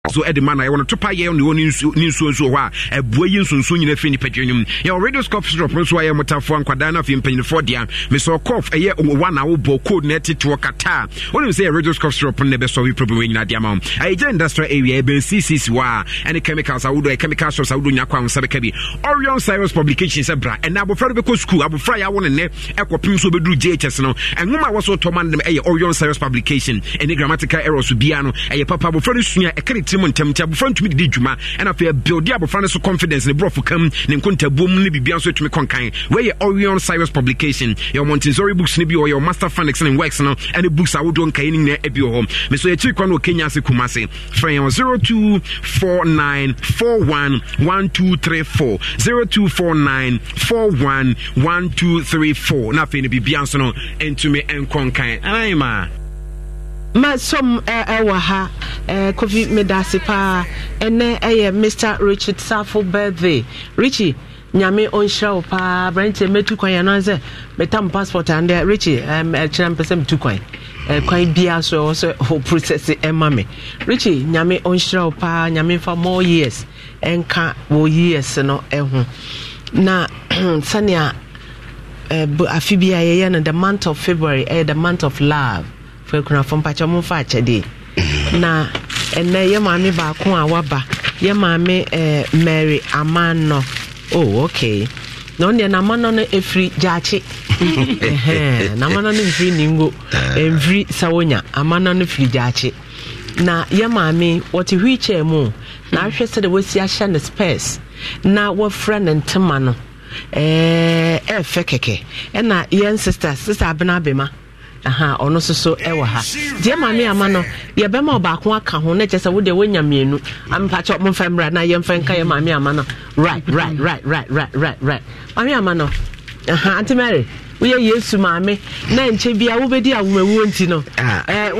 Speaker 13: so ɛde ma na yɛwɔ no topa yɛ ne wɔ ne nsuo nsuo hɔ a ɛboa yi nsonson nyina fi nipa dwa nwum yɛwɔ radio scope shop nso a yɛ mɔtafoɔ nkwadaa no afei mpanyinifoɔ dea mesɛ cof ɛyɛ ɔwa na wobɔ code na ɛtetoɔ kata a wonim sɛ yɛ radio scope shop no bɛsɔwe problem wɔ nyina de ama wo ayɛgya industrial area ɛbɛn ccc hɔ a ɛne chemicals awodoɔ chemical shops awodoɔ nya kwan sɛ bɛka bi orion cyrus publication sɛ bra ɛnɛ abɔfra no bɛkɔ sukuu abɔfra yɛawo ne nnɛ ɛkɔpem so bɛduru jhs no ɛnwoma a wɔ so tɔma no ɛyɛ orion cyrus publication ɛne grammatical errors biara no ɛyɛ papa abɔfra no sua ɛkɛne team ntɛm nti abɔfra ntumi didi dwuma ɛna afei ɛbuildi abɔfra no so confidence ne borɔfo kam ne nkontabuom ne biribiara nso atumi kɔnkan wɔyɛ orion cyrus publication yɛ ɔmɔntensori books no bi wɔ yɛ master phonics ne works no ɛne books ahodoɔ nkae no nyinaa abi wɔ hɔ me so yɛkyiri kwan na ɔkenya ase kuma ase frɛ yɛn 0249411234 0249411234 na afei no biribiara nso no ɛntumi nkɔnkan anayɛ maa
Speaker 1: ma som ɛwɔ eh, eh, ha eh, kofi medase paa ɛnɛ ɛyɛ mr richard safo birthday richie nyame ɔnhyira wo paa berɛnkyɛ mɛtu kwan ɛno sɛ metam passport andeɛ richie ɛkyerɛ mpɛ sɛ metu kwan kwan biaa so ɛwɔ sɛ wɔ process ɛma me richie nyame ɔnhyira wo paa nyame fa more years ɛnka wɔ years no ɛho na sɛnea afe bi a yɛyɛ no the month of february ɛyɛ the month of love mpacha mpakyɛ momfa akyɛdeɛ na ɛnɛ yɛ maame baako a waba yɛ maame eh, mary amanɔ oh, okay na ɔneɛ namanɔ no ɛfiri gyaakye namanɔ no mfiri ningo ɛmfiri sawonya amanɔ no firi gyaakye na yɛ maame wɔte wheelchair mu na ahwɛ sɛde wasi ahyɛ ne spares na wɔfrɛ ne ntema no ɛɛfɛ kɛkɛ ɛna yɛn sister sister abena abema aha soso ɛwɔ ha deɛ maame ama no yɛbɛma ɔbaako aka ho na kyɛ sɛ wodeɛ wonya mmienu ampakyɛ momfa mmra na yɛmfa nka yɛ maame ama no na nti no ah. eh,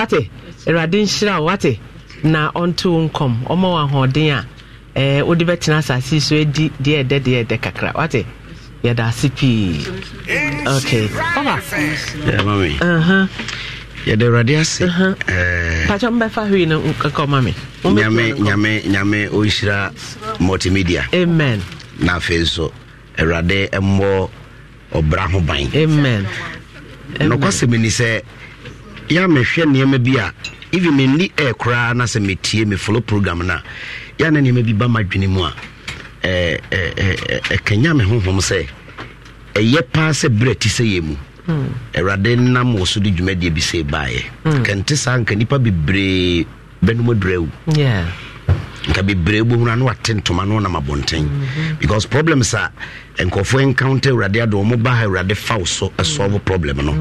Speaker 1: eh. kwa eh. na ɛɛ eh, wode bɛtena asase so adi deɛ ɛdɛ deɛ ɛdɛ kakra wate yɛda ase pii ok papa uh-huh.
Speaker 14: yɛda awurade ase uh-huh. eh. patɛ mbɛfa hwei no kɛkɛ ɔma nyame nyame nyame ɔnhyira multimedia amen na afei nso awurade mmɔ ɔbra ho ban amen nokwasɛm ni sɛ yɛ mehwɛ nneɛma bi a even menni air na sɛ metie mefolo program na yɛana eh, eh, eh, hmm. nneɛma e bi ba hmm. ma mm-hmm. adwene mu a ɛkanya me honhom sɛ ɛyɛ paa sɛ berɛ ti sɛ yɛ mu awurade nam wɔ so de dwumadeɛ bi sɛ baeɛ kɛnte saa nka nnipa bebree bɛnom adurɛ wo nka bebree bohunu ano ate ntoma no nam abɔnten because problems a nkurɔfoɔ encounter awurade ade wɔn ba ha awurade fa wo so solve problem no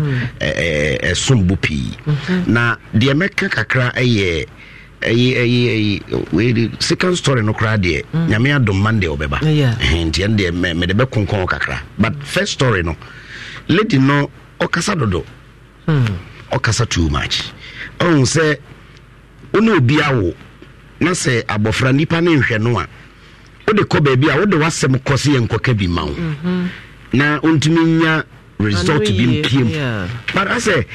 Speaker 14: ɛsom bo pii na deɛ mɛka kakra eh, ɛyi ɛyi ɛyi wei second story no koraa deɛ mm. nyame adom monday ɔbɛba nti ɛn deɛ mede bɛkonkɔn kakra but first story no lady no ɔkasa dodo hmm. ɔkasa too much ɔhu sɛ wone obi awo na sɛ abɔfra nipa ne nhwɛ no a wode kɔ baabi a ɔde wasɛm kɔsi sɛ yɛnkɔka bi ma wo mm-hmm. na ɔntumi nya result bi mpiem but asɛ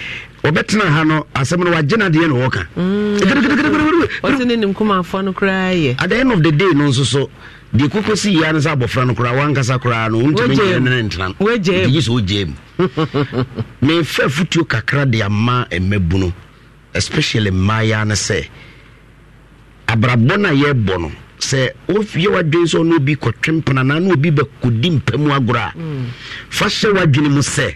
Speaker 14: ɔbɛtena ha no asɛm no wagye nadeɛ na wɔka at the end of the day no nso so deɛ kɔkɔsi yia no sɛ abɔfra no koraa wankasa koraa no wontumi nyɛnene ntena noyi sɛ wogye mu mefɛ fotuo kakra de ama mmabu no especially mmaayaa no sɛ abrabɔ no a yɛbɔ no sɛ woyɛ w'adwen sɛ ɔne obi kɔtwe mpena na obi bɛkɔdi mpa mu agorɔ a fa hyɛ w'adwene mu sɛ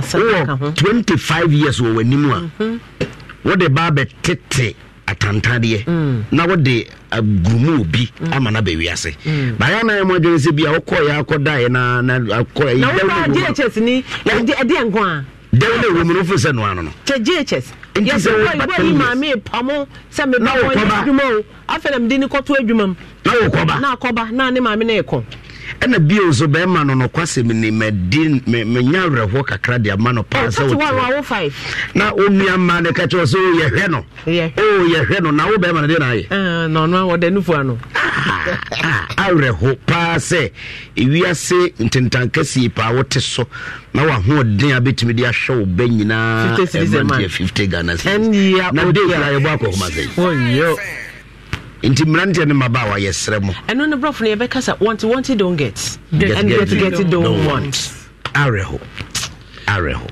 Speaker 14: wowɔ 25 years wɔ w'anim a wode baa bɛtete atantadeɛ mm. na wode agurumu obi mm. ama no bɛwiase bayɛ na mm. ɛmu adwene sɛ bia wokɔyɛ akɔdaeɛ na akɔɛdɛnko a dɛwo ne wɔmu no fo sɛ noa no no kyɛ ghs
Speaker 1: yɛsɛwɔyimaamepamo sɛ mebɛdwuma o afɛ na mede ne kɔto adwuma m na wokɔba na akɔba na ne maame
Speaker 14: no ɛkɔ ɛna bio so bɛrima no nokwasɛm ni madi menya awerɛhoɔ kakra de ama no paa sɛ
Speaker 1: oh,
Speaker 14: na onua ma ka kyerɛ sɛ yɛhwɛ no yɛhwɛ no na wo bɛrima no deɛ naayɛ awerɛho paa sɛ ewiase ntentankasie paa wote so na wahoɔden a de ahwɛ wo nyinaa 50 ghana kura yɛbɔ sɛ nti mmeranteɛ no ma ba a wɔyɛserɛ mu
Speaker 1: ɛno no brɔfo no yɛbɛka sa
Speaker 9: want want don't get
Speaker 1: get get get, want
Speaker 14: awerɛho awerɛho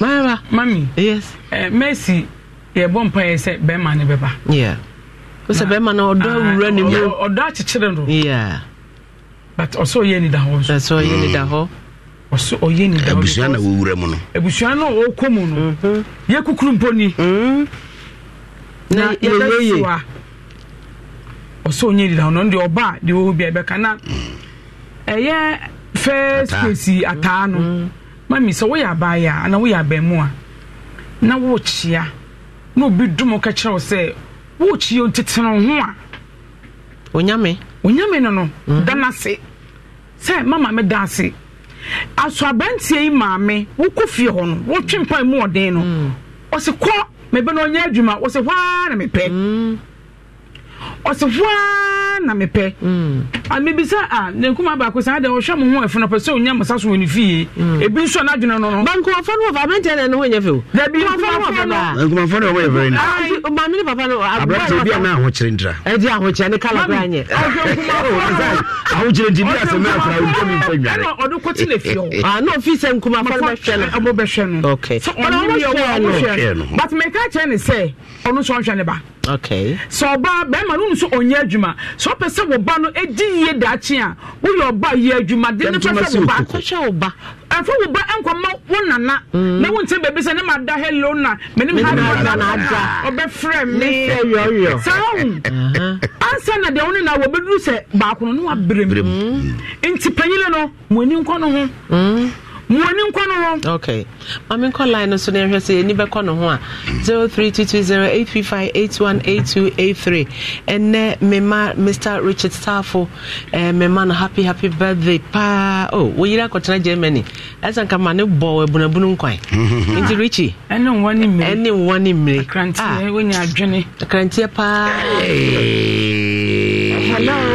Speaker 9: mama mami yes mercy yɛbɔ mpaeɛ sɛ bɛrima ne bɛba sɛ bɛrima no ɔdɔ ah, awura ne mu ɔdɔ akyekyere no but ɔsɛ ɔyɛ ni da hɔ nso ɔyɛ ni da hɔ ɔsɛ ɔyɛ ni da hɔ abusua
Speaker 14: na wɔwura mu no
Speaker 9: abusua na ɔkɔ mu no mm-hmm. yɛ kukuru mpo ni mm-hmm. na yɛbɛsiwa ɔsɛ ɔnyɛ dida ɔno deɛ ɔba deɛ ɔwɔ bi ɛbɛka na ɛyɛ first place ataa no mm. mami sɛ woyɛ abaayɛ a na woyɛ abaamu a na wɔkyea na obi dum ka kyerɛ wo sɛ wɔkyea ntetene ho a onyame onyame no no mm. da no ase sɛ mama me da ase aso aberanteɛ yi maame wokɔ fie hɔ no wotwe mpa mu ɔden no mm. ɔsɛ kɔ mebɛ no ɔnyɛ adwuma wɔsɛ hɔ na mepɛ ɔsefoa na mepɛ mm. ah, mebisa a ah, nankuma baako saa deɛ ɔhwɛ mo ho ɛfono pɛ sɛ onya masa so wɔ ne fie mm. ebi nso na adwene no no
Speaker 1: bankumafo no wɔfa abɛntɛ na ne ho nyɛ
Speaker 14: fɛw
Speaker 9: dabi nkumafo
Speaker 1: no
Speaker 14: nkumafo no wɔyɛ fɛrɛ ni
Speaker 1: maame ne papa no abɛntɛ obi a
Speaker 14: na ahokyere ndra
Speaker 1: ɛdi ahokyere ne kala kora nyɛ ahokyere nti bi asɛm na afra ntɛ mi nfa nware ɛna ɔde kɔte na fie hɔ ah na ofi sɛ nkumafo no bɛhwɛ no
Speaker 9: ɔmo bɛhwɛ no okay ɔno ɔmo hwɛ no but mɛka kyerɛ ne sɛ ɔno nso ɔhwɛ ne ba sɛ ɔbaa bɛrima no wonu ɔnyɛ adwuma sɛ ɔpɛ sɛ wo ba no ɛdi yie daakye a woyɛ ɔba yɛ adwuma de ne pɛ sɛ wo ɛfa wo ba nkɔma wo nana na mm. wontɛ baabi sɛ ne mada hello na menem ha ɔbɛfrɛ me saa wo
Speaker 8: uh-huh.
Speaker 9: ansa na deɛ wo na wɔbɛduru sɛ baako no ne nti no nkɔ no ho mm. wɔni nkɔ
Speaker 1: no wɔn. maame nkɔ line no so na ehwɛ sɛ yɛni bɛkɔ ne ho a zero three two two zero eight three five eight one eight two eight three ɛnɛ mema mr richard staffo ɛɛ eh, mema no happy happy birthday paa o oh, wɔyiri akɔtena germany ɛsɛ nka ma ne bɔ ɛbunabunu nkwan nti richie. ɛne wɔn ni mmiri ɛne wɔn ni mmiri. akranteɛ ah. wɔnyɛ adwene. akranteɛ paa. Hey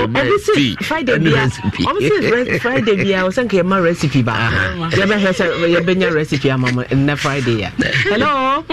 Speaker 1: ɛbi friday bia ɔmo sɛ friday bia ɔsɛ nka yɛma recipe baako yɛbɛhwɛ sɛ yɛbɛnya recipe ama mo friday
Speaker 15: hello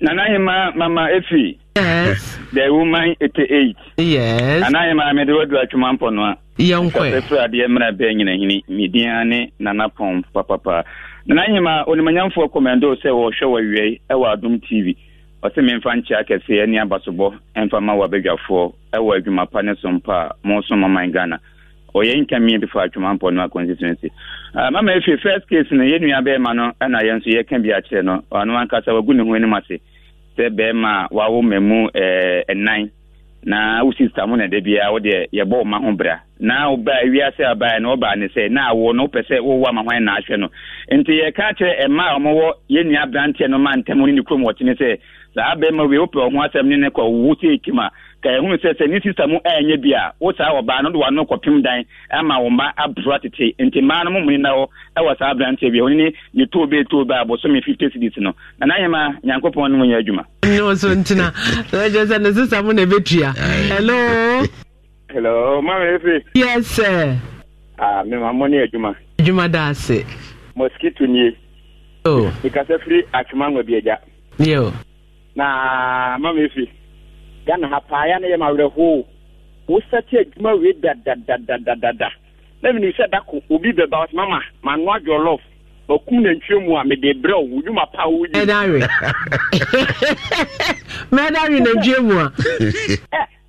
Speaker 15: nanahema mama efi yes the woman eighty eight yes nanahema mede wadu atwuma mpɔ no a yɛnkɔ ɛfiri adeɛ mmerɛ bɛɛ nyinahini medin ne nana pɔn papapa nanahema onimanyamfoɔ kɔmɛndo sɛ wɔhwɛ wɔ awiei ɛwɔ adom tv ɔsɛ memfa nkyea kɛseɛ ne abasobɔ ɛmfa ma wɔabadwafoɔ ɛwɔ adwuma pa ne so mpa a monso maman ghana ɔyɛ nka mie bi fa atwomampɔ no a constituency ah, mama first case no yɛnnua bɛɛma no ɛna yɛn nso yɛka bi akyerɛ no ɔno ankasa wagu ne ho anim ase sɛ bɛɛma a wawo ma ɛnan eh, na wo sista mo na da biara wodeɛ yɛbɔ ma ho bra na ɔbaa wiase abaa na ɔbaa ne sɛ na awo na ɔpɛ sɛ wɔwɔ ama hwan na ahwɛ no nti yɛka kyerɛ e mmaa a wɔwɔ yɛn nua aberanteɛ no ma ntɛm ne ne kurom wɔtene sɛ saa bɛrima wei wopɛ ɔho asɛm ne ne kɔ wo sɛ ekim a ka ɛhunu e sɛ sɛ ne sista mu ɛnyɛ bi a wo saa ɔbaa no de wano kɔpem dan ama wo mma aboro atete nti mmaa no mumuni na hɔ ɛwɔ saa aberanteɛ bi ɔne ne ne too bee too bee a bosome fifty cities no na n'ayɛ ma nyankopɔn no mu nyɛ adwuma.
Speaker 1: ɛnyɛ wo so ntina
Speaker 11: ɛnyɛ sɛ ne sista mu na ɛbɛtua hello hello mama efe. yes sir. ah mi maa mo ni edwuma. edwuma da ase. mosquito nie. o. Oh. ikasa firi atumango bi eja. yo. na mama efe ghana ha paa ya na yɛ ma e da da da da. dadadadadada na menim sɛ dako obi bɛba wɔte mama manoa jɔlɔf makum e nantwie mu a mede brɛ wo wodwuma pa wo mɛdare mɛdare nantwie mu a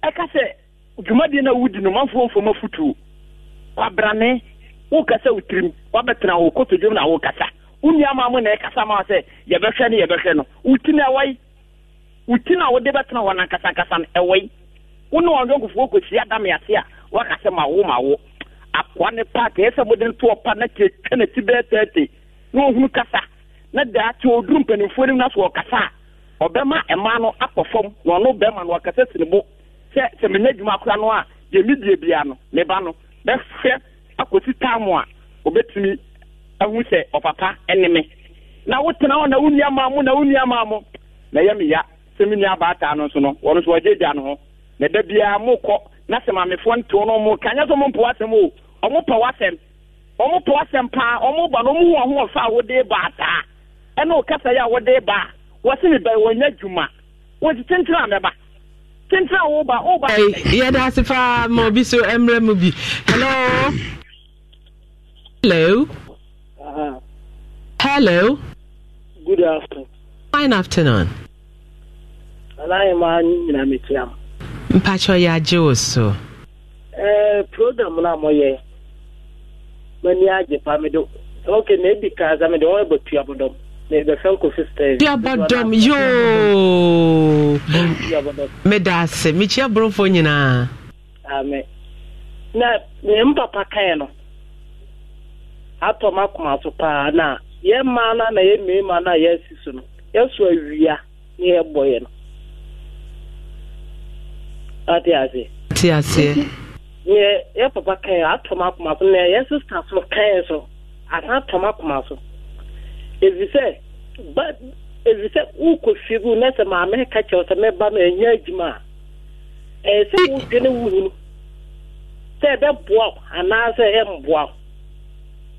Speaker 11: ɛka eh, eh, sɛ dwumadie no wodi no manfoɔ mfom afotuo wabrane wokasa wo wabɛtena wo kotodwom na wokasa wo nuama na ɛkasa ma sɛ yɛbɛhwɛ no yɛbɛhwɛ no woti no ɛwɔi woti no a wode bɛtena hɔ no ɛwɔi wo ne ase a ma wo ma wo akoa ne pa ka mode no pa na kyɛtwa na ti bɛɛ tɛɛte na ɔhunu kasa na daa te ɔduru mpanimfoɔ no mu na so ɔkasa a ɔbɛma ɛma no akɔ fam na ɔno bɛrima no sɛ sɛ mena adwuma kora no a deɛ medie bia no me no bɛhwɛ akɔsi tam a obɛtumi ahu sɛ ɔpapa ɛne me na wotena hɔ na wo nnuamaa mo na wo nnuamaa mo na ɛyɛ meya sɛ me nua abaataa no nso no wɔno nso ɔgyegya no ho na da biara mokɔ na sɛ mamefoɔ ntew no mo kanyɛ sɛ mompo asɛm o ɔmo pɛ w'asɛm ɔmo pɛ w'asɛm paa ɔmo ba no ɔmo hu ɔho ɔfa a wode baataa ɛne wo kasa yi a wode baa wɔse me bɛ wɔnya dwuma wɔntetentena a mɛba tentena woba woba
Speaker 1: yɛda ase paa ma obi so mmerɛ mu bi hello hello uh-huh. hello
Speaker 12: good afternoon
Speaker 1: fine afternoon
Speaker 12: anaghị e m anyị nyina metia
Speaker 1: m mpacha ya agye wo so
Speaker 12: ee eh, program na amụyɛ mani agye pa medo ok na edi ka aza medo wɔn ɛbɛtua e bodɔm dɔm
Speaker 1: yoo meda ase mekyia borɔfoɔ nyinaa
Speaker 12: na mpapa kae no atɔ m akoma paa na yɛ mmaa na yɛ mma no a so no awia na yɛbɔeɛ no ate aseɛ te aseɛ yɛ papa kae atɔ m akoma na yɛ sista so kae so asan na m akoma efi sɛ ba efi sɛ wokɔ fie na sɛ maame ka kyɛw sɛ mɛba ma ɛnya adwuma a ɛyɛ sɛ wodwene wohunu sɛ ɛbɛboa wo anaasɛ ɛmboa wo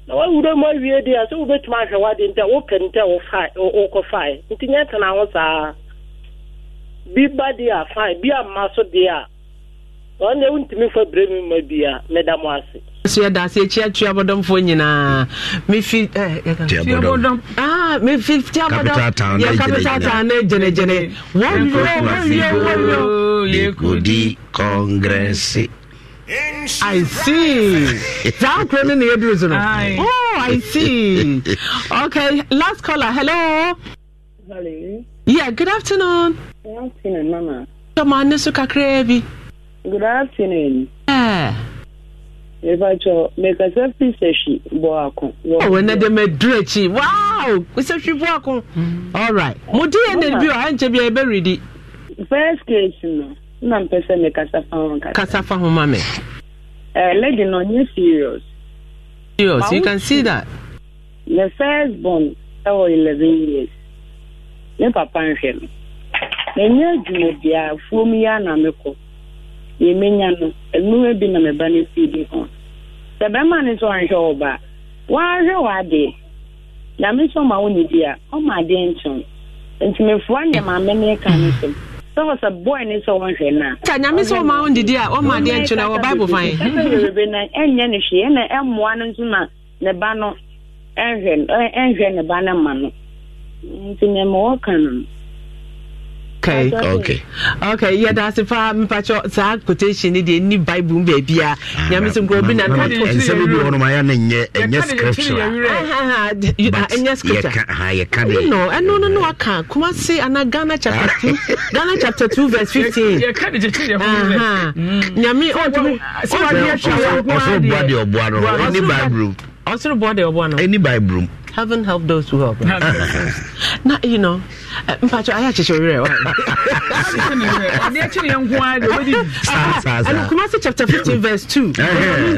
Speaker 12: na wawura mu awie deɛ a sɛ wobɛtumi ahwɛ wade nti a woka nti a wokɔfae nti nyɛ tena ho saa bi ba deɛ a fae bi ma so deɛ a ɔno deɛ wontumi fa berɛ mi ma bi a meda mo ase
Speaker 1: I see.
Speaker 14: the Oh, I see. Okay,
Speaker 1: last Hello. Hello. good afternoon.
Speaker 16: Good afternoon,
Speaker 1: Good afternoon.
Speaker 12: Good afternoon.
Speaker 1: Yeah.
Speaker 12: mepatsɔ mekasa fi sɛhwi bɔ ako. ɛwɔ ne de mɛ duro akyi waaw
Speaker 1: sɛhwi bɔ ako. alright mo di yɛn nani bi wɔ ha nkyɛn bi a yɛbɛ
Speaker 16: first case no na mpɛ sɛ mekasa fa ho kasa. kasa fa ho ma mɛ. Eh, ɛɛ lady no nye serious.
Speaker 1: serious you can see that.
Speaker 16: the first born ɛwɔ eleven years ne papa nhwɛ no na nye dwumadie a fuom yi anamekɔ. yɛmɛnya no ɛnuma bi na mɛba no fii bi ho sɛ no nso anhwɛ wo ba woahwɛ wɔ adeɛ nyame ma wo ne di a ɔma adeɛ nkyɛn nti mefoa nneɛma mɛne ka no sɛm sɛ sɛ ne sɛ wɔnhwɛ a nyame sɛ ɔma wo a ɔma adeɛ nkyɛn ɛwɔ bible fan ɛbɛbɛbɛ ɛnyɛ no hwee ɛna ɛmmoa no nso na ne ba no ɛnhwɛ ne ba no ma no nti nneɛma wɔka no no
Speaker 1: okay okay okay yɛda ase paa mepakyɛ saa quotation no deɛ nni bible mu baabia nyame sɛ nkurɔ bi nansɛm bi hɔnom ayɛ no
Speaker 14: nyɛ ɛnyɛ
Speaker 1: scriptureɛnyɛ
Speaker 14: scriptureno
Speaker 1: ɛno no na waka eh. Kuma se ana ghana chapter ah. two. ghana chapter two verse fifteen.
Speaker 9: Aha. 15 nyame ɔtumi ɔsoro
Speaker 1: boa deɛ ɔboa no ɛni bible mu ɔsoro boa deɛ ɔboa no ɛni bible mu Heaven help those who help. Right? now, you know, eh, mpacho ayé àkyẹ̀kyẹ̀ rẹ̀ wá.
Speaker 9: Ọdí ẹ̀kyẹ̀ yẹn nko ara rẹ̀ wẹ́dí. Ẹnu
Speaker 1: Kumasi chapter fifteen verse two.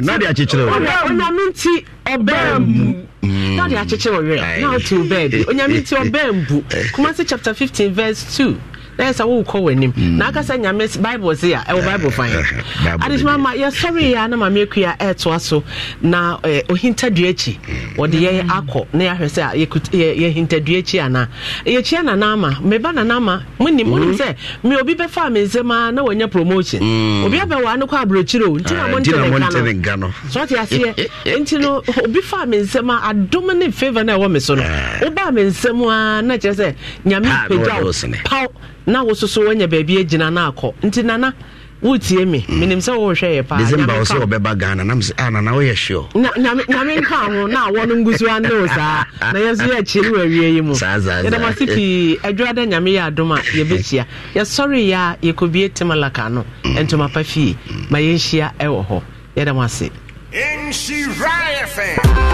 Speaker 1: N'adi akyekyere wẹ̀. Ọ̀nàmí ti ọbẹ̀
Speaker 8: Not
Speaker 1: N'adi akyekyere wẹ̀. N'ọ̀tún bẹ́ẹ̀ bi. Ọ̀nàmí ti ọbẹ̀ mu. Kumasi chapter fifteen verse two. na ɛsɛ wowokɔ w'anim na akasa nyame bible se a ɛwɔ bible adesoma ma a na mameɛ kua ɛɛtoa so na ɔhintadua akyi wɔde yɛ akɔ na yɛahwɛ sɛ akyi yɛkyia meba monim monim sɛ me obi me a na wanya promotion obi abɛwaa no kɔ aborɔkyire o nti na monte nka no so aseɛ nti no obi faa me nsɛm a adom ne favor no ɛwɔ me so no wobaa ah. me na kyerɛ sɛ nyame ah, na wo soso wanya baabi agyina na akɔ nti nana wotie me hmm. menim sɛ wohwɛ yɛ paanyame december
Speaker 14: ghana ah,
Speaker 1: nka ho na awɔ no ngu so saa
Speaker 14: na yɛ nso yɛakyie no
Speaker 1: wawie yi mu ma ase pii adwura dɛ nyame yɛ adom a yɛbɛkyia yɛsɔreyɛ a yɛkɔbie laka no hmm. ntoma pa fie ma yɛnhyia ɛwɔ hɔ yɛdam ase
Speaker 6: Inshira FM.